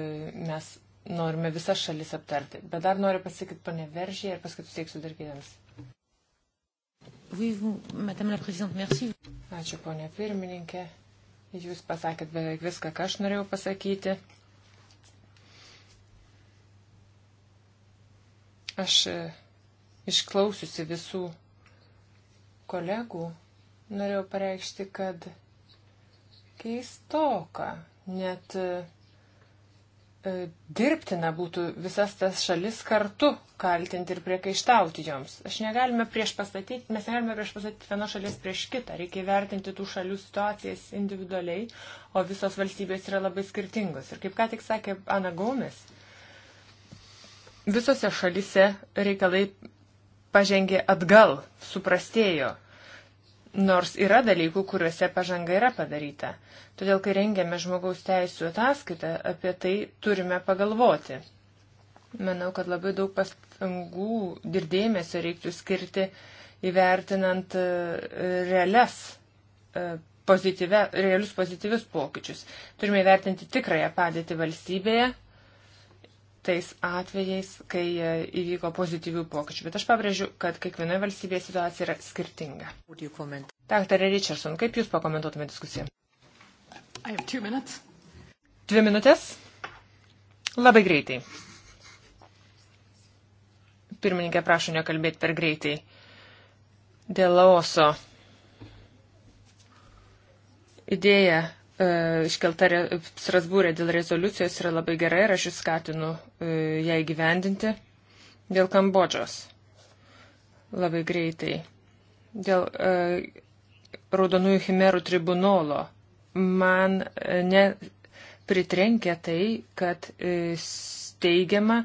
mes norime visas šalis aptarti. Bet dar noriu pasakyti pane Veržyje ir paskui suteiksiu dar kitiems. Oui, vous, Madame la Présidente, merci. Ačiū, ponė pirmininkė. Jūs pasakėt beveik viską, ką aš norėjau pasakyti. Aš e, išklausiusi visų kolegų norėjau pareikšti, kad keistoka net uh, E, dirbtina būtų visas tas šalis kartu kaltinti ir priekaištauti joms. Aš negalime prieš pastatyti, mes negalime prieš pastatyti vienos šalies prieš kitą. Reikia vertinti tų šalių situacijas individualiai, o visos valstybės yra labai skirtingos. Ir kaip ką tik sakė Ana Gomes, visose šalise reikalai pažengė atgal, suprastėjo. Nors yra dalykų, kuriuose pažanga yra padaryta. Todėl, kai rengiame žmogaus teisų ataskaitą, apie tai turime pagalvoti. Manau, kad labai daug pastangų ir dėmesio reiktų skirti įvertinant e, realias e, pozityve, realius pozityvius pokyčius. Turime įvertinti tikrąją padėtį valstybėje, tais atvejais, kai e, įvyko pozityvių pokyčių. Bet aš pabrėžiu, kad kiekvienoje valstybėje situacija yra skirtinga. Daktarė Richardson, kaip Jūs pakomentuotumėte diskusiją? Dvi minutės? Labai greitai. Pirmininkė prašo nekalbėti per greitai. Dėl laoso idėja E, iškelta Strasbūrė dėl rezoliucijos yra labai gerai ir aš jūs skatinu e, ją įgyvendinti dėl Kambodžos labai greitai. Dėl e, Raudonųjų Chimerų tribunolo man nepritrenkė tai, kad steigiama,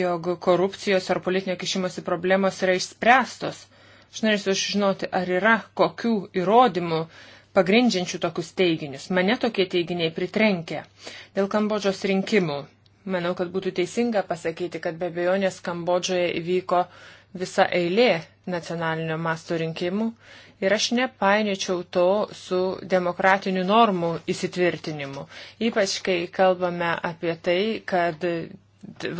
jog korupcijos ar politinio kišimosi problemos yra išspręstos. Aš norėsiu žinoti, ar yra kokių įrodymų, uh, pagrindžiančių tokius teiginius. Mane tokie teiginiai pritrenkė dėl Kambodžos rinkimų. Manau, kad būtų teisinga pasakyti, kad be abejonės Kambodžoje įvyko visa eilė nacionalinio masto rinkimų ir aš nepainiočiau to su demokratinių normų įsitvirtinimu. Ypač, kai kalbame apie tai, kad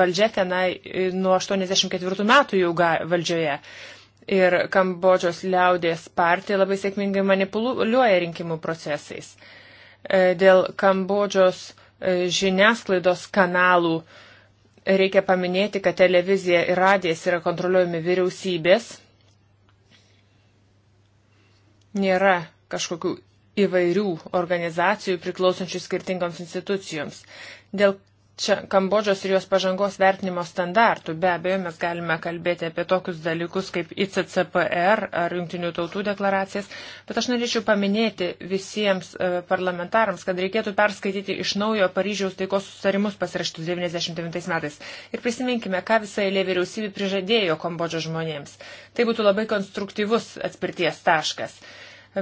valdžia tenai nuo 84 metų jau valdžioje ir Kambodžos liaudės partija labai sėkmingai manipuliuoja rinkimų procesais. E, dėl Kambodžos e, žiniasklaidos kanalų e, reikia paminėti, kad televizija ir radijas yra kontroliuojami vyriausybės. Nėra kažkokių įvairių organizacijų priklausančių skirtingoms institucijoms. Dėl čia Kambodžos ir jos pažangos vertinimo standartų. Be abejo, mes galime kalbėti apie tokius dalykus kaip ICCPR ar Junktinių tautų deklaracijas, bet aš norėčiau paminėti visiems e, parlamentarams, kad reikėtų perskaityti iš naujo Paryžiaus taikos sustarimus pasirašytus 99 metais. Ir prisiminkime, ką visa eilė vyriausybė prižadėjo Kambodžos žmonėms. Tai būtų labai konstruktyvus atspirties taškas.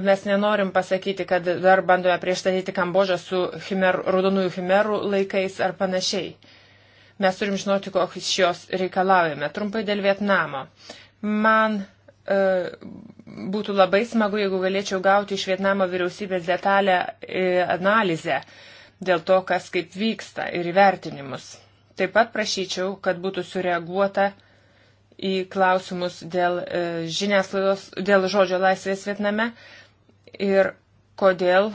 Mes nenorim pasakyti, kad dar bandome priešstatyti Kambožą su chimer, raudonųjų chimerų laikais ar panašiai. Mes turim žinoti, kokius jos reikalaujame. Trumpai dėl Vietnamo. Man e, būtų labai smagu, jeigu galėčiau gauti iš Vietnamo vyriausybės detalę e, analizę dėl to, kas kaip vyksta ir įvertinimus. Taip pat prašyčiau, kad būtų sureaguota į klausimus dėl e, žiniasklaidos, dėl žodžio laisvės Vietname, ir kodėl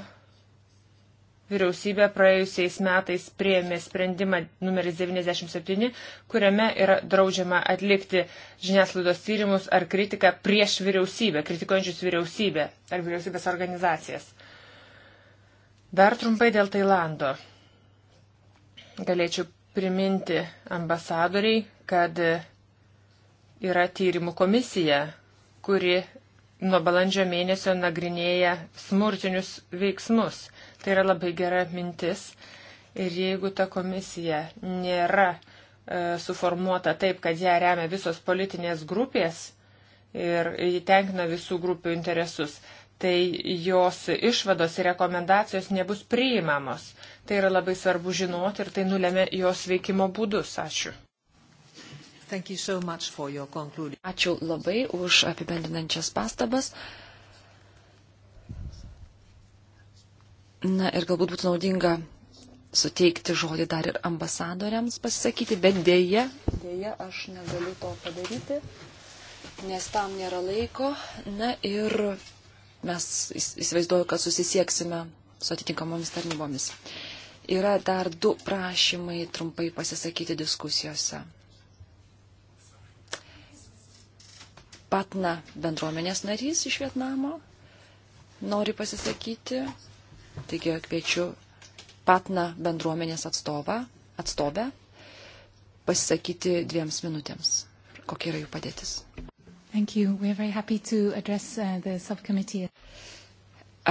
vyriausybė praėjusiais metais prieėmė sprendimą numeris 97, kuriame yra draudžiama atlikti žiniasklaidos tyrimus ar kritiką prieš vyriausybę, kritikuojančius vyriausybę ar vyriausybės organizacijas. Dar trumpai dėl Tailando. Galėčiau priminti ambasadoriai, kad yra tyrimų komisija, kuri nuo balandžio mėnesio nagrinėja smurtinius veiksmus. Tai yra labai gera mintis. Ir jeigu ta komisija nėra e, suformuota taip, kad ją remia visos politinės grupės ir jį tenkina visų grupių interesus, tai jos išvados ir rekomendacijos nebus priimamos. Tai yra labai svarbu žinoti ir tai nulėmė jos veikimo būdus. Ačiū. So Ačiū labai už apibendinančias pastabas. Na ir galbūt būtų naudinga suteikti žodį dar ir ambasadoriams pasisakyti, bet dėje, dėje aš negaliu to padaryti, nes tam nėra laiko. Na ir mes įsivaizduoju, kad susisieksime su atitinkamomis tarnybomis. Yra dar du prašymai trumpai pasisakyti diskusijose. Patna bendruomenės narys iš Vietnamo nori pasisakyti. Taigi kviečiu Patna bendruomenės atstovą, atstovę pasisakyti dviems minutėms. Kokia yra jų padėtis? Uh,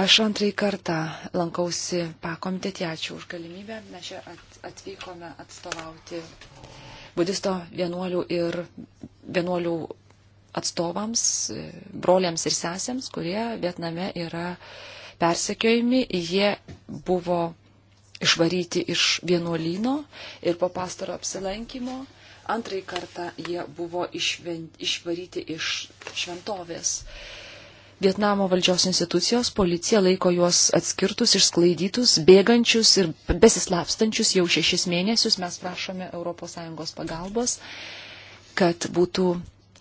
Aš antrąjį kartą lankausi pakomitetį, ačiū už galimybę. Mes čia atvykome atstovauti budisto vienuolių ir vienuolių atstovams, e, broliams ir sesėms, kurie Vietname yra persekiojami. Jie buvo išvaryti iš vienuolyno ir po pastaro apsilankimo antrąjį kartą jie buvo išvent, išvaryti iš šventovės. Vietnamo valdžios institucijos policija laiko juos atskirtus, išsklaidytus, bėgančius ir besislapstančius jau šešis mėnesius. Mes prašome ES pagalbos, kad būtų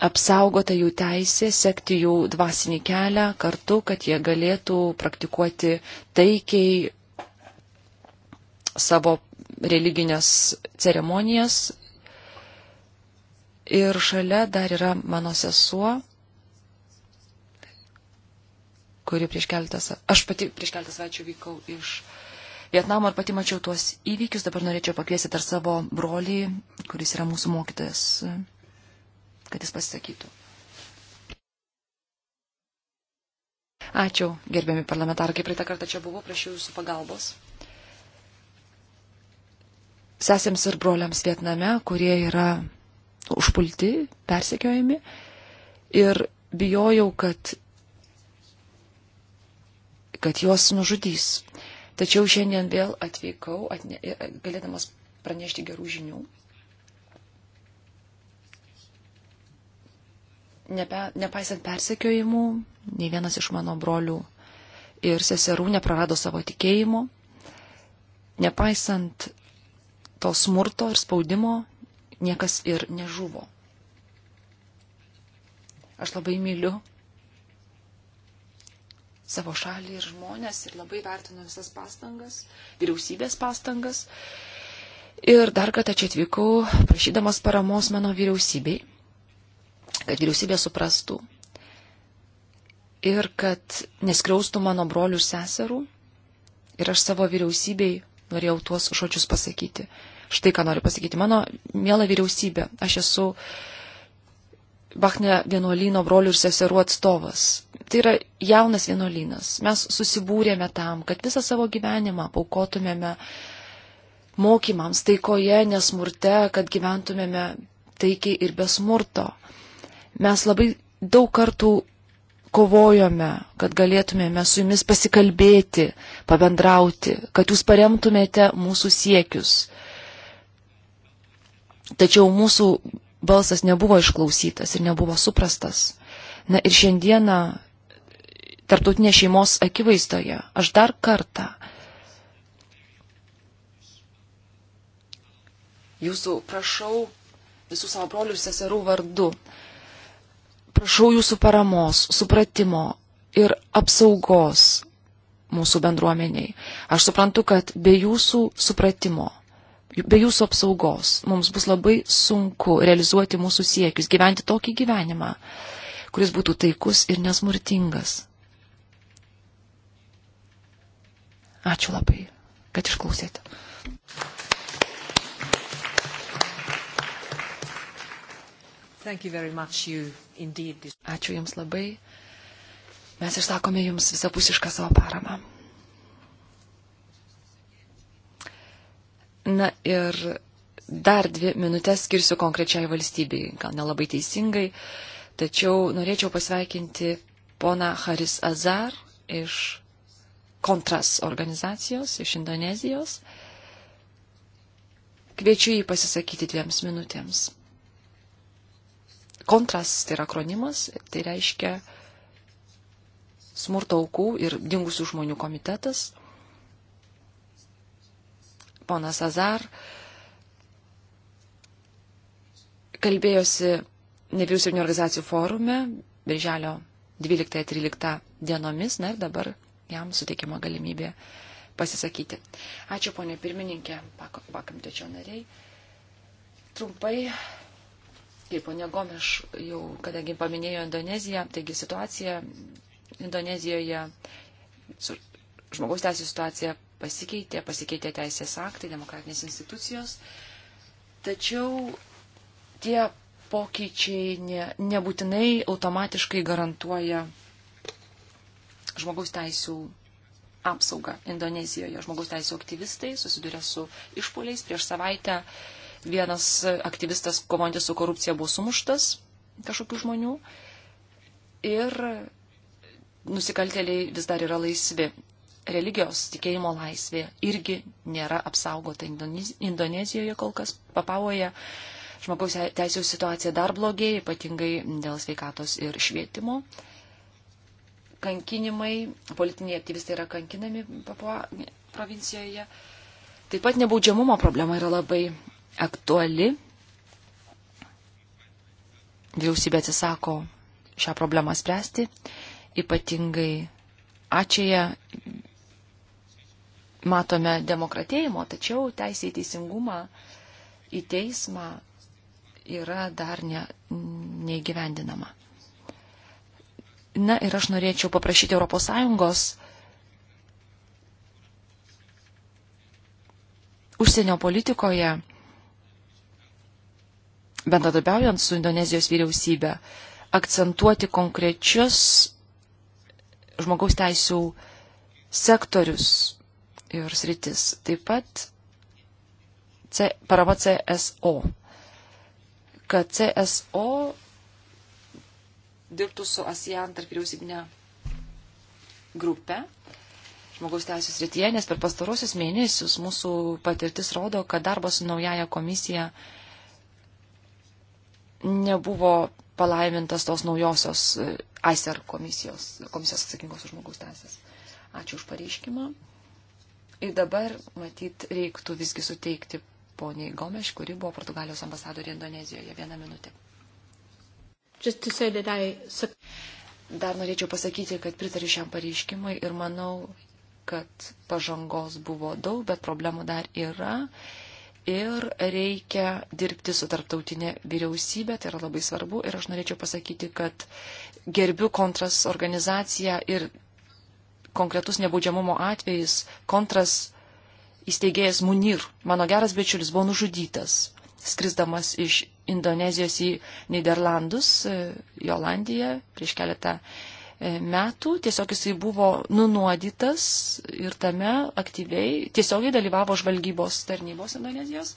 apsaugota jų teisė sekti jų dvasinį kelią kartu, kad jie galėtų praktikuoti taikiai savo religinės ceremonijas. Ir šalia dar yra mano sesuo, kuri prieš keletą, aš pati prieš keletą savaičių vykau iš Vietnamo ir pati mačiau tuos įvykius, dabar norėčiau pakviesti dar savo brolį, kuris yra mūsų mokytojas kad jis pasakytų. Ačiū, gerbiami parlamentarai, kaip praeitą kartą čia buvau, prašiau jūsų pagalbos. Sesėms ir broliams Vietname, kurie yra užpulti, persekiojami. Ir bijojau, kad, kad juos nužudys. Tačiau šiandien vėl atvykau, atne, galėdamas pranešti gerų žinių. nepe, nepaisant persekiojimų, nei vienas iš mano brolių ir seserų neprarado savo tikėjimo, nepaisant to smurto ir spaudimo, niekas ir nežuvo. Aš labai myliu savo šalį ir žmonės ir labai vertinu visas pastangas, vyriausybės pastangas. Ir dar kartą čia atvykau prašydamas paramos mano vyriausybei kad vyriausybė suprastų ir kad neskriaustų mano brolių ir seserų. Ir aš savo vyriausybei norėjau tuos žodžius pasakyti. Štai ką noriu pasakyti. Mano mėla vyriausybė, aš esu Bachne vienuolyno brolių ir seserų atstovas. Tai yra jaunas vienuolynas. Mes susibūrėme tam, kad visą savo gyvenimą paukotumėme mokymams taikoje, nesmurte, kad gyventumėme taikiai ir be smurto. Mes labai daug kartų kovojome, kad galėtumėme su jumis pasikalbėti, pabendrauti, kad jūs paremtumėte mūsų siekius. Tačiau mūsų balsas nebuvo išklausytas ir nebuvo suprastas. Na ir šiandieną, tarptautinė šeimos akivaizdoje, aš dar kartą jūsų prašau visų savo brolių ir seserų vardu prašau jūsų paramos, supratimo ir apsaugos mūsų bendruomeniai. Aš suprantu, kad be jūsų supratimo, be jūsų apsaugos mums bus labai sunku realizuoti mūsų siekius, gyventi tokį gyvenimą, kuris būtų taikus ir nesmurtingas. Ačiū labai, kad išklausėte. Thank you very much, you indeed. Ačiū Jums labai. Mes išsakome Jums visapusišką savo paramą. Na ir dar dvi minutės skirsiu konkrečiai valstybei, gal nelabai teisingai, tačiau norėčiau pasveikinti pona Haris Azar iš Kontras organizacijos, iš Indonezijos. Kviečiu jį pasisakyti dviems minutėms kontras tai yra akronimas, tai reiškia smurto aukų ir dingusių žmonių komitetas. Ponas Azar kalbėjosi nevyriausybinio organizacijų forume birželio 12-13 dienomis, na ir dabar jam suteikima galimybė pasisakyti. Ačiū, ponė pirmininkė, pakamtečio nariai. Trumpai kaip ponia Gomeš jau, kadangi paminėjo Indoneziją, taigi situacija Indonezijoje, žmogaus teisų situacija pasikeitė, pasikeitė teisės aktai, demokratinės institucijos, tačiau tie pokyčiai ne, nebūtinai automatiškai garantuoja žmogaus teisų apsaugą Indonezijoje. Žmogaus teisų aktyvistai susiduria su išpoliais prieš savaitę uh, Vienas aktyvistas kovojantis su korupcija buvo sumuštas kažkokių žmonių ir nusikaltėliai vis dar yra laisvi. Religijos tikėjimo laisvė irgi nėra apsaugota Indonezijoje kol kas, papavoje. Žmogaus teisėjų situacija dar blogėja, ypatingai dėl sveikatos ir švietimo kankinimai, politiniai aktyvistai yra kankinami Papua provincijoje. Taip pat nebaudžiamumo problema yra labai aktuali. Vyriausybė atsisako šią problemą spręsti, ypatingai ačiūje matome demokratėjimo, tačiau teisė į teisingumą, į teismą yra dar ne, neįgyvendinama. Na ir aš norėčiau paprašyti ES užsienio politikoje bendradarbiaujant su Indonezijos vyriausybė, akcentuoti konkrečius žmogaus teisų sektorius ir sritis. Taip pat C, parama CSO. Kad CSO dirbtų su ASEAN tarp vyriausybinė grupė žmogaus teisų srityje, nes per pastarosius mėnesius mūsų patirtis rodo, kad darbas su naujaja komisija uh, nebuvo palaimintas tos naujosios e, ICER komisijos, komisijos atsakingos už žmogaus teisės. Ačiū už pareiškimą. Ir dabar, matyt, reiktų visgi suteikti poniai Gomeš, kuri buvo Portugalijos ambasadorė Indonezijoje. Vieną minutę. I... Dar norėčiau pasakyti, kad pritariu šiam pareiškimui ir manau, kad pažangos buvo daug, bet problemų dar yra ir reikia dirbti su tarptautinė vyriausybė, tai yra labai svarbu ir aš norėčiau pasakyti, kad gerbiu kontras organizaciją ir konkretus nebaudžiamumo atvejis, kontras įsteigėjas Munir, mano geras bičiulis, buvo nužudytas, skrisdamas iš Indonezijos į Niderlandus, e, į Olandiją prieš keletą metų E, metų, tiesiog jisai buvo nunuodytas ir tame aktyviai, tiesiogiai dalyvavo žvalgybos tarnybos Indonezijos.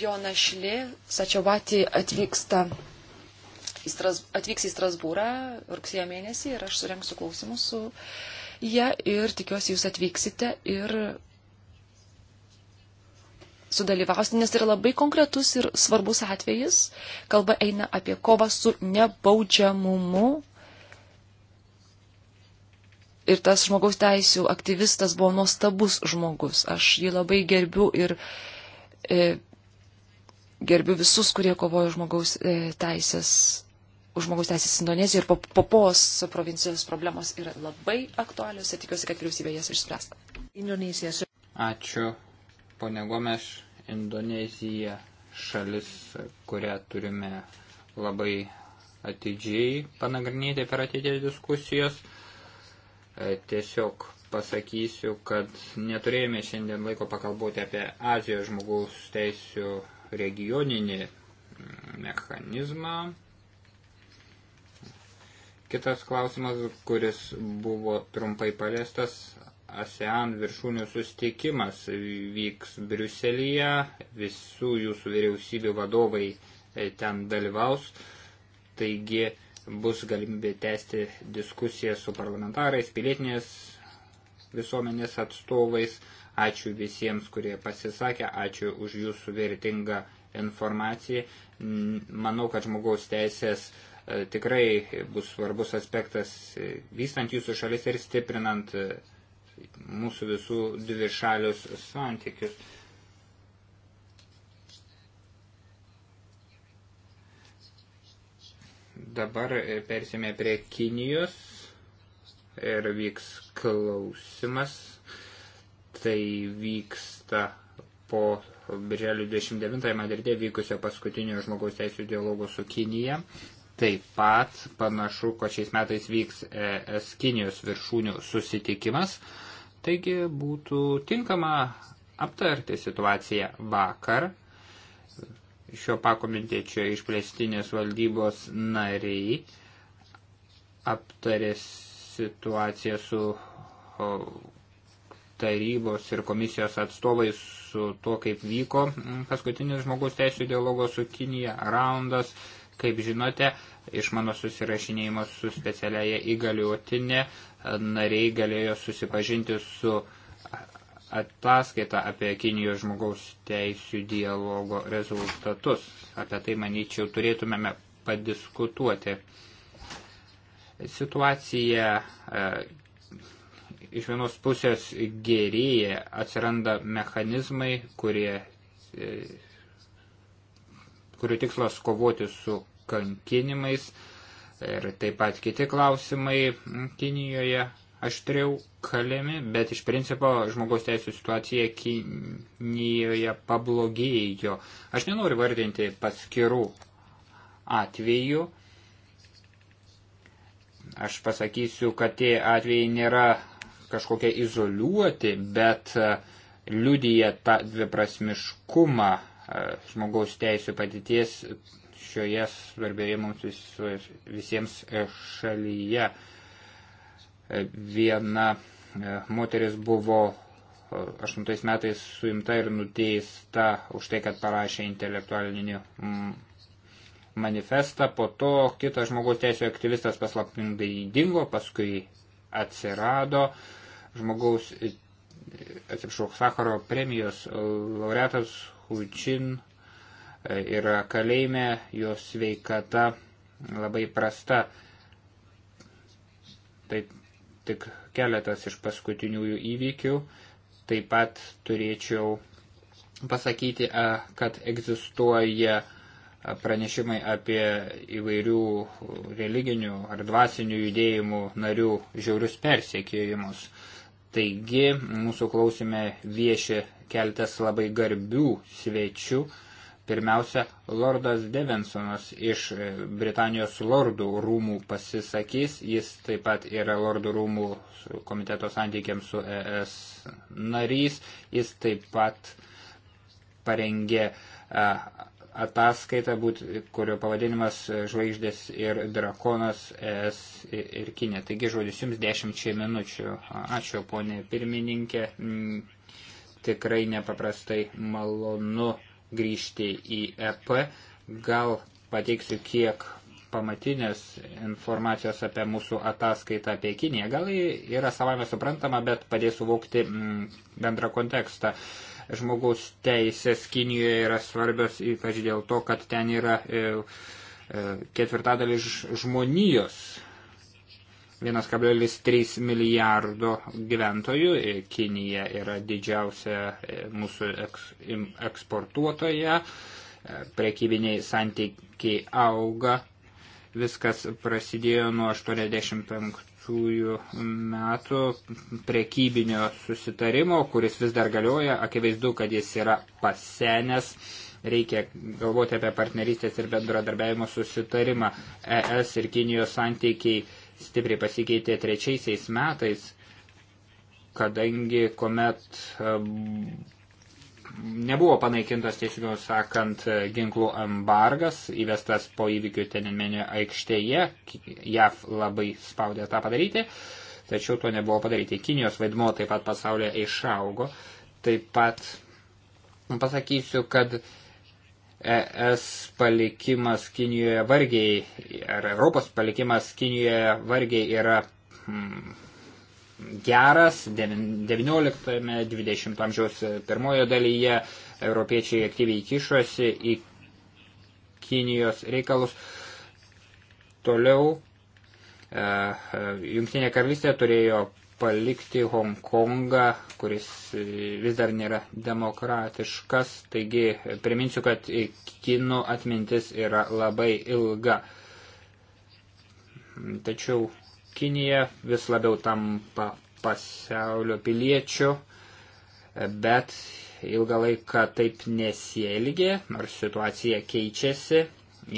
Jo našlė Sačiavati atvyksta. Į Stras, atvyks į Strasbūrą rugsėjo mėnesį ir aš surenksiu klausimus su jie ir tikiuosi jūs atvyksite ir sudalyvausite, nes tai yra labai konkretus ir svarbus atvejis. Kalba eina apie kovą su nebaudžiamumu Ir tas žmogaus teisų aktyvistas buvo nuostabus žmogus. Aš jį labai gerbiu ir e, gerbiu visus, kurie kovojo žmogaus e, teisės. Už žmogaus teisės Indonezijoje ir popos provincijos problemos yra labai aktualios ir tikiuosi, kad vyriausybė jas išspręs. Indonezijos. Ačiū, ponė Gomeš. Indonezija šalis, kurią turime labai atidžiai panagrinėti per ateities diskusijos. E, tiesiog pasakysiu, kad neturėjome šiandien laiko pakalbėti apie Azijos žmogaus teisų regioninį mm, mechanizmą. Kitas klausimas, kuris buvo trumpai paliestas, ASEAN viršūnių sustikimas vyks Briuselyje, visų jūsų vyriausybių vadovai e, ten dalyvaus. Taigi bus galimybė tęsti diskusiją su parlamentarais, pilietinės visuomenės atstovais. Ačiū visiems, kurie pasisakė, ačiū už jūsų vertingą informaciją. Manau, kad žmogaus teisės e, tikrai bus svarbus aspektas e, vystant jūsų šalis ir stiprinant e, mūsų visų dvišalius santykius. Dabar persime prie Kinijos ir vyks klausimas. Tai vyksta po Birželio 29 Madride vykusio paskutinio žmogaus teisų dialogo su Kinija. Taip pat panašu, kad šiais metais vyks ES Kinijos viršūnių susitikimas. Taigi būtų tinkama aptarti situaciją vakar šio pakomitečio išplėstinės valdybos nariai aptarė situaciją su tarybos ir komisijos atstovais su tuo, kaip vyko paskutinis žmogaus teisų dialogo su Kinija raundas. Kaip žinote, iš mano susirašinėjimo su specialiaja įgaliotinė nariai galėjo susipažinti su uh, ataskaitą apie Kinijos žmogaus teisų dialogo rezultatus. Apie tai, manyčiau, turėtumėme padiskutuoti. Situacija e, iš vienos pusės gerėja, atsiranda mechanizmai, kurie, e, kurių tikslas kovoti su kankinimais e, ir taip pat kiti klausimai Kinijoje aštriau kalėmi, bet iš principo žmogaus teisų situacija Kinijoje pablogėjo. Aš nenoriu vardinti paskirų atvejų. Aš pasakysiu, kad tie atvejai nėra kažkokie izoliuoti, bet e, liudyje tą dviprasmiškumą e, žmogaus teisų padėties šioje svarbioje mums visiems e, šalyje. Viena e, moteris buvo 8 e, metais suimta ir nuteista už tai, kad parašė intelektualinį manifestą. Po to kitas žmogaus teisų aktyvistas paslaptingai dingo, paskui atsirado žmogaus, e, atsiprašau, Sakaro premijos laureatas Hučin yra kalėjime, jos sveikata labai prasta. Taip tik keletas iš paskutiniųjų įvykių. Taip pat turėčiau pasakyti, kad egzistuoja pranešimai apie įvairių religinių ar dvasinių judėjimų narių žiaurius persiekėjimus. Taigi mūsų klausime vieši keltas labai garbių svečių, Pirmiausia, Lordas Devensonas iš e, Britanijos Lordų rūmų pasisakys, jis taip pat yra Lordų rūmų komiteto santykiams su ES narys, jis taip pat parengė e, ataskaitą, būt, kurio pavadinimas e, Žvaigždės ir Drakonas ES ir Kinė. Taigi žodis jums dešimčiai minučių. Ačiū, ponė pirmininkė. Mm, tikrai nepaprastai malonu grįžti į EP. Gal pateiksiu kiek pamatinės informacijos apie mūsų ataskaitą apie Kiniją. Gal yra savame suprantama, bet padės suvokti mm, bendrą kontekstą. Žmogaus teisės Kinijoje yra svarbios, ypač dėl to, kad ten yra e, e, ketvirtadalis žmonijos 1,3 milijardo gyventojų. Kinija yra didžiausia e, mūsų eks, eksportuotoja. E, prekybiniai santykiai auga. Viskas prasidėjo nuo 85 metų prekybinio susitarimo, kuris vis dar galioja. Akivaizdu, kad jis yra pasenęs reikia galvoti apie partnerystės ir bendradarbiavimo susitarimą. ES ir Kinijos santykiai stipriai pasikeitė trečiaisiais metais, kadangi kuomet e, nebuvo panaikintas, tiesiog sakant, ginklų embargas, įvestas po įvykių Teninmenio aikštėje, JAV labai spaudė tą padaryti, tačiau to nebuvo padaryti. Kinijos vaidmo taip pat pasaulyje išaugo. Taip pat nu, pasakysiu, kad ES palikimas Kinijoje vargiai, ar Europos palikimas Kinijoje vargiai yra hmm, geras. 19-20 amžiaus pirmojo dalyje europiečiai aktyviai kišosi į Kinijos reikalus. Toliau e, Junktinė karalystė turėjo palikti Hongkongą, kuris vis dar nėra demokratiškas. Taigi priminsiu, kad kinų atmintis yra labai ilga. Tačiau Kinija vis labiau tampa pasaulio piliečių, bet ilgą laiką taip nesielgė, nors situacija keičiasi.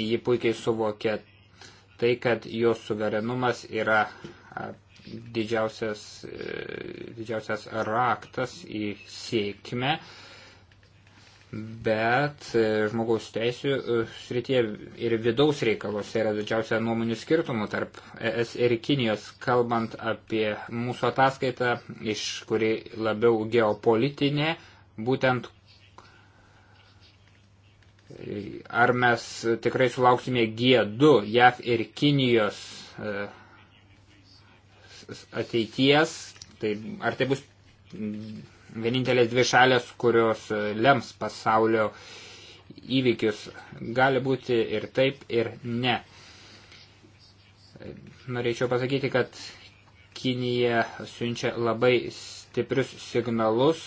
Ji puikiai suvokė tai, kad jos suverenumas yra didžiausias, e, didžiausias raktas į sėkmę, bet e, žmogaus teisų e, srityje ir vidaus reikaluose yra didžiausia nuomonių skirtumų tarp ES ir Kinijos, kalbant apie mūsų ataskaitą, iš kuri labiau geopolitinė, būtent ar mes tikrai sulauksime G2 JAV ir Kinijos ateities, tai ar tai bus vienintelės dvi šalės, kurios lems pasaulio įvykius, gali būti ir taip, ir ne. Norėčiau pasakyti, kad Kinija siunčia labai stiprius signalus,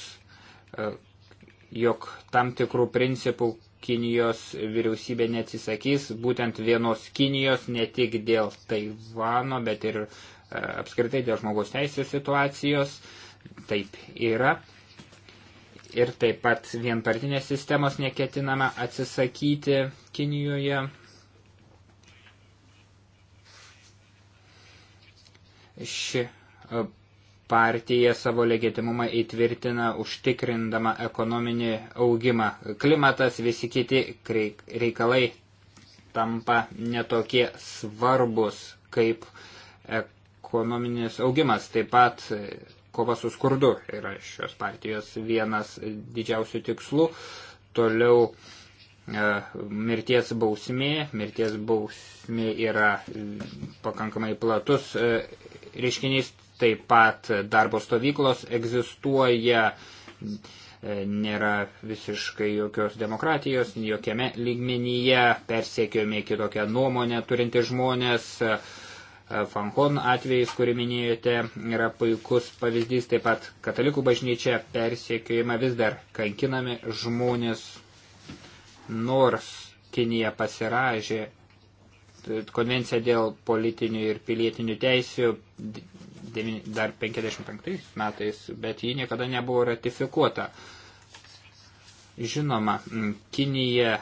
jog tam tikrų principų Kinijos vyriausybė neatsisakys, būtent vienos Kinijos, ne tik dėl Taivano, bet ir apskritai dėl žmogaus teisės situacijos, taip yra. Ir taip pat vienpartinės sistemos neketinama atsisakyti Kinijoje. Ši e, partija savo legitimumą įtvirtina užtikrindama ekonominį augimą. Klimatas, visi kiti reikalai tampa netokie svarbus kaip ekonomika ekonominis augimas. Taip pat kova su skurdu yra šios partijos vienas didžiausių tikslų. Toliau e, mirties bausmė. Mirties bausmė yra pakankamai platus e, reiškinys. Taip pat darbo stovyklos egzistuoja, e, nėra visiškai jokios demokratijos, jokiame lygmenyje, persiekiojami kitokią nuomonę turinti žmonės, Fankon atvejais, kurį minėjote, yra puikus pavyzdys, taip pat katalikų bažnyčia persiekiojama vis dar kankinami žmonės, nors Kinija pasiražė konvenciją dėl politinių ir pilietinių teisių dar 55 metais, bet ji niekada nebuvo ratifikuota. Žinoma, Kinija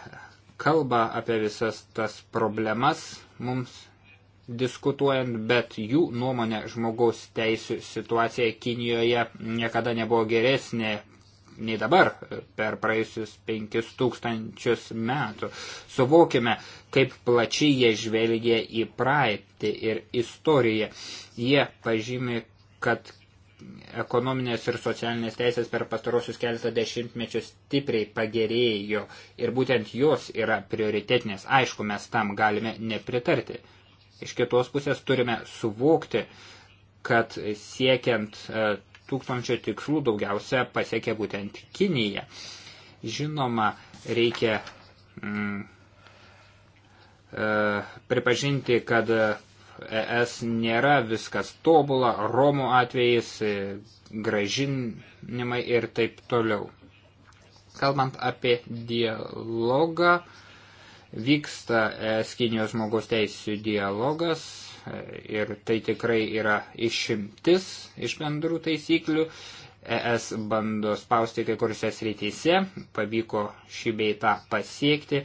kalba apie visas tas problemas mums diskutuojant, bet jų nuomonė žmogaus teisų situacija Kinijoje niekada nebuvo geresnė nei dabar per praėjusius 5000 metų. Suvokime, kaip plačiai jie žvelgia į praeitį ir istoriją. Jie pažymi, kad ekonominės ir socialinės teisės per pastarosius keletą dešimtmečių stipriai pagerėjo ir būtent jos yra prioritetinės. Aišku, mes tam galime nepritarti. Iš kitos pusės turime suvokti, kad siekiant e, tūkstančio tikslų daugiausia pasiekė būtent Kinija. Žinoma, reikia mm, e, pripažinti, kad ES nėra viskas tobula, Romų atvejais, e, gražinimai ir taip toliau. Kalbant apie dialogą, e, Vyksta es Kinijos žmogaus teisų dialogas e, ir tai tikrai yra išimtis iš bendrų taisyklių. ES bando spausti kai kuriuose srityse, pavyko šį beitą pasiekti.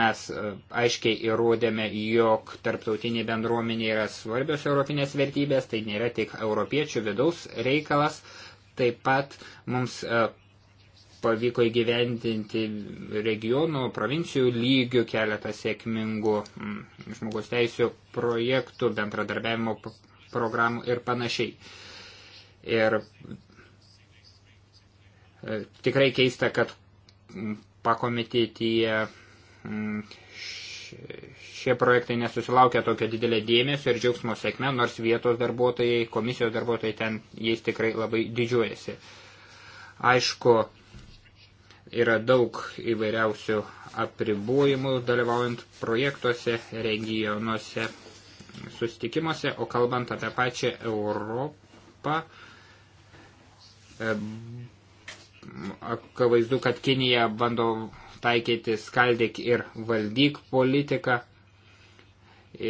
Mes e, aiškiai įrodėme, jog tarptautinė bendruomenė yra svarbios europinės vertybės, tai nėra tik europiečių vidaus reikalas. Taip pat mums e, pavyko įgyvendinti regionų, provincijų lygių keletą sėkmingų mm, žmogus teisų projektų, bendradarbiavimo programų ir panašiai. Ir e, tikrai keista, kad mm, pakomitėtyje mm, šie projektai nesusilaukia tokio didelio dėmesio ir džiaugsmo sėkme, nors vietos darbuotojai, komisijos darbuotojai ten jais tikrai labai didžiuojasi. Aišku, Yra daug įvairiausių apribojimų dalyvaujant projektuose, regionuose, sustikimuose, o kalbant apie pačią Europą, e, akivaizdu, kad Kinija bando taikyti skaldyk ir valdyk politiką.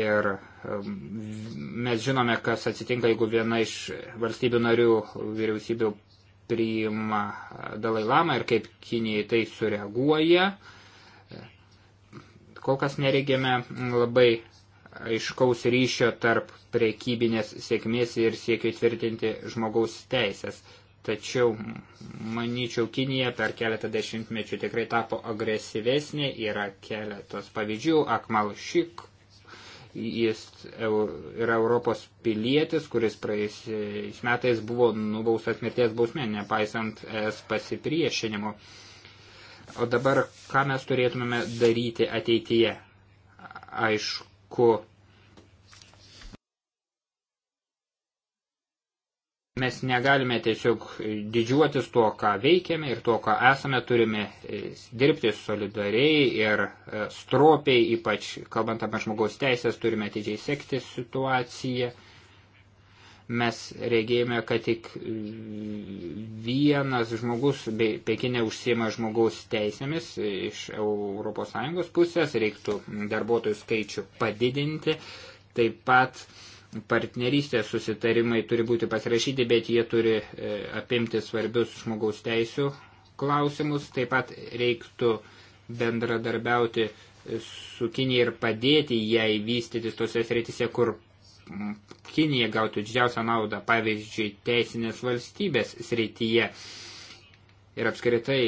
Ir mes žinome, kas atsitinka, jeigu viena iš valstybių narių vyriausybių priima Dalailamą ir kaip Kinijai tai sureaguoja. Kol kas neregėme labai aiškaus ryšio tarp prekybinės sėkmės ir siekio įtvirtinti žmogaus teisės. Tačiau, manyčiau, Kinija per keletą dešimtmečių tikrai tapo agresyvesnė, yra keletos pavyzdžių, Akmal Šik Jis yra Europos pilietis, kuris praeisiais metais buvo nubaustas mirties bausmė, nepaisant es pasipriešinimo. O dabar, ką mes turėtumėme daryti ateityje? Aišku, Mes negalime tiesiog didžiuotis tuo, ką veikiame ir tuo, ką esame, turime e, dirbti solidariai ir e, stropiai, ypač kalbant apie žmogaus teisės, turime atidžiai sekti situaciją. Mes regėjome, kad tik vienas žmogus Pekinė užsiema žmogaus teisėmis e, iš ES pusės, reiktų darbuotojų skaičių padidinti. Taip pat uh, partnerystės susitarimai turi būti pasirašyti, bet jie turi e, apimti svarbius žmogaus teisų klausimus. Taip pat reiktų bendradarbiauti su Kinija ir padėti jai vystytis tose sritise, kur Kinija gautų didžiausią naudą, pavyzdžiui, teisinės valstybės srityje. Ir apskritai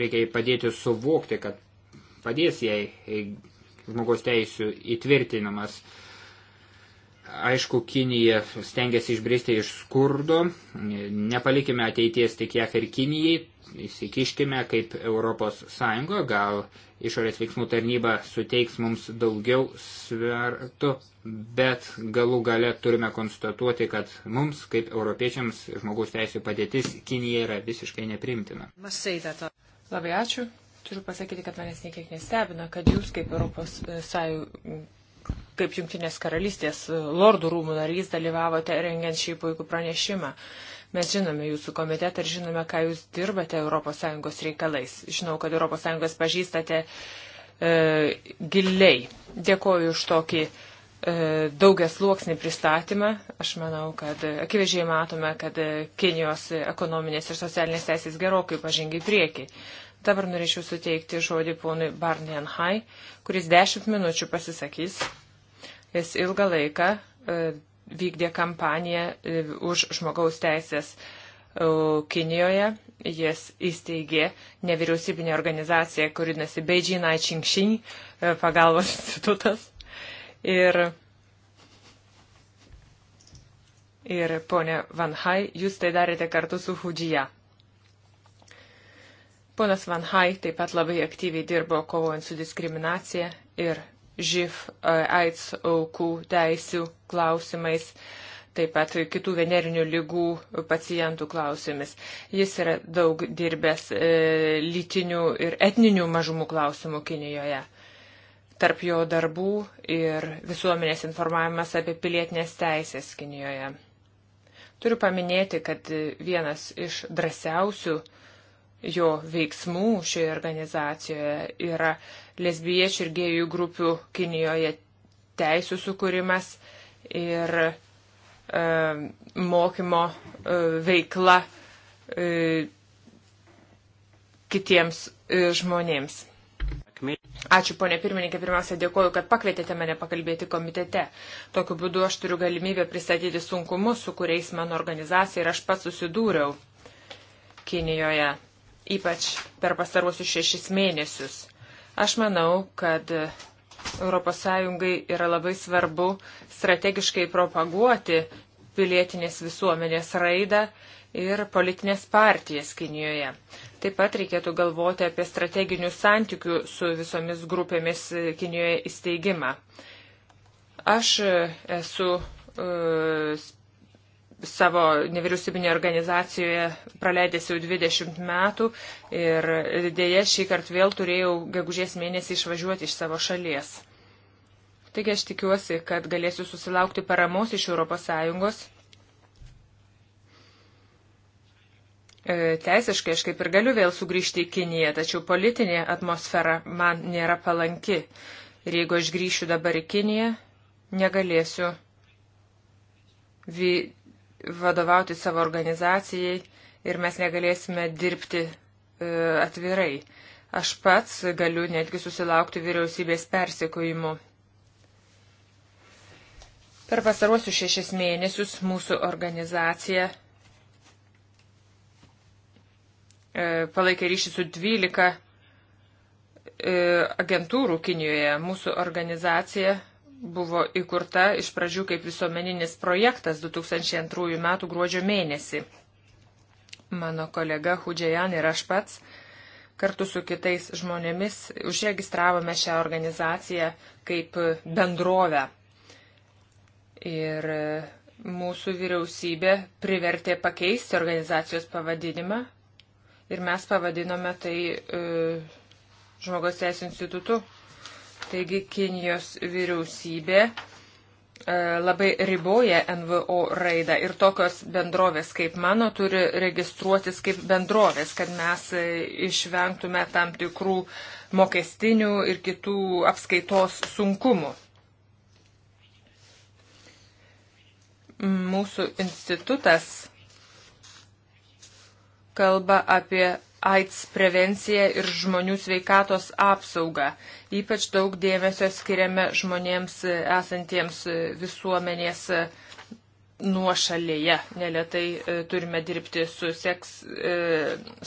reikia padėti suvokti, kad padės jai žmogaus teisų įtvirtinamas uh, Aišku, Kinija stengiasi išbristi iš skurdo, nepalikime ateities tik JAF ir Kinijai, įsikiškime kaip Europos Sąjunga, gal išorės veiksmų tarnyba suteiks mums daugiau svertų, bet galų gale turime konstatuoti, kad mums, kaip europiečiams, žmogaus teisų padėtis Kinija yra visiškai neprimtina. Labai ačiū. Turiu pasakyti, kad manęs niekiek nestebina, kad jūs kaip Europos Sąjungos kaip Junktinės karalystės e, lordų rūmų narys dalyvavote rengiant šį puikų pranešimą. Mes žinome jūsų komitetą ir žinome, ką jūs dirbate ES reikalais. Žinau, kad ES pažįstate e, giliai. Dėkoju už tokį e, daugias luoksnį pristatymą. Aš manau, kad akivaizdžiai matome, kad Kinijos ekonominės ir socialinės teisės gerokai pažengia į priekį. Dabar norėčiau suteikti žodį ponui Barnian Hai, kuris dešimt minučių pasisakys Jis ilgą laiką e, vykdė kampaniją e, už žmogaus teisės e, Kinijoje. Jis įsteigė nevyriausybinę organizaciją, kuri nasi Beidžinai Čingšin, pagalbos institutas. Ir, ir ponė Van Hai, jūs tai darėte kartu su Hudžija. Ponas Van Hai taip pat labai aktyviai dirbo kovojant su diskriminacija ir živ AIDS aukų teisių klausimais, taip pat kitų venerinių lygų pacientų klausimais. Jis yra daug dirbęs e, lytinių ir etninių mažumų klausimų Kinijoje. Tarp jo darbų ir visuomenės informavimas apie pilietinės teisės Kinijoje. Turiu paminėti, kad vienas iš drąsiausių jo veiksmų šioje organizacijoje yra lesbiečių ir gėjų grupių Kinijoje teisų sukūrimas ir e, mokymo e, veikla e, kitiems e, žmonėms. Ačiū, ponė pirmininkė. Pirmiausia, dėkoju, kad pakvietėte mane pakalbėti komitete. Tokiu būdu aš turiu galimybę pristatyti sunkumus, su kuriais mano organizacija ir aš pats susidūriau Kinijoje ypač per pastaruosius šešis mėnesius. Aš manau, kad ES yra labai svarbu strategiškai propaguoti pilietinės visuomenės raidą ir politinės partijas Kinijoje. Taip pat reikėtų galvoti apie strateginių santykių su visomis grupėmis Kinijoje įsteigimą. Aš esu uh, savo nevyriausybinėje organizacijoje praleidęs jau 20 metų ir dėja šį kartą vėl turėjau gegužės mėnesį išvažiuoti iš savo šalies. Taigi aš tikiuosi, kad galėsiu susilaukti paramos iš ES. E, teisiškai aš kaip ir galiu vėl sugrįžti į Kiniją, tačiau politinė atmosfera man nėra palanki. Ir jeigu aš grįšiu dabar į Kiniją, negalėsiu vy vadovauti savo organizacijai ir mes negalėsime dirbti e, atvirai. Aš pats galiu netgi susilaukti vyriausybės persikojimų. Per pasaruosius šešis mėnesius mūsų organizacija e, palaikė ryšį su 12 e, agentūrų Kinijoje. Mūsų organizacija buvo įkurta iš pradžių kaip visuomeninis projektas 2002 m. gruodžio mėnesį. Mano kolega Hudžiajan ir aš pats kartu su kitais žmonėmis užregistravome šią organizaciją kaip bendrovę. Ir mūsų vyriausybė privertė pakeisti organizacijos pavadinimą ir mes pavadinome tai e, Žmogaus Teisų institutu Taigi Kinijos vyriausybė e, labai riboja NVO raidą ir tokios bendrovės kaip mano turi registruotis kaip bendrovės, kad mes e, išvengtume tam tikrų mokestinių ir kitų apskaitos sunkumų. Mūsų institutas kalba apie AIDS prevenciją ir žmonių sveikatos apsaugą. Ypač daug dėmesio skiriame žmonėms esantiems visuomenės nuošalėje. Neletai e, turime dirbti su seks, e,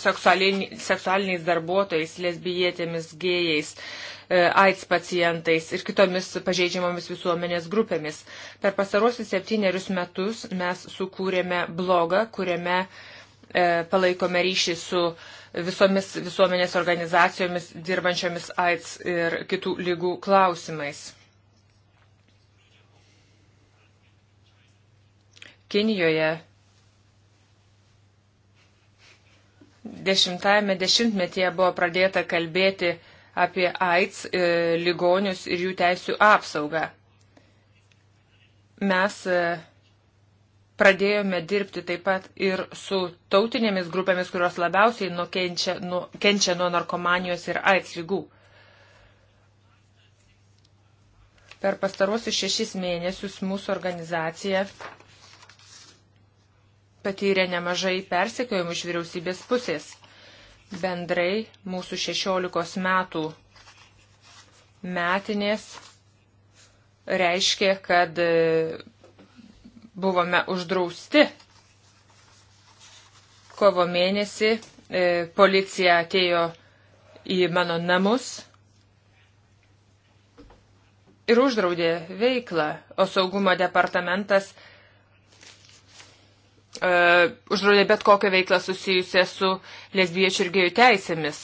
seksualini, seksualiniais darbuotojais, lesbijietėmis, gėjais, e, AIDS pacientais ir kitomis pažeidžiamomis visuomenės grupėmis. Per pasarosius septynerius metus mes sukūrėme blogą, kuriame palaikome ryšį su uh, visomis visuomenės organizacijomis dirbančiomis AIDS ir kitų lygų klausimais. Kinijoje dešimtajame dešimtmetyje buvo pradėta kalbėti apie AIDS e, ligonius ir jų teisių apsaugą. Mes e, Pradėjome dirbti taip pat ir su tautinėmis grupėmis, kurios labiausiai nukenčia, nu, kenčia nuo narkomanijos ir AIDS lygų. Per pastarosius šešis mėnesius mūsų organizacija patyrė nemažai persekiojimų iš vyriausybės pusės. Bendrai mūsų 16 metų metinės reiškia, kad buvome uždrausti. Kovo mėnesį e, policija atėjo į mano namus ir uždraudė veiklą, o saugumo departamentas e, uždraudė bet kokią veiklą susijusią su lesbiečių ir gėjų teisėmis.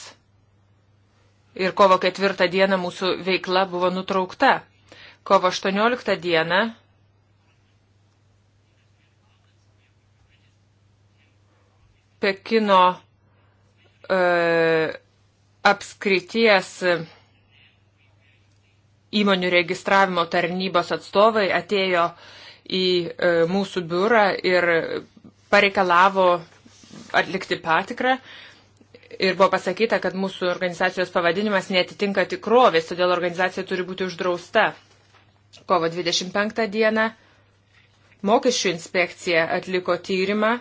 Ir kovo ketvirtą dieną mūsų veikla buvo nutraukta. Kovo 18 dieną Pekino e, apskrities įmonių registravimo tarnybos atstovai atėjo į e, mūsų biurą ir pareikalavo atlikti patikrą. Ir buvo pasakyta, kad mūsų organizacijos pavadinimas netitinka tikrovės, todėl organizacija turi būti uždrausta. Kovo 25 dieną mokesčių inspekcija atliko tyrimą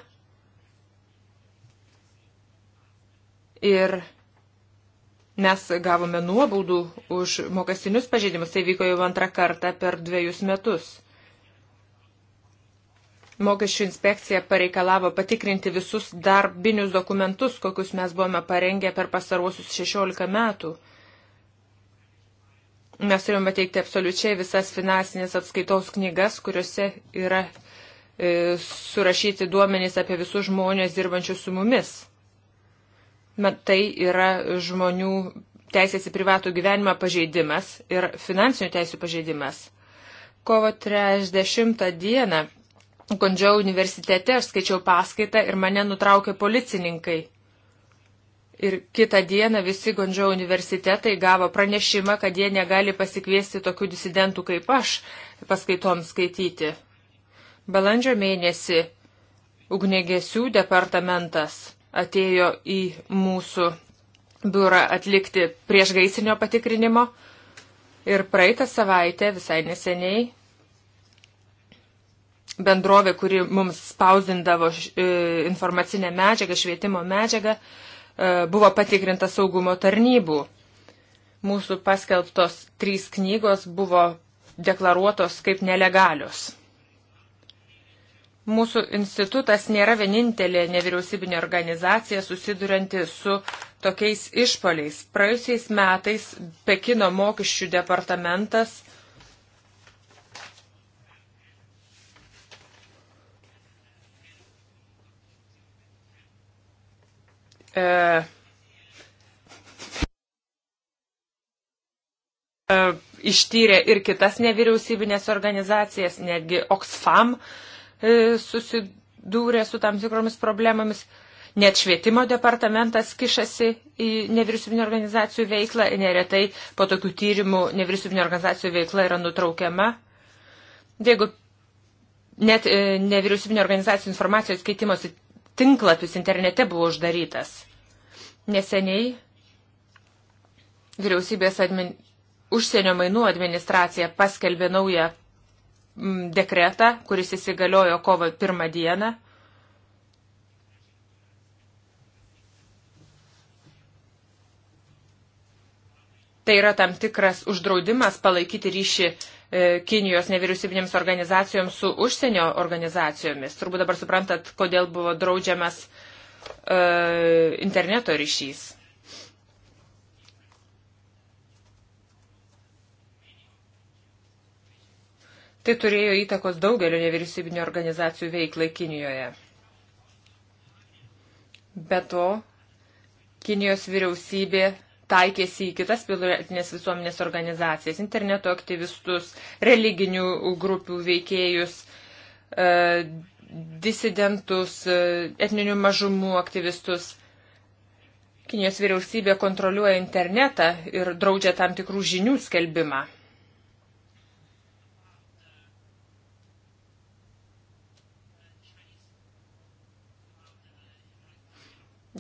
Ir mes gavome nuobaudų už mokestinius pažeidimus. Tai vyko jau antrą kartą per dviejus metus. Mokesčių inspekcija pareikalavo patikrinti visus darbinius dokumentus, kokius mes buvome parengę per pasaruosius 16 metų. Mes turime teikti absoliučiai visas finansinės apskaitos knygas, kuriuose yra e, surašyti duomenys apie visus žmonės dirbančius su mumis tai yra žmonių teisės į privatų gyvenimą pažeidimas ir finansinių teisų pažeidimas. Kovo 30 dieną Gondžiau universitete aš skaičiau paskaitą ir mane nutraukė policininkai. Ir kitą dieną visi Gondžiau universitetai gavo pranešimą, kad jie negali pasikviesti tokių disidentų kaip aš paskaitoms skaityti. Balandžio mėnesį ugnėgesių departamentas atėjo į mūsų biurą atlikti priešgaisrinio patikrinimo. Ir praeitą savaitę, visai neseniai, bendrovė, kuri mums spausdindavo e, informacinę medžiagą, švietimo medžiagą, e, buvo patikrinta saugumo tarnybų. Mūsų paskelbtos trys knygos buvo deklaruotos kaip nelegalios. Mūsų institutas nėra vienintelė nevyriausybinė organizacija susidurianti su tokiais išpoliais. Praėjusiais metais Pekino mokesčių departamentas e, e, ištyrė ir kitas nevyriausybinės organizacijas, netgi Oxfam. E, E, susidūrė su tam tikromis problemomis. Net švietimo departamentas kišasi į nevyriausybinio organizacijų veiklą, neretai po tokių tyrimų nevyriausybinio organizacijų veikla yra nutraukiama. Jeigu net e, nevyriausybinio organizacijų informacijos keitimosi tinklapis internete buvo uždarytas. Neseniai vyriausybės admin... užsienio mainų administracija paskelbė naują Mm, dekretą, kuris įsigaliojo kovo pirmą dieną. Tai yra tam tikras uždraudimas palaikyti ryšį e, Kinijos nevyriausybinėms organizacijoms su užsienio organizacijomis. Turbūt dabar suprantat, kodėl buvo draudžiamas e, interneto ryšys. Tai turėjo įtakos daugelio nevyriausybinio organizacijų veiklai Kinijoje. Be to, Kinijos vyriausybė taikėsi į kitas pilietinės visuomenės organizacijas, interneto aktyvistus, religinių grupių veikėjus, e, disidentus, e, etninių mažumų aktyvistus. Kinijos vyriausybė kontroliuoja internetą ir draudžia tam tikrų žinių skelbimą.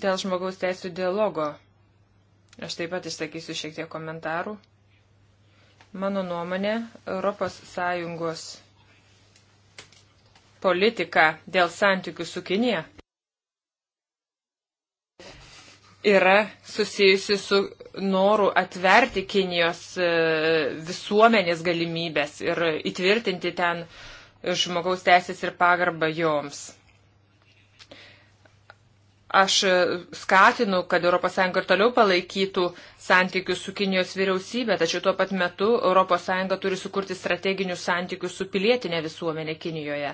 Dėl žmogaus teisų dialogo aš taip pat išsakysiu šiek tiek komentarų. Mano nuomonė, ES politika dėl santykių su Kinija yra susijusi su noru atverti Kinijos e, visuomenės galimybės ir įtvirtinti ten žmogaus teisės ir pagarbą joms. Aš skatinu, kad ES ir toliau palaikytų santykius su Kinijos vyriausybė, tačiau tuo pat metu ES turi sukurti strateginius santykius su pilietinė visuomenė Kinijoje.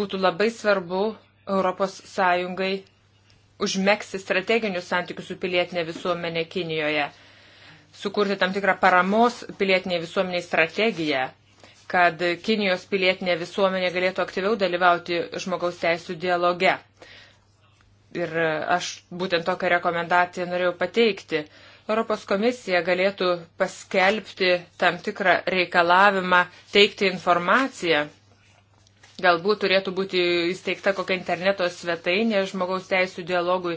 Būtų labai svarbu ES užmėgsi strateginius santykius su pilietinė visuomenė Kinijoje, sukurti tam tikrą paramos pilietiniai visuomeniai strategiją kad Kinijos pilietinė visuomenė galėtų aktyviau dalyvauti žmogaus teisų dialoge. Ir aš būtent tokią rekomendaciją norėjau pateikti. Europos komisija galėtų paskelbti tam tikrą reikalavimą teikti informaciją. Galbūt turėtų būti įsteigta kokia interneto svetainė žmogaus teisų dialogui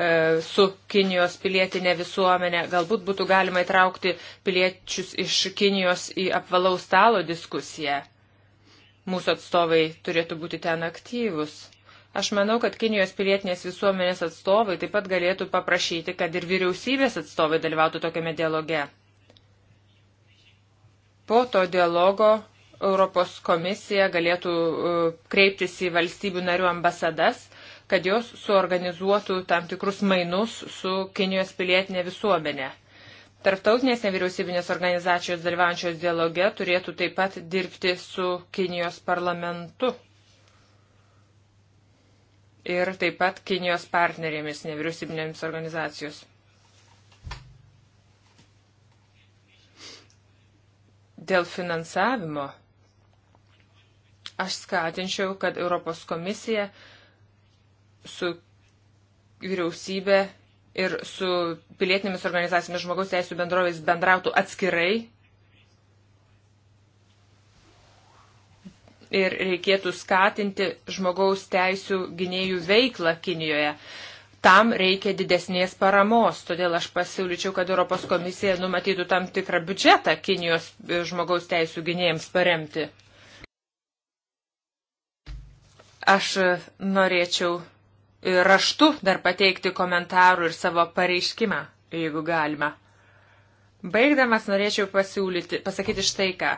E, su Kinijos pilietinė visuomenė. Galbūt būtų galima įtraukti piliečius iš Kinijos į apvalaus stalo diskusiją. Mūsų atstovai turėtų būti ten aktyvus. Aš manau, kad Kinijos pilietinės visuomenės atstovai taip pat galėtų paprašyti, kad ir vyriausybės atstovai dalyvautų tokiame dialoge. Po to dialogo Europos komisija galėtų e, kreiptis į valstybių narių ambasadas kad jos suorganizuotų tam tikrus mainus su Kinijos pilietinė visuomenė. Tarptautinės nevyriausybinės organizacijos dalyvančios dialoge turėtų taip pat dirbti su Kinijos parlamentu ir taip pat Kinijos partnerėmis nevyriausybinėmis organizacijos. Dėl finansavimo aš skatinčiau, kad Europos komisija uh, su vyriausybė ir su pilietinėmis organizacijomis žmogaus teisų bendrovės bendrautų atskirai. Ir reikėtų skatinti žmogaus teisų gynėjų veiklą Kinijoje. Tam reikia didesnės paramos, todėl aš pasiūlyčiau, kad Europos komisija numatytų tam tikrą biudžetą Kinijos žmogaus teisų gynėjams paremti. Aš norėčiau raštu dar pateikti komentarų ir savo pareiškimą, jeigu galima. Baigdamas norėčiau pasiūlyti, pasakyti štai ką.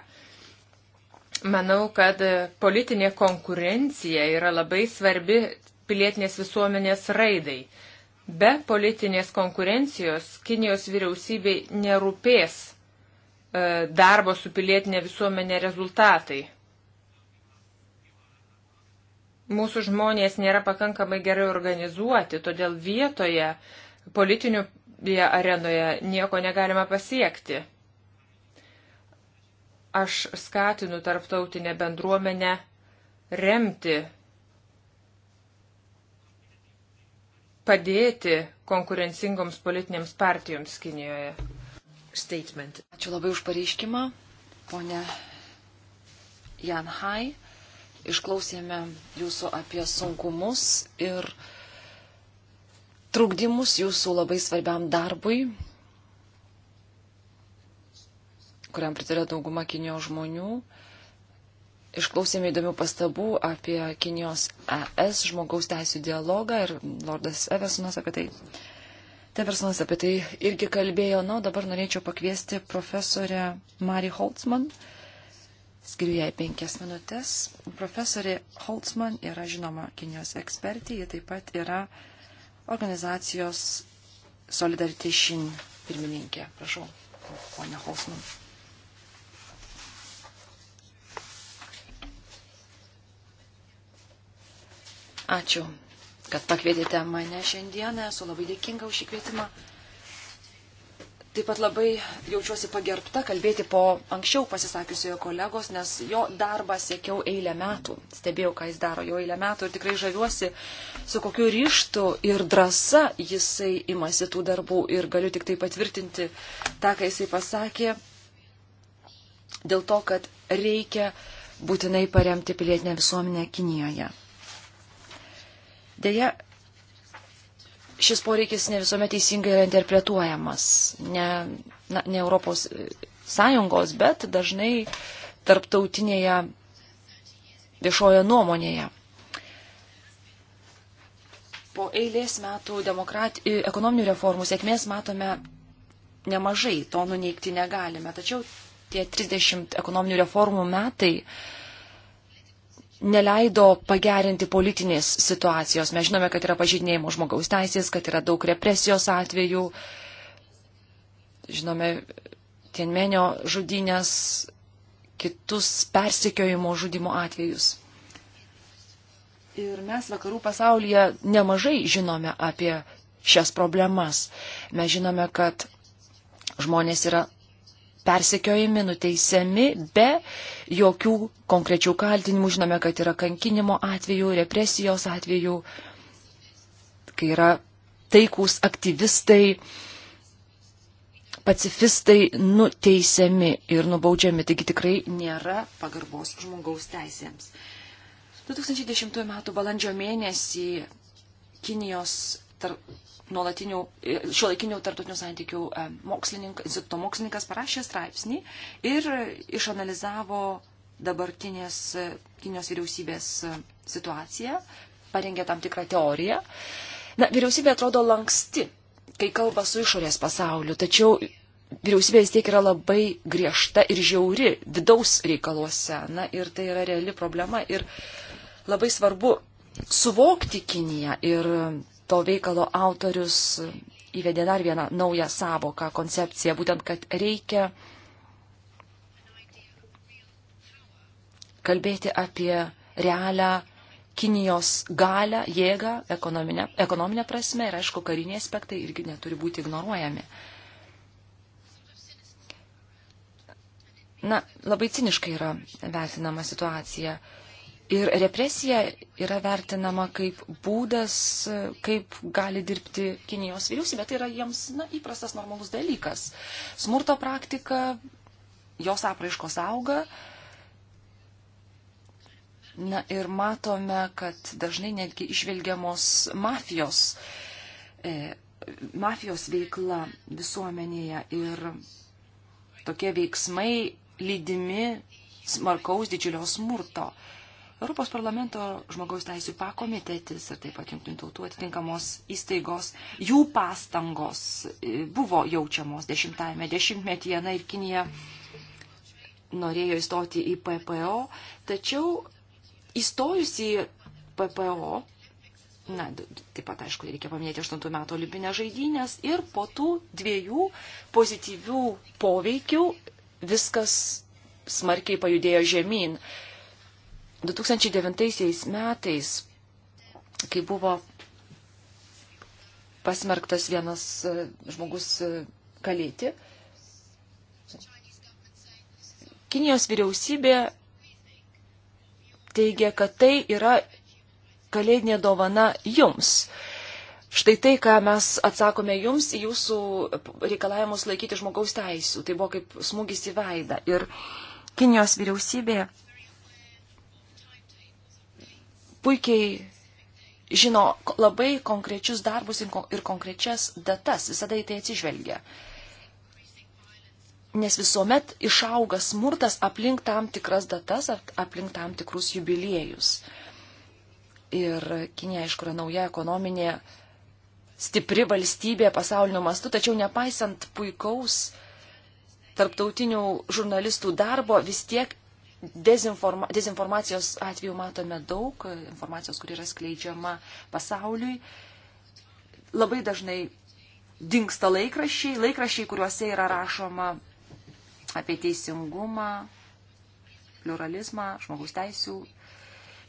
Manau, kad politinė konkurencija yra labai svarbi pilietinės visuomenės raidai. Be politinės konkurencijos Kinijos vyriausybei nerūpės e, darbo su pilietinė visuomenė rezultatai mūsų žmonės nėra pakankamai gerai organizuoti, todėl vietoje politinių arenoje nieko negalima pasiekti. Aš skatinu tarptautinę bendruomenę remti, padėti konkurencingoms politinėms partijoms Kinijoje. Statement. Ačiū labai už pareiškimą, ponė Jan Hai. Išklausėme jūsų apie sunkumus ir trukdymus jūsų labai svarbiam darbui, kuriam pritarė dauguma Kinijos žmonių. Išklausėme įdomių pastabų apie Kinijos ES žmogaus teisų dialogą ir Lordas Eversonas apie tai. Teversonas apie tai irgi kalbėjo. Na, dabar norėčiau pakviesti profesorę Mari Holtzman. Uh, Skiriu jai penkias minutės. Profesorė Holtzman yra žinoma Kinijos ekspertė, ji taip pat yra organizacijos Solidarity Shin pirmininkė. Prašau, ponia Holtzman. Ačiū, kad pakvietėte mane šiandieną. Esu labai dėkinga už šį kvietimą. Taip pat labai jaučiuosi pagerbta kalbėti po anksčiau pasisakiusiojo kolegos, nes jo darbą siekiau eilę metų. Stebėjau, ką jis daro jau eilę metų ir tikrai žaviuosi, su kokiu ryštu ir drąsa jisai imasi tų darbų ir galiu tik tai patvirtinti tą, ką jisai pasakė, dėl to, kad reikia būtinai paremti pilietinę visuomenę Kinijoje. Deja, šis poreikis ne visuomet teisingai yra interpretuojamas. Ne, na, ne Europos e, Sąjungos, bet dažnai tarptautinėje viešojo nuomonėje. Po eilės metų demokrat... E, ekonominių reformų sėkmės matome nemažai, to nuneikti negalime. Tačiau tie 30 ekonominių reformų metai neleido pagerinti politinės situacijos. Mes žinome, kad yra pažydinėjimo žmogaus teisės, kad yra daug represijos atvejų. Žinome, Tienmenio žudynės, kitus persikiojimo žudimo atvejus. Ir mes vakarų pasaulyje nemažai žinome apie šias problemas. Mes žinome, kad žmonės yra persekiojami, nuteisiami be jokių konkrečių kaltinimų. Žinome, kad yra kankinimo atvejų, represijos atvejų, kai yra taikūs aktyvistai, pacifistai nuteisiami ir nubaudžiami. Taigi tikrai nėra pagarbos žmogaus teisėms. 2010 m. balandžio mėnesį Kinijos tar nuolatinių e, šiuolaikinių tartutinių santykių e, mokslininkas, instituto mokslininkas parašė straipsnį ir išanalizavo dabartinės e, Kinijos vyriausybės situaciją, parengė tam tikrą teoriją. Na, vyriausybė atrodo lanksti, kai kalba su išorės pasauliu, tačiau vyriausybė vis tiek yra labai griežta ir žiauri vidaus reikaluose. Na, ir tai yra reali problema ir labai svarbu suvokti Kiniją ir to veikalo autorius įvedė dar vieną naują savoką, koncepciją, būtent, kad reikia kalbėti apie realią Kinijos galę, jėgą, ekonominę, ekonominę prasme ir, aišku, kariniai aspektai irgi neturi būti ignoruojami. Na, labai ciniškai yra vertinama situacija. Ir represija yra vertinama kaip būdas, kaip gali dirbti Kinijos vyriausybė. Tai yra jiems na, įprastas normalus dalykas. Smurto praktika, jos apraiškos auga. Na ir matome, kad dažnai netgi išvelgiamos mafijos, e, mafijos veikla visuomenėje ir tokie veiksmai lydimi smarkaus didžiulio smurto. Europos parlamento žmogaus teisų pakomitetis ir taip pat jungtinių tautų atitinkamos įstaigos, jų pastangos e, buvo jaučiamos dešimtajame dešimtmetyje, na ir Kinija norėjo įstoti į PPO, tačiau įstojus į PPO, na, taip pat, aišku, reikia paminėti 8 metų olimpinės žaidynės ir po tų dviejų pozityvių poveikių viskas smarkiai pajudėjo žemyn. 2009 metais, kai buvo pasmerktas vienas e, žmogus e, kalėti, Kinijos vyriausybė teigia, kad tai yra kalėdinė dovana jums. Štai tai, ką mes atsakome jums į jūsų reikalavimus laikyti žmogaus teisų. Tai buvo kaip smūgis į veidą. Ir Kinijos vyriausybė puikiai žino labai konkrečius darbus ir konkrečias datas, visada į tai atsižvelgia. Nes visuomet išauga smurtas aplink tam tikras datas ar aplink tam tikrus jubiliejus. Ir Kinė, aišku, yra nauja ekonominė, stipri valstybė pasaulio mastu, tačiau nepaisant puikaus tarptautinių žurnalistų darbo, vis tiek dezinforma, dezinformacijos atveju matome daug, informacijos, kur yra skleidžiama pasauliui. Labai dažnai dinksta laikrašiai, laikrašiai, kuriuose yra rašoma apie teisingumą, pluralizmą, žmogaus teisų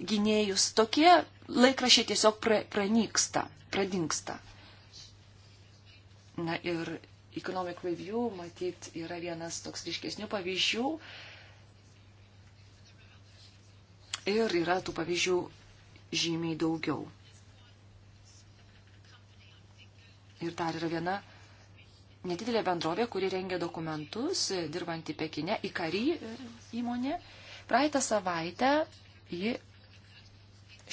gynėjus. Tokie laikrašiai tiesiog pra, pranyksta, pradinksta. Na ir Economic Review, matyt, yra vienas toks ryškesnių pavyzdžių, ir yra tų pavyzdžių žymiai daugiau. Ir dar yra viena nedidelė bendrovė, kuri rengia dokumentus, dirbanti Pekine, į karį įmonė. Praeitą savaitę ji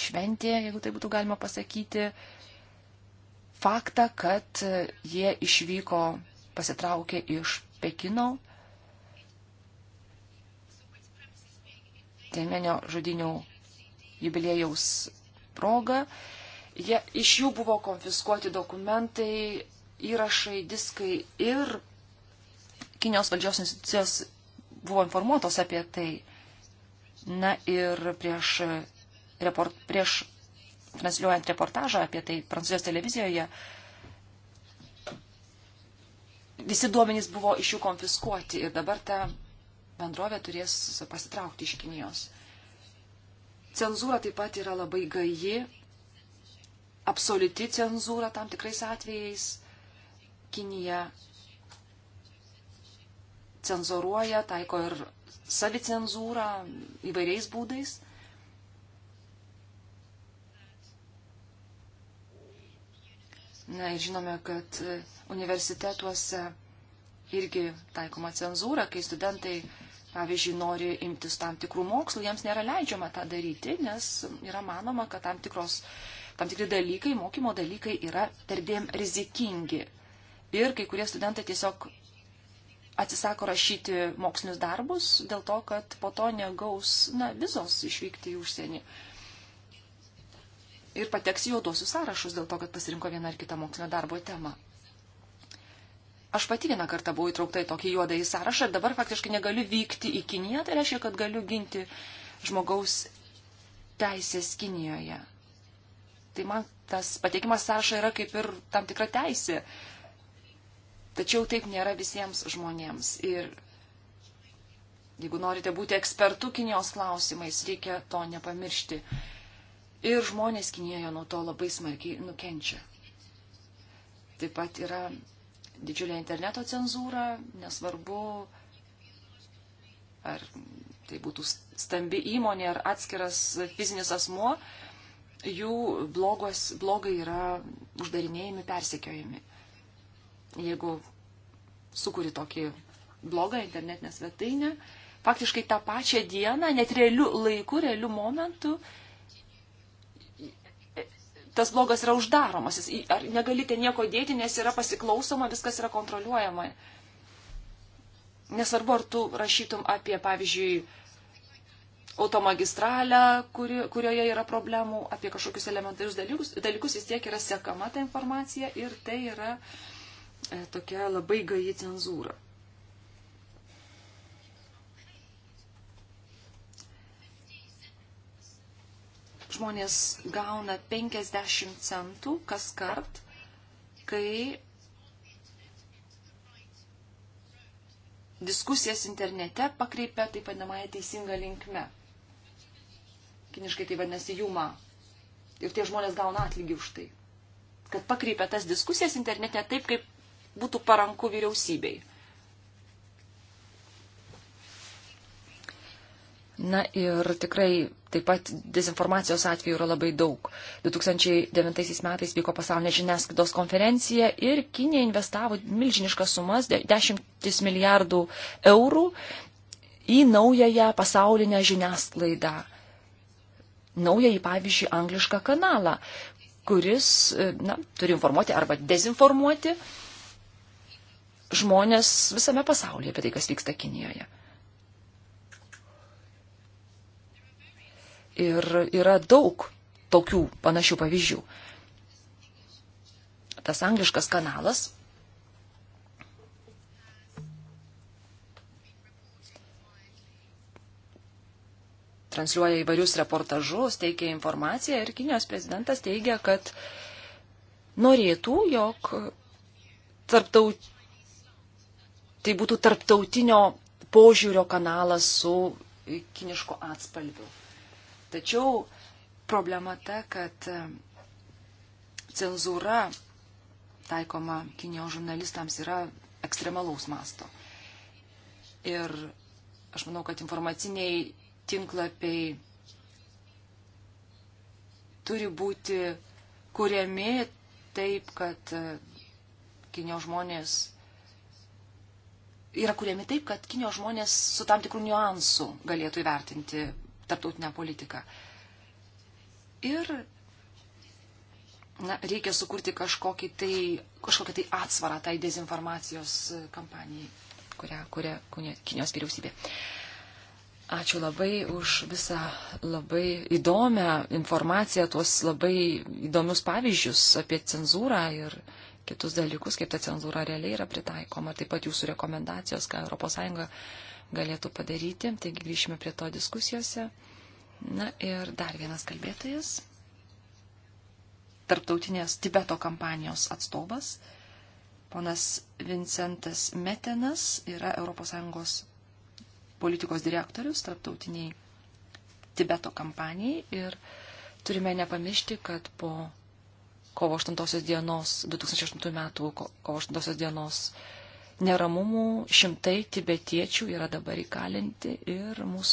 šventė, jeigu tai būtų galima pasakyti, faktą, kad jie išvyko, pasitraukė iš Pekino Temenio žudinių jubiliejaus proga. Jie, iš jų buvo konfiskuoti dokumentai, įrašai, diskai ir Kinijos valdžios institucijos buvo informuotos apie tai. Na ir prieš, report, prieš transliuojant reportažą apie tai Prancūzijos televizijoje, visi duomenys buvo iš jų konfiskuoti ir dabar ta bendrovė turės pasitraukti iš Kinijos. Cenzūra taip pat yra labai gaji, absoliuti cenzūra tam tikrais atvejais. Kinija cenzoruoja, taiko ir savicenzūrą įvairiais būdais. Na ir žinome, kad universitetuose irgi taikoma cenzūra, kai studentai pavyzdžiui, nori imtis tam tikrų mokslų, jiems nėra leidžiama tą daryti, nes yra manoma, kad tam, tikros, tam tikri dalykai, mokymo dalykai yra perdėm rizikingi. Ir kai kurie studentai tiesiog atsisako rašyti mokslinius darbus dėl to, kad po to negaus na, vizos išvykti į užsienį. Ir pateks į juodosius sąrašus dėl to, kad pasirinko vieną ar kitą mokslinio darbo temą. Aš pati vieną kartą buvau įtraukta į tokį juodą į sąrašą ir dabar faktiškai negaliu vykti į Kiniją, tai reiškia, kad galiu ginti žmogaus teisės Kinijoje. Tai man tas pateikimas sąrašą yra kaip ir tam tikra teisė. Tačiau taip nėra visiems žmonėms. Ir jeigu norite būti ekspertų Kinijos klausimais, reikia to nepamiršti. Ir žmonės Kinijoje nuo to labai smarkiai nukenčia. Taip pat yra didžiulę interneto cenzūrą, nesvarbu, ar tai būtų stambi įmonė ar atskiras fizinis asmuo, jų blogos, blogai yra uždarinėjami, persekiojami. Jeigu sukuri tokį blogą internetinę svetainę, faktiškai tą pačią dieną, net realių laikų, realių momentų, uh, tas blogas yra uždaromas, jis, ar negalite nieko dėti, nes yra pasiklausoma, viskas yra kontroliuojama. Nesvarbu, ar tu rašytum apie, pavyzdžiui, automagistralę, kuri, kurioje yra problemų, apie kažkokius elementarius dalykus, dalykus vis tiek yra sekama ta informacija ir tai yra e, tokia labai gaji cenzūra. žmonės gauna 50 centų kas kart, kai diskusijas internete pakreipia taip vadinamąją teisingą linkmę. Kiniškai tai vadinasi juma. Ir tie žmonės gauna atlygį už tai. Kad pakreipia tas diskusijas internete taip, kaip būtų paranku vyriausybei. Na ir tikrai taip pat dezinformacijos atvejų yra labai daug. 2009 metais vyko pasaulinė žiniasklaidos konferencija ir Kinė investavo milžiniškas sumas, dešimtis milijardų eurų į naująją pasaulinę žiniasklaidą. Naująjį, pavyzdžiui, anglišką kanalą, kuris e, na, turi informuoti arba dezinformuoti žmonės visame pasaulyje apie tai, kas vyksta Kinijoje. Ir yra daug tokių panašių pavyzdžių. Tas angliškas kanalas transliuoja įvairius reportažus, teikia informaciją ir Kinijos prezidentas teigia, kad norėtų, jog tarptaut... tai būtų tarptautinio požiūrio kanalas su kiniško atspalviu. Tačiau problema ta, kad e, cenzūra taikoma Kinijos žurnalistams yra ekstremalaus masto. Ir aš manau, kad informaciniai tinklapiai turi būti kuriami taip, kad e, Kinijos žmonės yra kuriami taip, kad Kinijos žmonės su tam tikrų niuansų galėtų įvertinti tarptautinę politiką. Ir na, reikia sukurti kažkokį tai, kažkokią tai atsvarą tai dezinformacijos kampanijai, kurią kuria Kinijos vyriausybė. Ačiū labai už visą labai įdomią informaciją, tuos labai įdomius pavyzdžius apie cenzūrą ir kitus dalykus, kaip ta cenzūra realiai yra pritaikoma, taip pat jūsų rekomendacijos, ką ES galėtų padaryti. Taigi grįšime prie to diskusijose. Na ir dar vienas kalbėtojas. Tarptautinės Tibeto kampanijos atstovas. Ponas Vincentas Metenas yra ES politikos direktorius tarptautiniai Tibeto kampanijai ir turime nepamiršti, kad po kovo 8 dienos, 2008 metų kovo 8 dienos neramumų šimtai tibetiečių yra dabar įkalinti ir mus,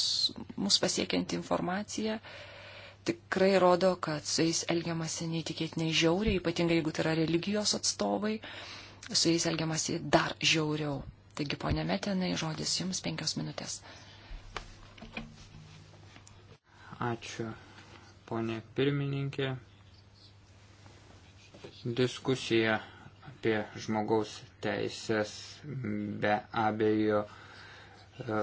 mus pasiekianti informacija tikrai rodo, kad su jais elgiamasi neįtikėtinai žiauriai, ypatingai jeigu tai yra religijos atstovai, su jais elgiamasi dar žiauriau. Taigi, ponė Metinai, žodis jums penkios minutės. Ačiū, ponė pirmininkė. Diskusija apie žmogaus teisės be abejo e,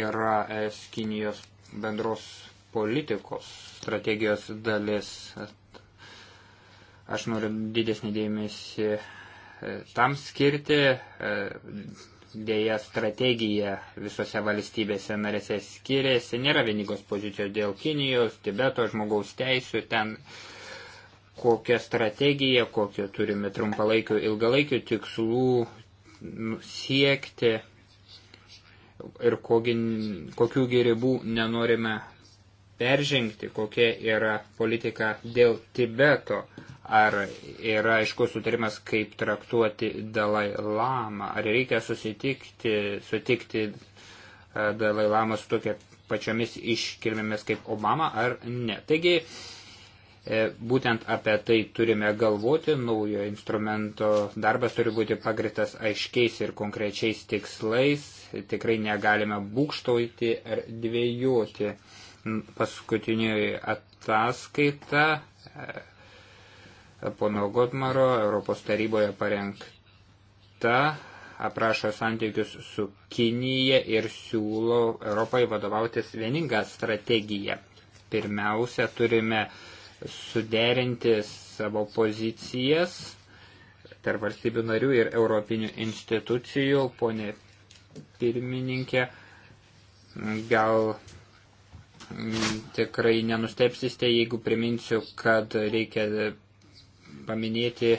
yra es Kinijos bendros politikos strategijos dalis. Aš noriu didesnį dėmesį e, tam skirti. E, dėja, strategija visose valstybėse narėse skiriasi. Nėra vieningos pozicijos dėl Kinijos, Tibeto žmogaus teisų. Ten uh, kokią strategiją, kokio turime trumpalaikių, ilgalaikių tikslų siekti ir kogi, kokių geribų nenorime peržengti, kokia yra politika dėl Tibeto, ar yra aiškus sutarimas, kaip traktuoti Dalai Lama, ar reikia susitikti, sutikti e, Dalai Lama su tokia pačiomis iškilmėmis kaip Obama, ar ne. Taigi, E, būtent apie tai turime galvoti, naujo instrumento darbas turi būti pagritas aiškiais ir konkrečiais tikslais, tikrai negalime būkštauti ar dvėjoti. Paskutinioji ataskaita e, pono Godmaro Europos taryboje parengta aprašo santykius su Kinija ir siūlo Europai vadovautis vieningą strategiją. Pirmiausia, turime uh, suderinti savo pozicijas tarp valstybių narių ir europinių institucijų. Pone pirmininkė, gal tikrai nenustepsite, jeigu priminsiu, kad reikia paminėti,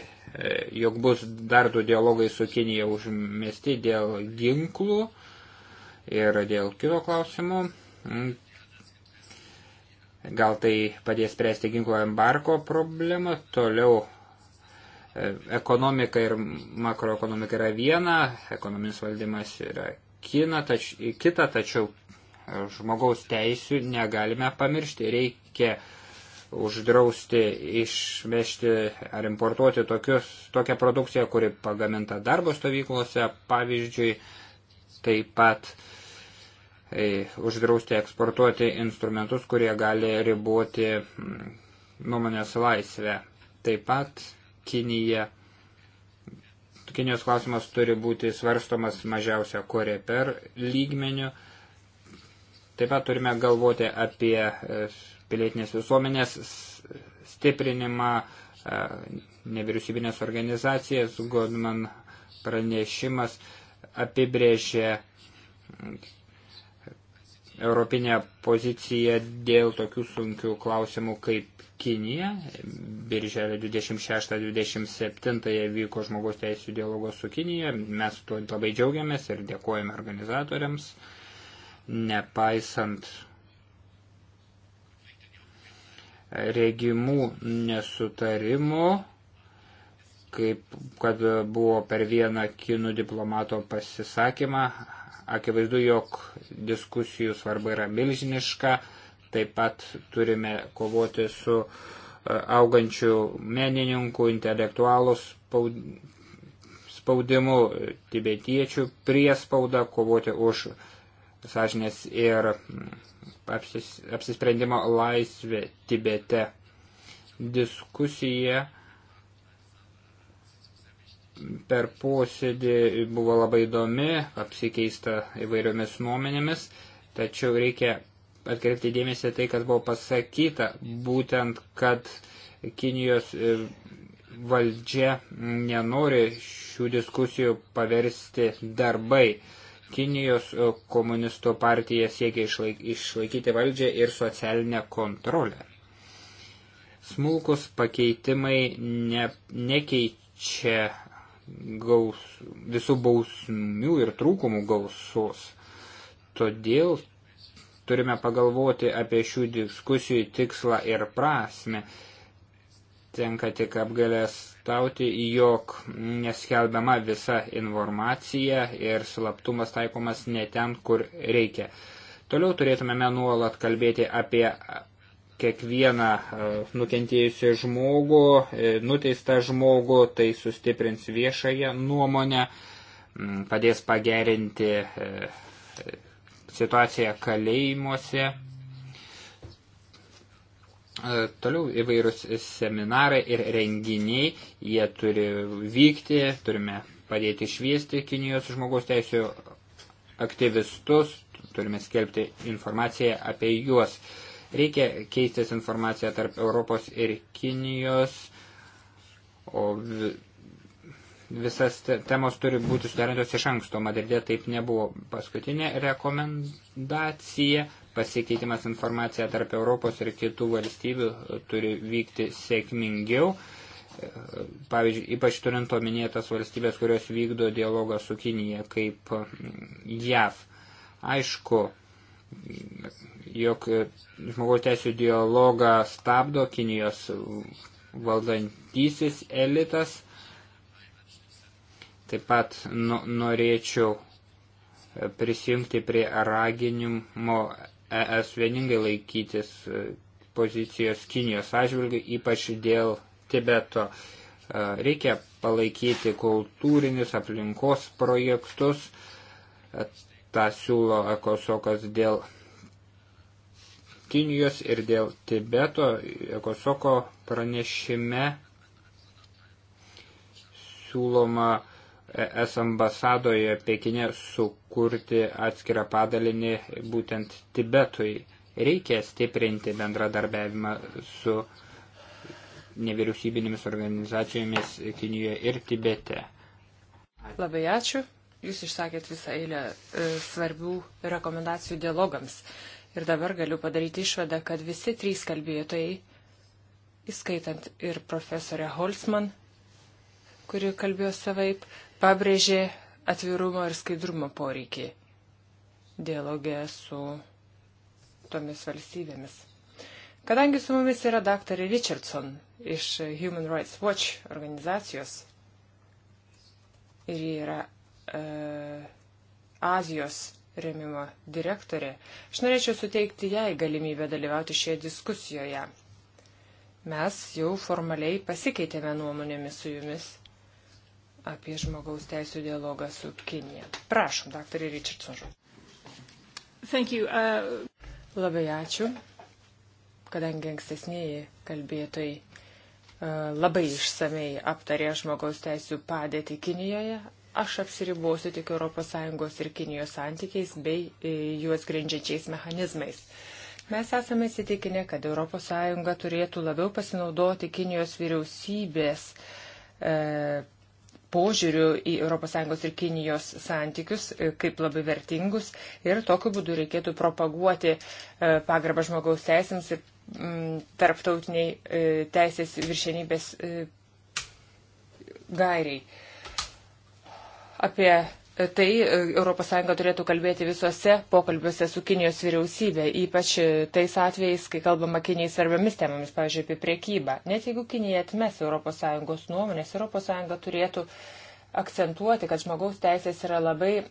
jog bus dar du dialogai su Kinija užmesti dėl ginklų ir dėl kito klausimų. Gal tai padės spręsti ginklo embargo problemą, toliau e, ekonomika ir makroekonomika yra viena, ekonominis valdymas yra kina, tač, kita, tačiau e, žmogaus teisių negalime pamiršti. Reikia uždrausti, išvežti ar importuoti tokius, tokią produkciją, kuri pagaminta darbo stovyklose, pavyzdžiui, taip pat uh, uždrausti eksportuoti instrumentus, kurie gali riboti mm, nuomonės laisvę. Taip pat Kinija. Kinijos klausimas turi būti svarstomas mažiausia korė per lygmeniu. Taip pat turime galvoti apie e, pilietinės visuomenės stiprinimą, e, nevyriausybinės organizacijas. Godman pranešimas apibrėžė europinę poziciją dėl tokių sunkių klausimų kaip Kinija. Birželio 26-27 vyko žmogaus teisų dialogos su Kinija. Mes tuo labai džiaugiamės ir dėkojame organizatoriams. Nepaisant regimų nesutarimų, kaip kad buvo per vieną kinų diplomato pasisakymą Akivaizdu, jog diskusijų svarba yra milžiniška, taip pat turime kovoti su e, augančių menininkų, intelektualų spaudimu, tibetiečių priespauda, kovoti už sąžinės ir mm, apsisprendimo laisvę Tibete. Diskusija per posėdį buvo labai įdomi, apsikeista įvairiomis nuomenėmis, tačiau reikia atkreipti dėmesį tai, kas buvo pasakyta, būtent, kad Kinijos e, valdžia nenori šių diskusijų paversti darbai. Kinijos e, komunistų partija siekia išlaikyti valdžią ir socialinę kontrolę. Smulkus pakeitimai ne, nekeičia gaus, visų bausmių ir trūkumų gausos. Todėl turime pagalvoti apie šių diskusijų tikslą ir prasme. Tenka tik apgalės tauti, jog neskelbiama visa informacija ir slaptumas taikomas ne ten, kur reikia. Toliau turėtumėme nuolat kalbėti apie kiekvieną e, nukentėjusią žmogų, e, nuteistą žmogų, tai sustiprins viešąją nuomonę, padės pagerinti e, situaciją kalėjimuose. Toliau įvairūs seminarai ir renginiai, jie turi vykti, turime padėti šviesti Kinijos žmogaus teisų aktyvistus, turime skelbti informaciją apie juos. Uh, Reikia keistis informaciją tarp Europos ir Kinijos, o visas temos turi būti suderintos iš anksto. Madride taip nebuvo paskutinė rekomendacija. Pasikeitimas informacija tarp Europos ir kitų valstybių turi vykti sėkmingiau. Pavyzdžiui, ypač turint omenyje tas valstybės, kurios vykdo dialogą su Kinija kaip mm, JAV. Aišku, jog e, žmogaus teisų dialogą stabdo Kinijos valdantysis elitas. Taip pat nu, norėčiau e, prisijungti prie raginimo ES vieningai laikytis e, pozicijos Kinijos atžvilgių, ypač dėl Tibeto. Reikia palaikyti kultūrinius aplinkos projektus, tą siūlo ekosokas dėl Kinijos ir dėl Tibeto. Ekosoko pranešime siūloma ES ambasadoje Pekine sukurti atskirą padalinį būtent Tibetui. Reikia stiprinti bendradarbiavimą su nevyriausybinėmis organizacijomis Kinijoje ir Tibete. Labai ačiū. Jūs išsakėt visą eilę e, svarbių rekomendacijų dialogams. Ir dabar galiu padaryti išvadą, kad visi trys kalbėtojai, įskaitant ir profesorę Holzman, kuri kalbėjo savaip, pabrėžė atvirumo ir skaidrumo poreikį dialogė su tomis valstybėmis. Kadangi su mumis yra daktarė Richardson iš Human Rights Watch organizacijos ir jie yra e, Azijos remimo direktorė. Aš norėčiau suteikti jai galimybę dalyvauti šioje diskusijoje. Mes jau formaliai pasikeitėme nuomonėmis su jumis apie žmogaus teisų dialogą su Kinija. Prašom, daktarė Richardson. Uh... Labai ačiū, kadangi ankstesnėji kalbėtojai uh, labai išsamei aptarė žmogaus teisų padėtį Kinijoje. Aš apsiribuosiu tik ES ir Kinijos santykiais bei e, juos grindžiančiais mechanizmais. Mes esame įsitikinę, kad ES turėtų labiau pasinaudoti Kinijos vyriausybės e, požiūrių į ES ir Kinijos santykius e, kaip labai vertingus ir tokiu būdu reikėtų propaguoti e, pagarbą žmogaus teisėms ir m, mm, tarptautiniai e, teisės viršenybės e, gairiai. E, Apie tai ES turėtų kalbėti visuose pokalbiuose su Kinijos vyriausybė, ypač tais atvejais, kai kalbama Kinijai svarbiamis temomis, pavyzdžiui, apie priekybą. Net jeigu Kinija atmes ES nuomonės, ES turėtų akcentuoti, kad žmogaus teisės yra labai e,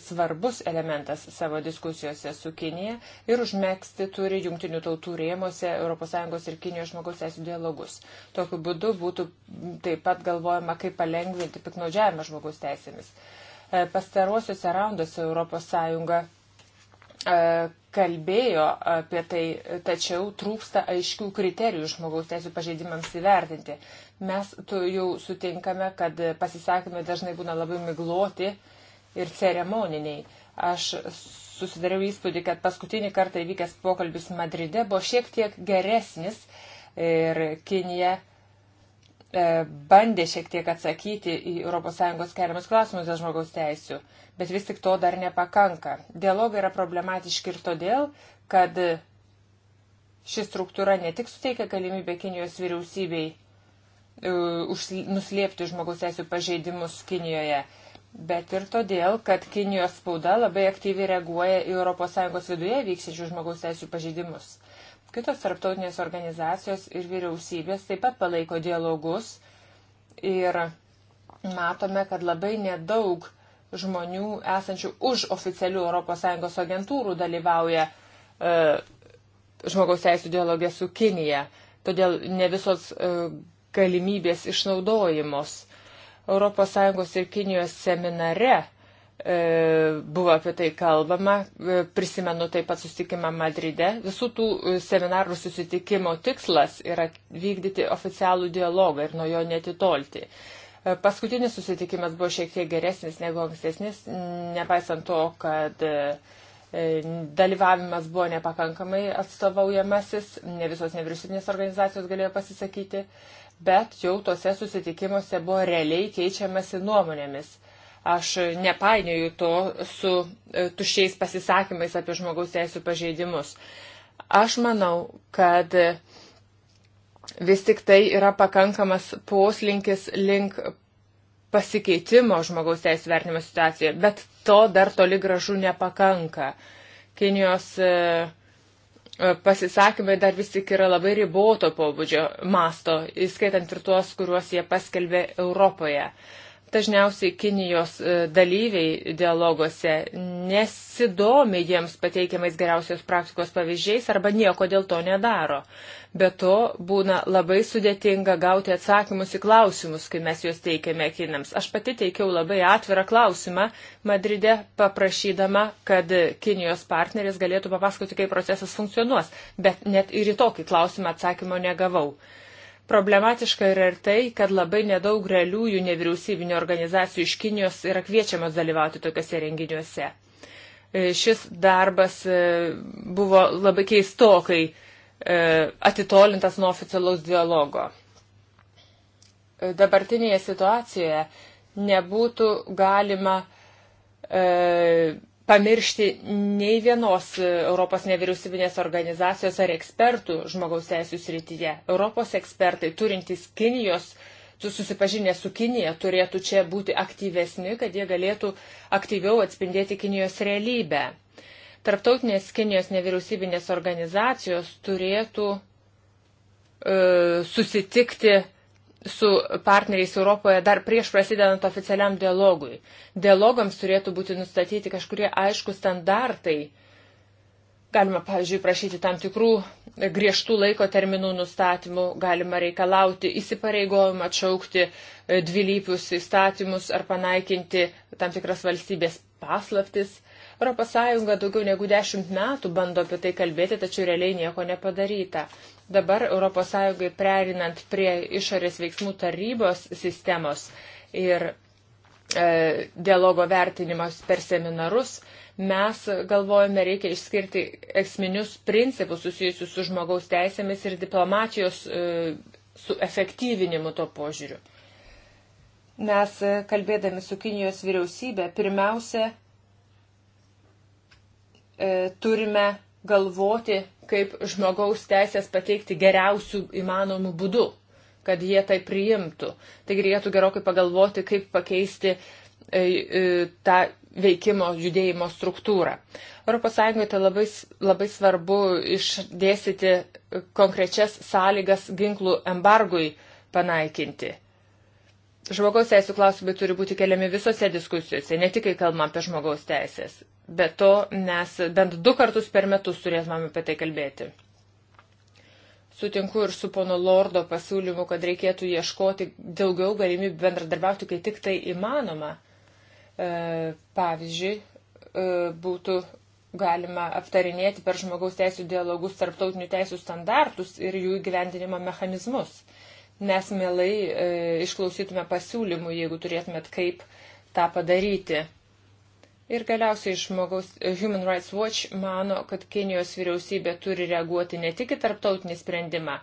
svarbus elementas savo diskusijose su Kinija ir užmėgsti turi jungtinių tautų rėmose ES ir Kinijos žmogaus teisų dialogus. Tokiu būdu būtų taip pat galvojama, kaip palengvinti piknaudžiavimą žmogaus teisėmis. E, pastaruosiuose raunduose ES e, kalbėjo apie tai, tačiau trūksta aiškių kriterijų žmogaus teisų pažeidimams įvertinti. Mes jau sutinkame, kad pasisakymai dažnai būna labai migloti ir ceremoniniai. Aš susidariau įspūdį, kad paskutinį kartą įvykęs pokalbis Madride buvo šiek tiek geresnis ir Kinija e, bandė šiek tiek atsakyti į ES keliamus klausimus dėl žmogaus teisų, bet vis tik to dar nepakanka. Dialogai yra problematiški ir todėl, kad ši struktūra ne tik suteikia galimybę Kinijos vyriausybei E, nuslėpti žmogaus teisų pažeidimus Kinijoje, bet ir todėl, kad Kinijos spauda labai aktyviai reaguoja į ES viduje vyksiančių žmogaus teisų pažeidimus. Kitos tarptautinės organizacijos ir vyriausybės taip pat palaiko dialogus ir matome, kad labai nedaug žmonių esančių už oficialių ES agentūrų dalyvauja e, žmogaus teisų dialogė su Kinija. Todėl ne visos e, galimybės išnaudojimus. ES ir Kinijos seminare e, buvo apie tai kalbama, e, prisimenu taip pat susitikimą Madride. Visų tų e, seminarų susitikimo tikslas yra vykdyti oficialų dialogą ir nuo jo netitolti. Paskutinis susitikimas buvo šiek tiek geresnis negu ankstesnis, nepaisant to, kad dalyvavimas buvo nepakankamai atstovaujamasis, ne visos nevyriausybinės organizacijos galėjo pasisakyti bet jau tose susitikimuose buvo realiai keičiamasi nuomonėmis. Aš nepainioju to su e, tušiais pasisakymais apie žmogaus teisų pažeidimus. Aš manau, kad vis tik tai yra pakankamas poslinkis link pasikeitimo žmogaus teisų vertinimo situacijoje, bet to dar toli gražu nepakanka. Kinijos e, E, pasisakymai dar vis tik yra labai riboto pobūdžio masto, įskaitant ir tuos, kuriuos jie paskelbė Europoje. Uh, Dažniausiai Kinijos e, dalyviai dialoguose nesidomi jiems pateikiamais geriausios praktikos pavyzdžiais arba nieko dėl to nedaro. Be to būna labai sudėtinga gauti atsakymus į klausimus, kai mes juos teikiame Kinams. Aš pati teikiau labai atvirą klausimą Madride, paprašydama, kad Kinijos partneris galėtų papasakoti, kaip procesas funkcionuos, bet net ir į tokį klausimą atsakymo negavau. Problematiška yra ir tai, kad labai nedaug realiųjų nevyriausybinio organizacijų iš Kinijos yra kviečiamas dalyvauti tokiuose renginiuose. E, šis darbas e, buvo labai keistokai e, atitolintas nuo oficialaus dialogo. Dabartinėje situacijoje nebūtų galima e, pamiršti nei vienos Europos nevyriausybinės organizacijos ar ekspertų žmogaus teisų srityje. Europos ekspertai turintys Kinijos, susipažinę su Kinija, turėtų čia būti aktyvesni, kad jie galėtų aktyviau atspindėti Kinijos realybę. Tarptautinės Kinijos nevyriausybinės organizacijos turėtų e, susitikti su partneriais Europoje dar prieš prasidedant oficialiam dialogui. Dialogams turėtų būti nustatyti kažkurie aiškus standartai. Galima, pavyzdžiui, prašyti tam tikrų griežtų laiko terminų nustatymų, galima reikalauti įsipareigojimą atšaukti e, dvilypius įstatymus ar panaikinti tam tikras valstybės paslaptis. ES daugiau negu dešimt metų bando apie tai kalbėti, tačiau realiai nieko nepadaryta. Dabar ES perinant prie išorės veiksmų tarybos sistemos ir e, dialogo vertinimos per seminarus, mes galvojame reikia išskirti esminius principus susijusius su žmogaus teisėmis ir diplomatijos e, su efektyvinimu to požiūriu. Mes e, kalbėdami su Kinijos vyriausybė pirmiausia e, turime galvoti kaip žmogaus teisės pateikti geriausių įmanomų būdų, kad jie tai priimtų. Taigi reikėtų gerokai pagalvoti, kaip pakeisti e, e, tą veikimo judėjimo struktūrą. ES tai labai, labai svarbu išdėstyti konkrečias sąlygas ginklų embargui panaikinti. Žmogaus teisų klausimai turi būti keliami visose diskusijose, ne tik kai kalbam apie žmogaus teisės. Be to mes bent du kartus per metus turėtumėm apie tai kalbėti. Sutinku ir su pono Lordo pasiūlymu, kad reikėtų ieškoti daugiau galimybių bendradarbiauti, kai tik tai įmanoma. E, pavyzdžiui, e, būtų galima aptarinėti per žmogaus teisų dialogus tarptautinių teisų standartus ir jų įgyvendinimo mechanizmus. Mes mielai e, išklausytume pasiūlymų, jeigu turėtumėt kaip tą padaryti. Ir galiausiai žmogaus e, Human Rights Watch mano, kad Kenijos vyriausybė turi reaguoti ne tik į tarptautinį sprendimą,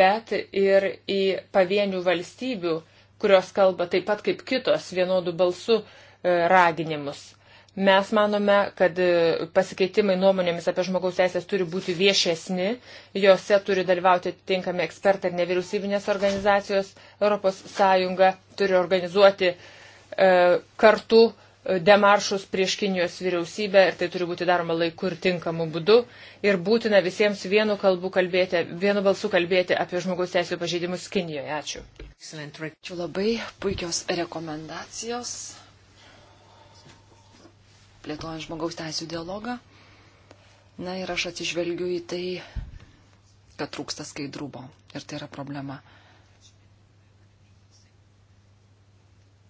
bet ir į pavienių valstybių, kurios kalba taip pat kaip kitos vienodų balsų e, raginimus. Mes manome, kad e, pasikeitimai nuomonėmis apie žmogaus teisės turi būti viešesni, juose turi dalyvauti tinkami ekspertai ir nevyriausybinės organizacijos, ES turi organizuoti e, kartu demaršus prieš Kinijos vyriausybę ir tai turi būti daroma laiku ir tinkamu būdu. Ir būtina visiems vienu, kalbėti, vienu balsu kalbėti apie žmogaus teisų pažeidimus Kinijoje. Ačiū. Ačiū labai puikios rekomendacijos plėtojant žmogaus teisų dialogą. Na ir aš atsižvelgiu į tai, kad trūksta skaidrumo ir tai yra problema.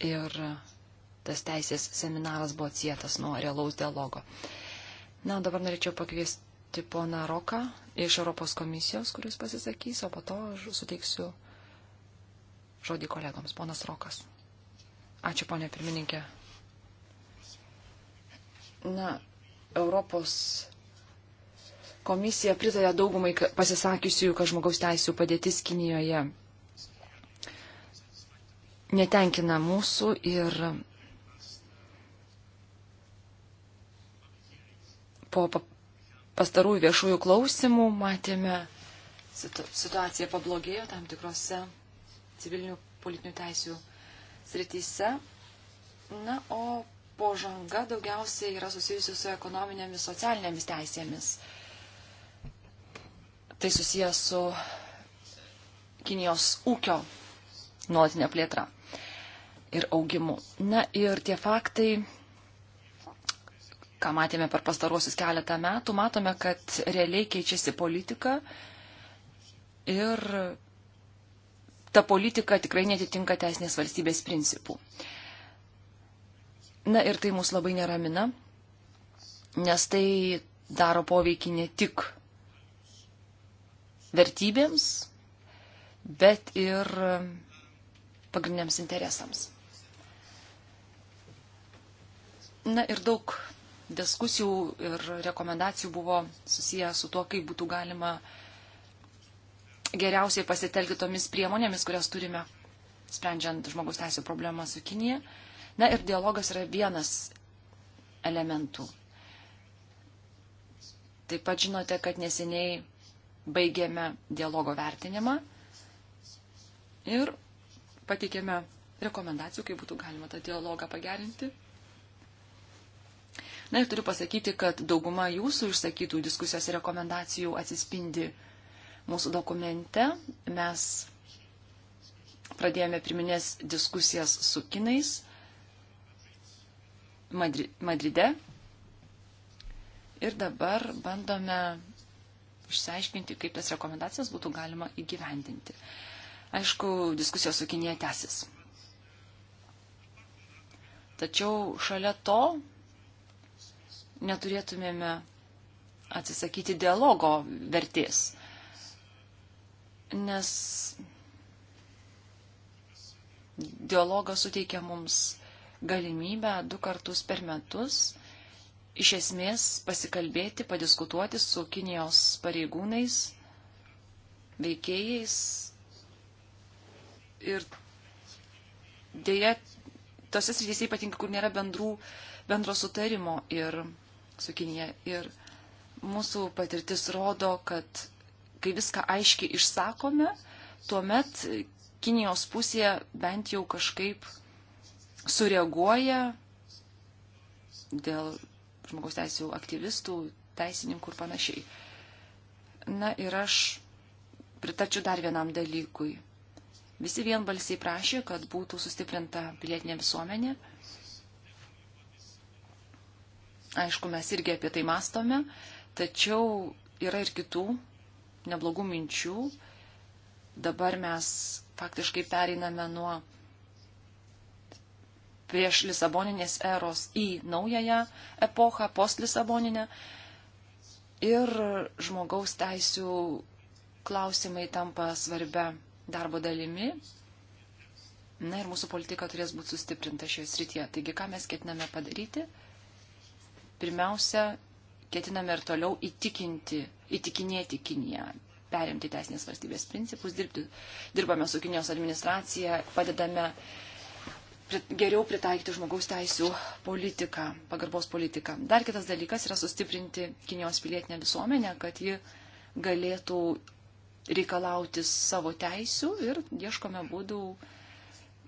Ir tas teisės seminaras buvo atsietas nuo realaus dialogo. Na, dabar norėčiau pakviesti poną Roką iš Europos komisijos, kuris pasisakys, o po to suteiksiu žodį kolegoms. Ponas Rokas. Ačiū, ponė pirmininkė. Na, Europos komisija pritarė daugumai pasisakiusių, kad žmogaus teisų padėtis Kinijoje netenkina mūsų ir po pastarųjų viešųjų klausimų matėme, situacija pablogėjo tam tikrose civilinių politinių teisių srityse. Na, o požanga daugiausiai yra susijusi su ekonominėmis, socialinėmis teisėmis. Tai susijęs su Kinijos ūkio nuolatinė plėtra ir augimu. Na ir tie faktai ką matėme per pastaruosius keletą metų, matome, kad realiai keičiasi politika ir ta politika tikrai netitinka teisinės valstybės principų. Na ir tai mus labai neramina, nes tai daro poveikį ne tik vertybėms, bet ir pagrindiniams interesams. Na ir daug diskusijų ir rekomendacijų buvo susiję su to, kaip būtų galima geriausiai pasitelkti tomis priemonėmis, kurias turime, sprendžiant žmogus teisų problemą su Kinija. Na ir dialogas yra vienas elementų. Taip pat žinote, kad neseniai baigėme dialogo vertinimą ir pateikėme rekomendacijų, kaip būtų galima tą dialogą pagerinti. Na ir turiu pasakyti, kad dauguma jūsų išsakytų diskusijos ir rekomendacijų atsispindi mūsų dokumente. Mes pradėjome priminės diskusijas su kinais Madri Madride ir dabar bandome išsiaiškinti, kaip tas rekomendacijas būtų galima įgyvendinti. Aišku, diskusijos su Kinėje tęsis. Tačiau šalia to neturėtumėme atsisakyti dialogo vertės. Nes dialogas suteikia mums galimybę du kartus per metus iš esmės pasikalbėti, padiskutuoti su Kinijos pareigūnais, veikėjais. Ir dėja, tose srityse ypatingai, kur nėra bendrų, bendro sutarimo. Ir su Kinija. Ir mūsų patirtis rodo, kad kai viską aiškiai išsakome, tuomet Kinijos pusė bent jau kažkaip sureaguoja dėl žmogaus teisų aktyvistų, teisininkų ir panašiai. Na ir aš pritačiu dar vienam dalykui. Visi vienbalsiai prašė, kad būtų sustiprinta pilietinė visuomenė Aišku, mes irgi apie tai mastome, tačiau yra ir kitų neblogų minčių. Dabar mes faktiškai pereiname nuo prieš Lisaboninės eros į naująją epochą, post Lisaboninę. Ir žmogaus teisų klausimai tampa svarbia darbo dalimi. Na ir mūsų politika turės būti sustiprinta šioje srityje. Taigi, ką mes ketiname padaryti? Pirmiausia, ketiname ir toliau įtikinti, įtikinėti Kiniją, perimti teisinės valstybės principus, dirbti, dirbame su Kinijos administracija, padedame geriau pritaikyti žmogaus teisų politiką, pagarbos politiką. Dar kitas dalykas yra sustiprinti Kinijos pilietinę visuomenę, kad ji galėtų reikalauti savo teisių ir ieškome būdų,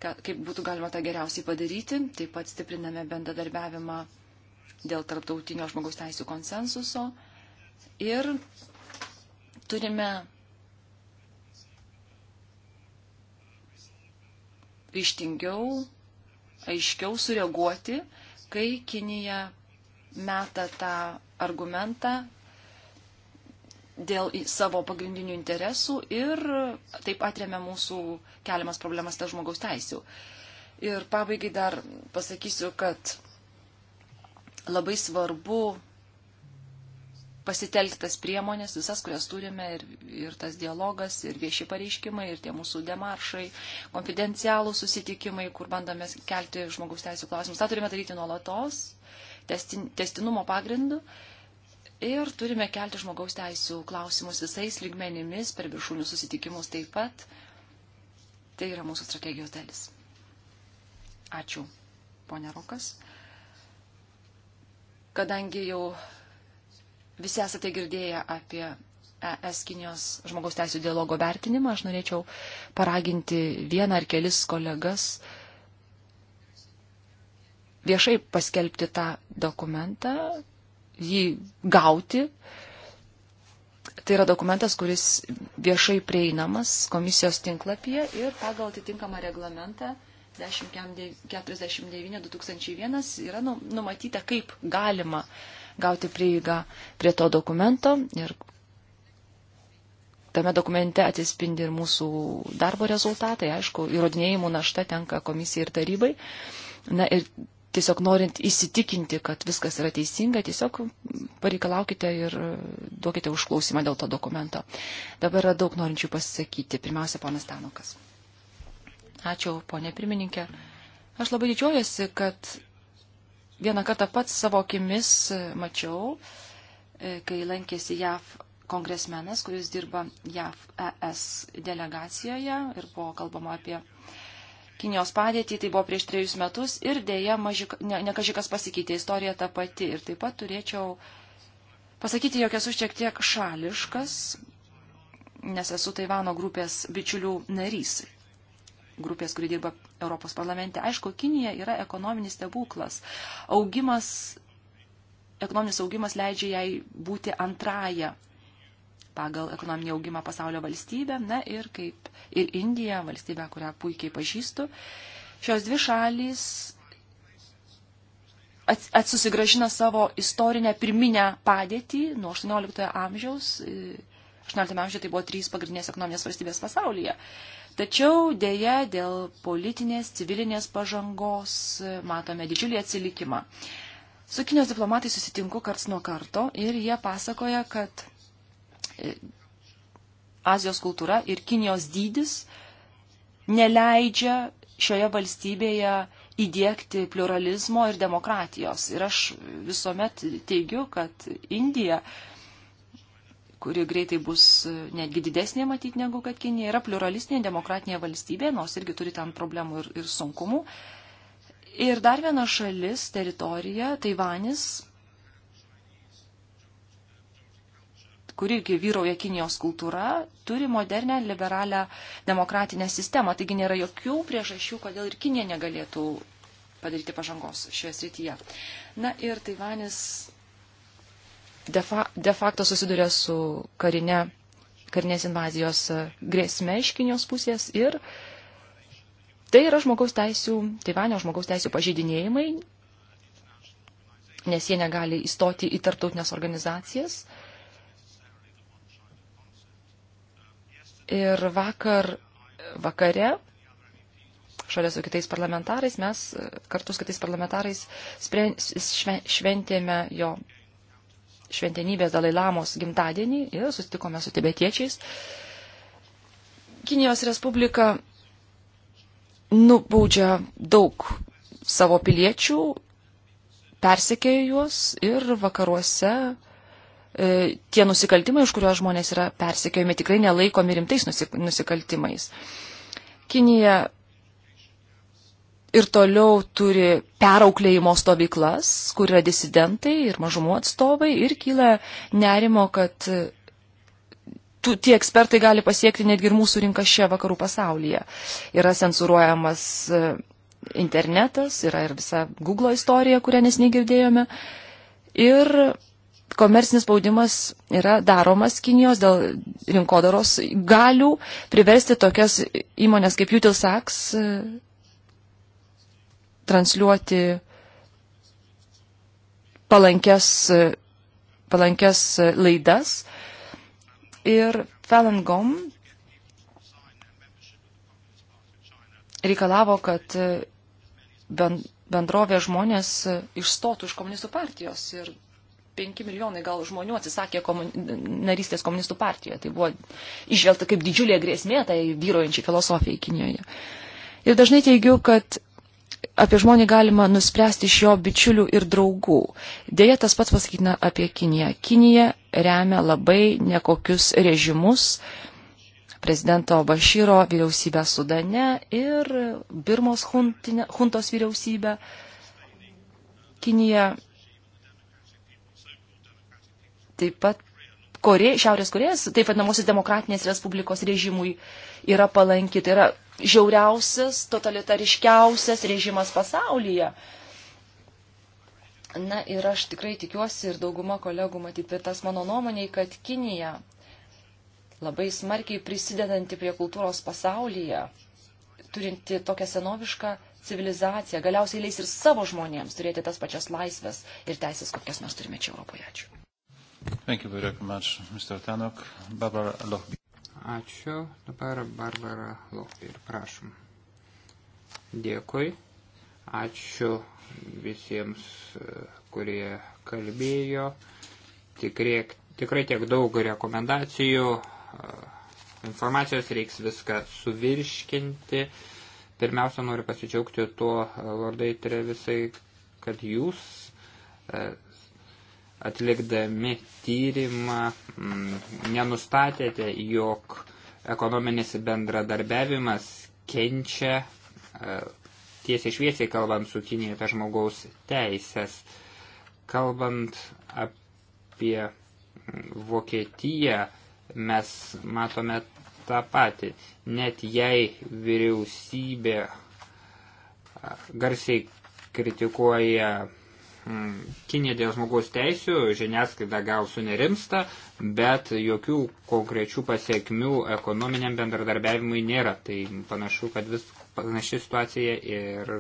kaip būtų galima tą geriausiai padaryti. Taip pat stipriname bendradarbiavimą dėl tarptautinio žmogaus teisų konsensuso ir turime ryštingiau, aiškiau sureaguoti, kai Kinija meta tą argumentą dėl savo pagrindinių interesų ir taip atremia mūsų keliamas problemas dėl žmogaus teisų. Ir pabaigai dar pasakysiu, kad labai svarbu pasitelktas priemonės, visas, kurias turime, ir, ir tas dialogas, ir vieši pareiškimai, ir tie mūsų demaršai, konfidencialų susitikimai, kur bandome kelti žmogaus teisų klausimus. Ta turime daryti nuolatos, testin, testinumo pagrindu. Ir turime kelti žmogaus teisų klausimus visais lygmenimis, per viršūnių susitikimus taip pat. Tai yra mūsų strategijos dalis. Ačiū, ponia Rokas kadangi jau visi esate girdėję apie ES Kinijos žmogaus teisų dialogo vertinimą, aš norėčiau paraginti vieną ar kelis kolegas viešai paskelbti tą dokumentą, jį gauti. Tai yra dokumentas, kuris viešai prieinamas komisijos tinklapyje ir pagal atitinkamą reglamentą 1049-2001 yra nu, numatyta, kaip galima gauti prieigą prie to dokumento ir tame dokumente atsispindi ir mūsų darbo rezultatai, aišku, įrodinėjimų našta tenka komisijai ir tarybai. Na ir tiesiog norint įsitikinti, kad viskas yra teisinga, tiesiog pareikalaukite ir duokite užklausimą dėl to dokumento. Dabar yra daug norinčių pasisakyti. Pirmiausia, ponas Tanukas. Ačiū, ponė pirmininkė. Aš labai didžiuojasi, kad vieną kartą pats savo akimis mačiau, e, kai lankėsi JAV kongresmenas, kuris dirba JAV ES delegacijoje ir buvo kalbama apie Kinijos padėtį, tai buvo prieš trejus metus ir dėja mažik, ne, ne kažkas pasikeitė, istorija ta pati. Ir taip pat turėčiau pasakyti, jog esu šiek tiek šališkas, nes esu Taivano grupės bičiulių narys grupės, kuri dirba Europos parlamente. Aišku, Kinija yra ekonominis stebuklas. Augimas, ekonominis augimas leidžia jai būti antraja pagal ekonominį augimą pasaulio valstybę, na ir kaip ir Indija, valstybė, kurią puikiai pažįstu. Šios dvi šalys atsusigražina savo istorinę pirminę padėtį nuo 18 amžiaus. 18 amžiuje tai buvo trys pagrindinės ekonominės valstybės pasaulyje. Tačiau dėja dėl politinės, civilinės pažangos matome didžiulį atsilikimą. Su Kinijos diplomatai susitinku karts nuo karto ir jie pasakoja, kad e, Azijos kultūra ir Kinijos dydis neleidžia šioje valstybėje įdėkti pluralizmo ir demokratijos. Ir aš visuomet teigiu, kad Indija kuri greitai bus e, netgi didesnė matyti negu kad Kinija, yra pluralistinė demokratinė valstybė, nors irgi turi ten problemų ir, ir sunkumų. Ir dar viena šalis, teritorija, Taivanis, kur irgi vyrauja Kinijos kultūra, turi modernę liberalią demokratinę sistemą. Taigi nėra jokių priežasčių, kodėl ir Kinija negalėtų padaryti pažangos šioje srityje. Na ir Taivanis de, fa de facto susiduria su karine, karinės invazijos e, grėsme iš Kinijos pusės ir tai yra žmogaus teisų, Taivanio žmogaus teisų pažydinėjimai, nes jie negali įstoti į tarptautinės organizacijas. Ir vakar, vakare, šalia su kitais parlamentarais, mes e, kartu su kitais parlamentarais šventėme jo šventenybės Dalailamos gimtadienį ir sustikome su tibetiečiais. Kinijos Respublika nubaudžia daug savo piliečių, persekėjo juos ir vakaruose e, tie nusikaltimai, už kuriuos žmonės yra persekiojami, tikrai nelaikomi rimtais nusik nusikaltimais. Kinija ir toliau turi perauklėjimo stovyklas, kur yra disidentai ir mažumų atstovai ir kyla nerimo, kad e, tų, tie ekspertai gali pasiekti netgi ir mūsų rinką čia vakarų pasaulyje. Yra cenzuruojamas e, internetas, yra ir visa Google istorija, kurią nesnei girdėjome. Ir komercinis spaudimas yra daromas Kinijos dėl rinkodaros galių priversti tokias įmonės kaip Util Saks e, transliuoti palankes, palankes laidas. Ir Falun Gong reikalavo, kad bendrovė žmonės išstotų iš komunistų partijos. Ir 5 milijonai gal žmonių atsisakė komun... narystės komunistų partijoje. Tai buvo išvelta kaip didžiulė grėsmė tai vyrojančiai filosofijai Kinijoje. Ir dažnai teigiu, kad apie žmonį galima nuspręsti iš jo bičiulių ir draugų. Deja, tas pats pasakytina apie Kiniją. Kinija remia labai nekokius režimus prezidento Bašyro vyriausybę Sudane ir Birmos huntinė, huntos vyriausybę. Kinija taip pat Korė, Šiaurės Korėjas, taip vadinamosios demokratinės respublikos režimui yra palanki. Tai yra žiauriausias, totalitariškiausias režimas pasaulyje. Na ir aš tikrai tikiuosi ir dauguma kolegų matyt pritas mano nuomoniai, kad Kinija labai smarkiai prisidedanti prie kultūros pasaulyje, turinti tokią senovišką civilizaciją, galiausiai leis ir savo žmonėms turėti tas pačias laisvės ir teisės, kokias mes turime čia Europoje. Ačiū. Thank you very much, Mr. Tanok. Barbara Lohbi. Ačiū. Dabar Barbara Lochbir, prašom. Dėkui. Ačiū visiems, e, kurie kalbėjo. Tikrai, tikrai tiek daug rekomendacijų. E, informacijos reiks viską suvirškinti. Pirmiausia, noriu pasidžiaugti tuo, Lordai e, Trevisai, kad jūs atlikdami tyrimą mm, nenustatėte, jog ekonominis bendradarbiavimas kenčia e, tiesiai šviesiai kalbant su Kinėje apie žmogaus teisės. Kalbant apie mm, Vokietiją, mes matome tą patį. Net jei vyriausybė e, garsiai kritikuoja Mm, Kinė dėl žmogaus teisių žiniasklaida gal sunerimsta, bet jokių konkrečių pasiekmių ekonominiam bendradarbiavimui nėra. Tai panašu, kad vis panaši situacija ir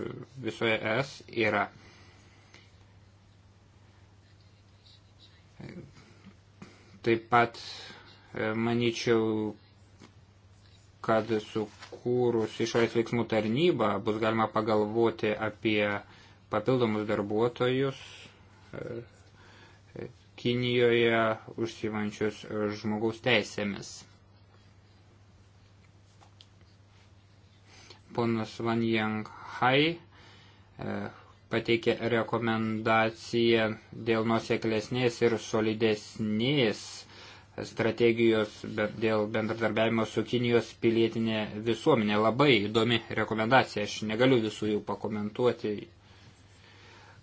visoje ES yra. Taip pat e, manyčiau, kad sukūrus išorės veiksmų tarnybą bus galima pagalvoti apie papildomus darbuotojus e, e, Kinijoje užsivančius žmogaus teisėmis. Ponas Van Yang Hai e, pateikė rekomendaciją dėl nuseklesnės ir solidesnės strategijos dėl bendradarbiavimo su Kinijos pilietinė visuomenė. Labai įdomi rekomendacija, aš negaliu visų jų pakomentuoti,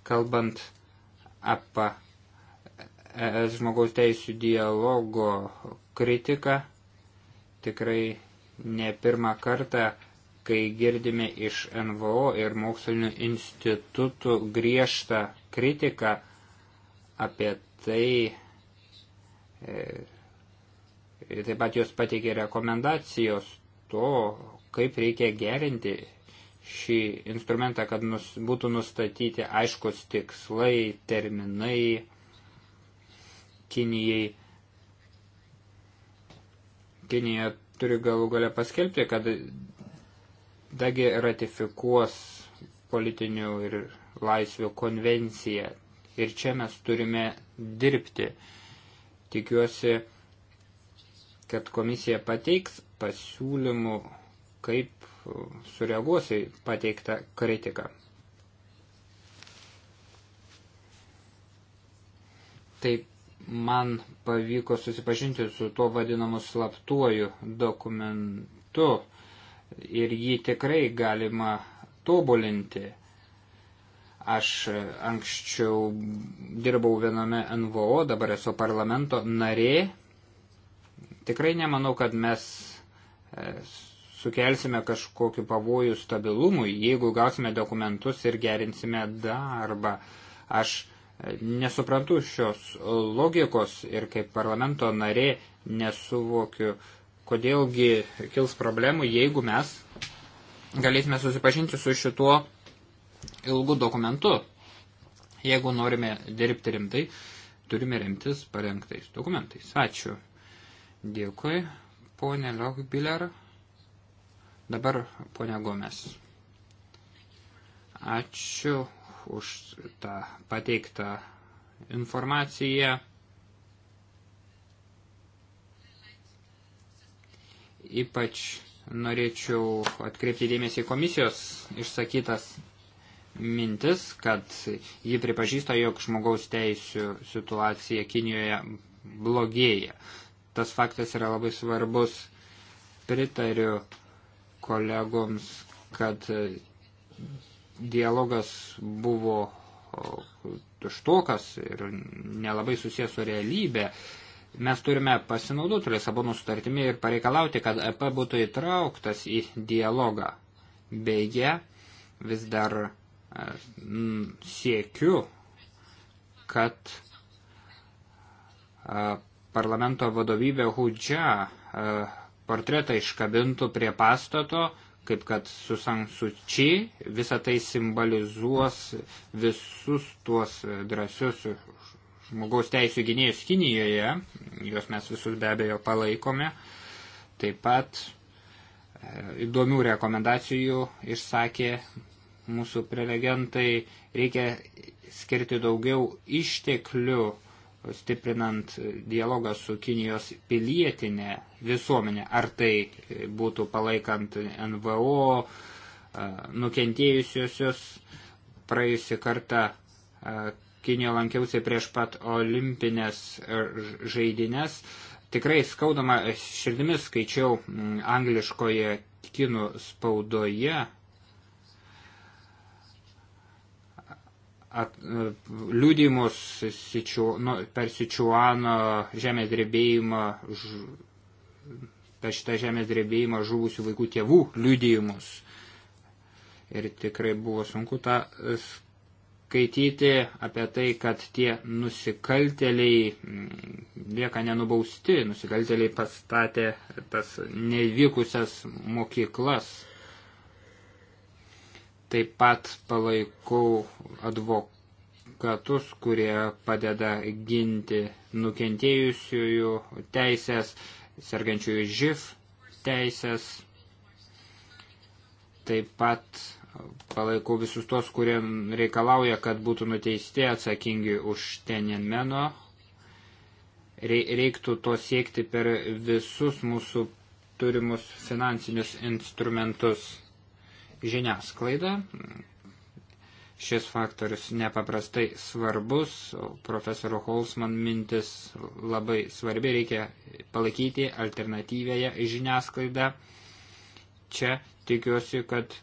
kalbant apie ES e, žmogaus teisų dialogo kritiką, tikrai ne pirmą kartą, kai girdime iš NVO ir mokslinių institutų griežtą kritiką apie tai, e, taip pat jos pateikė rekomendacijos to, kaip reikia gerinti šį instrumentą, kad nus, būtų nustatyti aiškus tikslai, terminai Kinijai. Kinija turi galų galę paskelbti, kad dagi ratifikuos politinių ir laisvių konvenciją. Ir čia mes turime dirbti. Tikiuosi, kad komisija pateiks pasiūlymų, kaip sureaguos į pateiktą kritiką. Taip man pavyko susipažinti su tuo vadinamu slaptuoju dokumentu ir jį tikrai galima tobulinti. Aš anksčiau dirbau viename NVO, dabar esu parlamento narė. Tikrai nemanau, kad mes e, sukelsime kažkokiu pavojų stabilumui, jeigu gausime dokumentus ir gerinsime darbą. Aš e, nesuprantu šios logikos ir kaip parlamento narė nesuvokiu, kodėlgi kils problemų, jeigu mes galėsime susipažinti su šituo ilgu dokumentu. Jeigu norime dirbti rimtai, turime remtis parengtais dokumentais. Ačiū. Dėkui, ponė Lochbiller. Dabar ponia Gomes. Ačiū už tą pateiktą informaciją. Ypač norėčiau atkreipti dėmesį komisijos išsakytas mintis, kad ji pripažįsta, jog žmogaus teisų situacija Kinijoje blogėja. Tas faktas yra labai svarbus. Pritariu kolegoms, kad dialogas buvo tuštokas ir nelabai susijęs su realybė. Mes turime pasinaudoti Lisabono sutartimi ir pareikalauti, kad EP būtų įtrauktas į dialogą. Beje, vis dar m, e, siekiu, kad a, e, parlamento vadovybė Hudžia e, portretą iškabintų prie pastato, kaip kad su Sansuči, visa tai simbolizuos visus tuos drąsius žmogaus teisų gynėjus Kinijoje, juos mes visus be abejo palaikome. Taip pat e, įdomių rekomendacijų išsakė mūsų prelegentai, reikia skirti daugiau išteklių stiprinant dialogą su Kinijos pilietinė visuomenė, ar tai būtų palaikant NVO, nukentėjusiosius praėjusi kartą Kinijoje lankiausi prieš pat olimpinės žaidinės. Tikrai skaudama širdimis skaičiau angliškoje kinų spaudoje at, liūdimus sičiu, nu, per Sičiuano žemės drebėjimą, ž, per šitą žemės drebėjimą žuvusių vaikų tėvų liūdimus. Ir tikrai buvo sunku tą e, skaityti apie tai, kad tie nusikalteliai mm, lieka nenubausti, nusikalteliai pastatė tas nevykusias mokyklas Taip pat palaikau advokatus, kurie padeda ginti nukentėjusiųjų teisės, sergančiųjų živ teisės. Taip pat palaikau visus tos, kurie reikalauja, kad būtų nuteisti atsakingi už Tiananmeno. Reiktų to siekti per visus mūsų turimus finansinius instrumentus žiniasklaidą. Šis faktorius nepaprastai svarbus, profesorių Holzman mintis labai svarbi, reikia palaikyti alternatyvėje žiniasklaidą. Čia tikiuosi, kad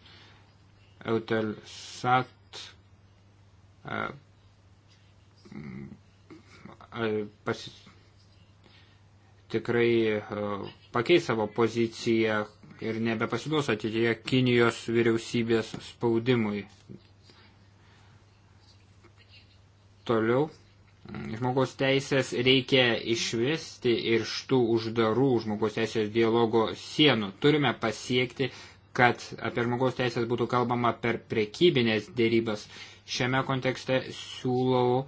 Eutelsat e, e, pasi, tikrai e, pakeis savo poziciją, ir nebepasiduos ateityje Kinijos vyriausybės spaudimui. Toliau. Žmogaus teisės reikia išvesti ir štų uždarų žmogaus teisės dialogo sienų. Turime pasiekti, kad apie žmogaus teisės būtų kalbama per prekybinės dėrybas. Šiame kontekste siūlau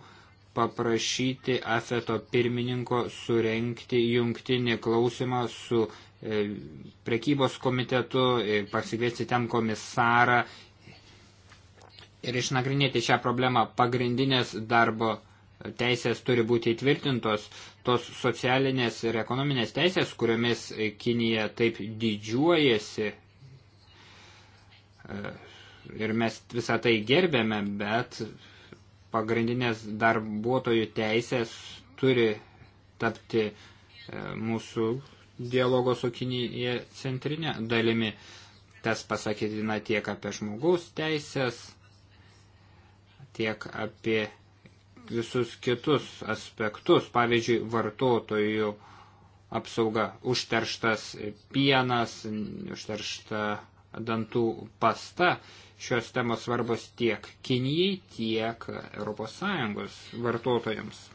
paprašyti AFETO pirmininko surenkti jungtinį klausimą su E, prekybos komitetu, e, pasikviesti ten komisarą ir išnagrinėti šią problemą. Pagrindinės darbo teisės turi būti įtvirtintos, tos socialinės ir ekonominės teisės, kuriomis Kinija taip didžiuojasi. E, ir mes visą tai gerbėme, bet pagrindinės darbuotojų teisės turi tapti mūsų dialogo su Kinija centrinė dalimi. Tas pasakytina tiek apie žmogaus teisės, tiek apie visus kitus aspektus, pavyzdžiui, vartotojų apsauga, užterštas pienas, užteršta dantų pasta. Šios temos svarbos tiek Kinijai, tiek ES vartotojams.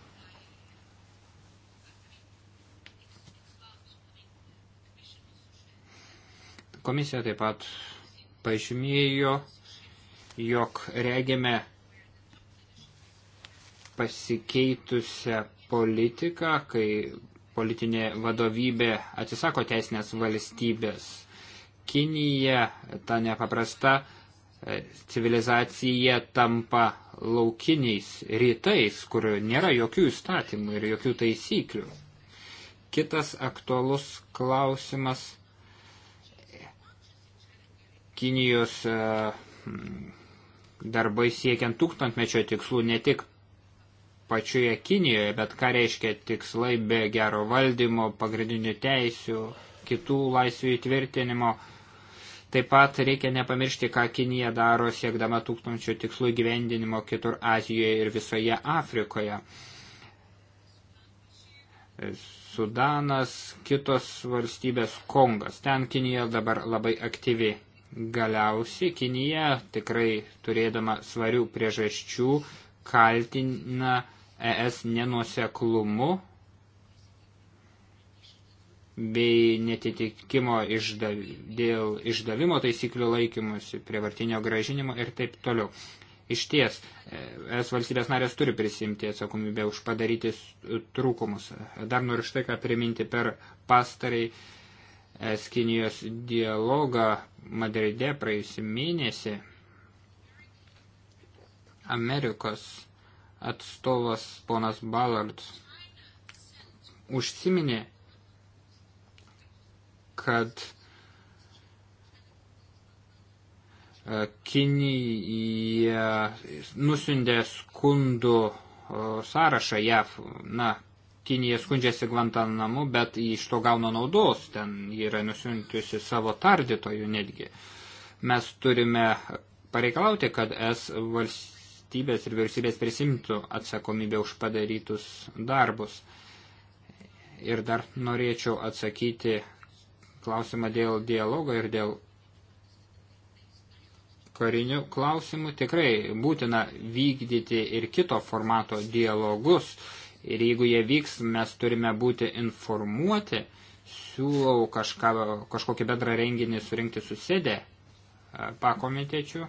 Komisija taip pat pažymėjo, jog regime pasikeitusią politiką, kai politinė vadovybė atsisako teisinės valstybės. Kinija, ta nepaprasta e, civilizacija tampa laukiniais rytais, kur nėra jokių įstatymų ir jokių taisyklių. Kitas aktualus klausimas Kinijos e, darbai siekiant tūkstantmečio tikslų ne tik pačioje Kinijoje, bet ką reiškia tikslai be gero valdymo, pagrindinių teisių, kitų laisvių įtvirtinimo. Taip pat reikia nepamiršti, ką Kinija daro siekdama tūkstančio tikslų gyvendinimo kitur Azijoje ir visoje Afrikoje. Sudanas, kitos valstybės Kongas. Ten Kinija dabar labai aktyvi. Galiausiai Kinija tikrai turėdama svarių priežasčių kaltina ES nenuoseklumu bei netitikimo išdav, dėl išdavimo taisyklių laikymusi, prievartinio gražinimo ir taip toliau. Iš ties, es valstybės narės turi prisimti atsakomybę už padaryti trūkumus. Dar noriu štai ką priminti per pastarai es Kinijos dialogą Madride praėjusį mėnesį, Amerikos atstovas ponas Ballard užsiminė, kad e, Kinija nusindė skundų e, sąrašą JAV, na, Kinija skundžiasi Guantanamu, bet iš to gauna naudos, ten yra nusiuntusi savo tardytojų netgi. Mes turime pareikalauti, kad es valstybės ir vyriausybės prisimtų atsakomybę už padarytus darbus. Ir dar norėčiau atsakyti klausimą dėl dialogo ir dėl karinių klausimų tikrai būtina vykdyti ir kito formato dialogus, ir jeigu jie vyks, mes turime būti informuoti. Siūlau kažką, kažkokį bendrą renginį surinkti su sėdė e, pakomitečių.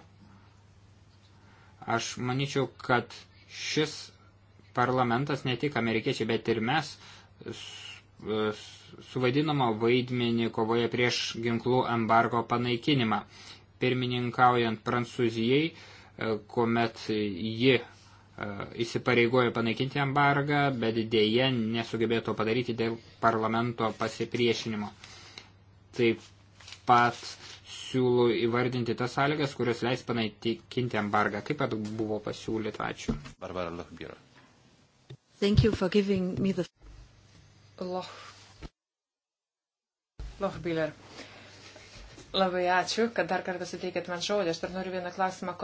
Aš manyčiau, kad šis parlamentas, ne tik amerikiečiai, bet ir mes, e, suvaidinamo vaidmenį kovoje prieš ginklų embargo panaikinimą. Pirmininkaujant Prancūzijai, e, kuomet ji E, įsipareigojo panaikinti embargą, bet dėje nesugebėjo to padaryti dėl parlamento pasipriešinimo. Taip pat siūlau įvardinti tas sąlygas, kurios leis panaikinti embargą. Kaip pat buvo pasiūlyta, ačiū. Barbara Lochbiro. Thank you for giving me the... Loch. Lochbiller. Labai ačiū, kad dar kartą suteikėt man žodį. Aš dar noriu vieną klausimą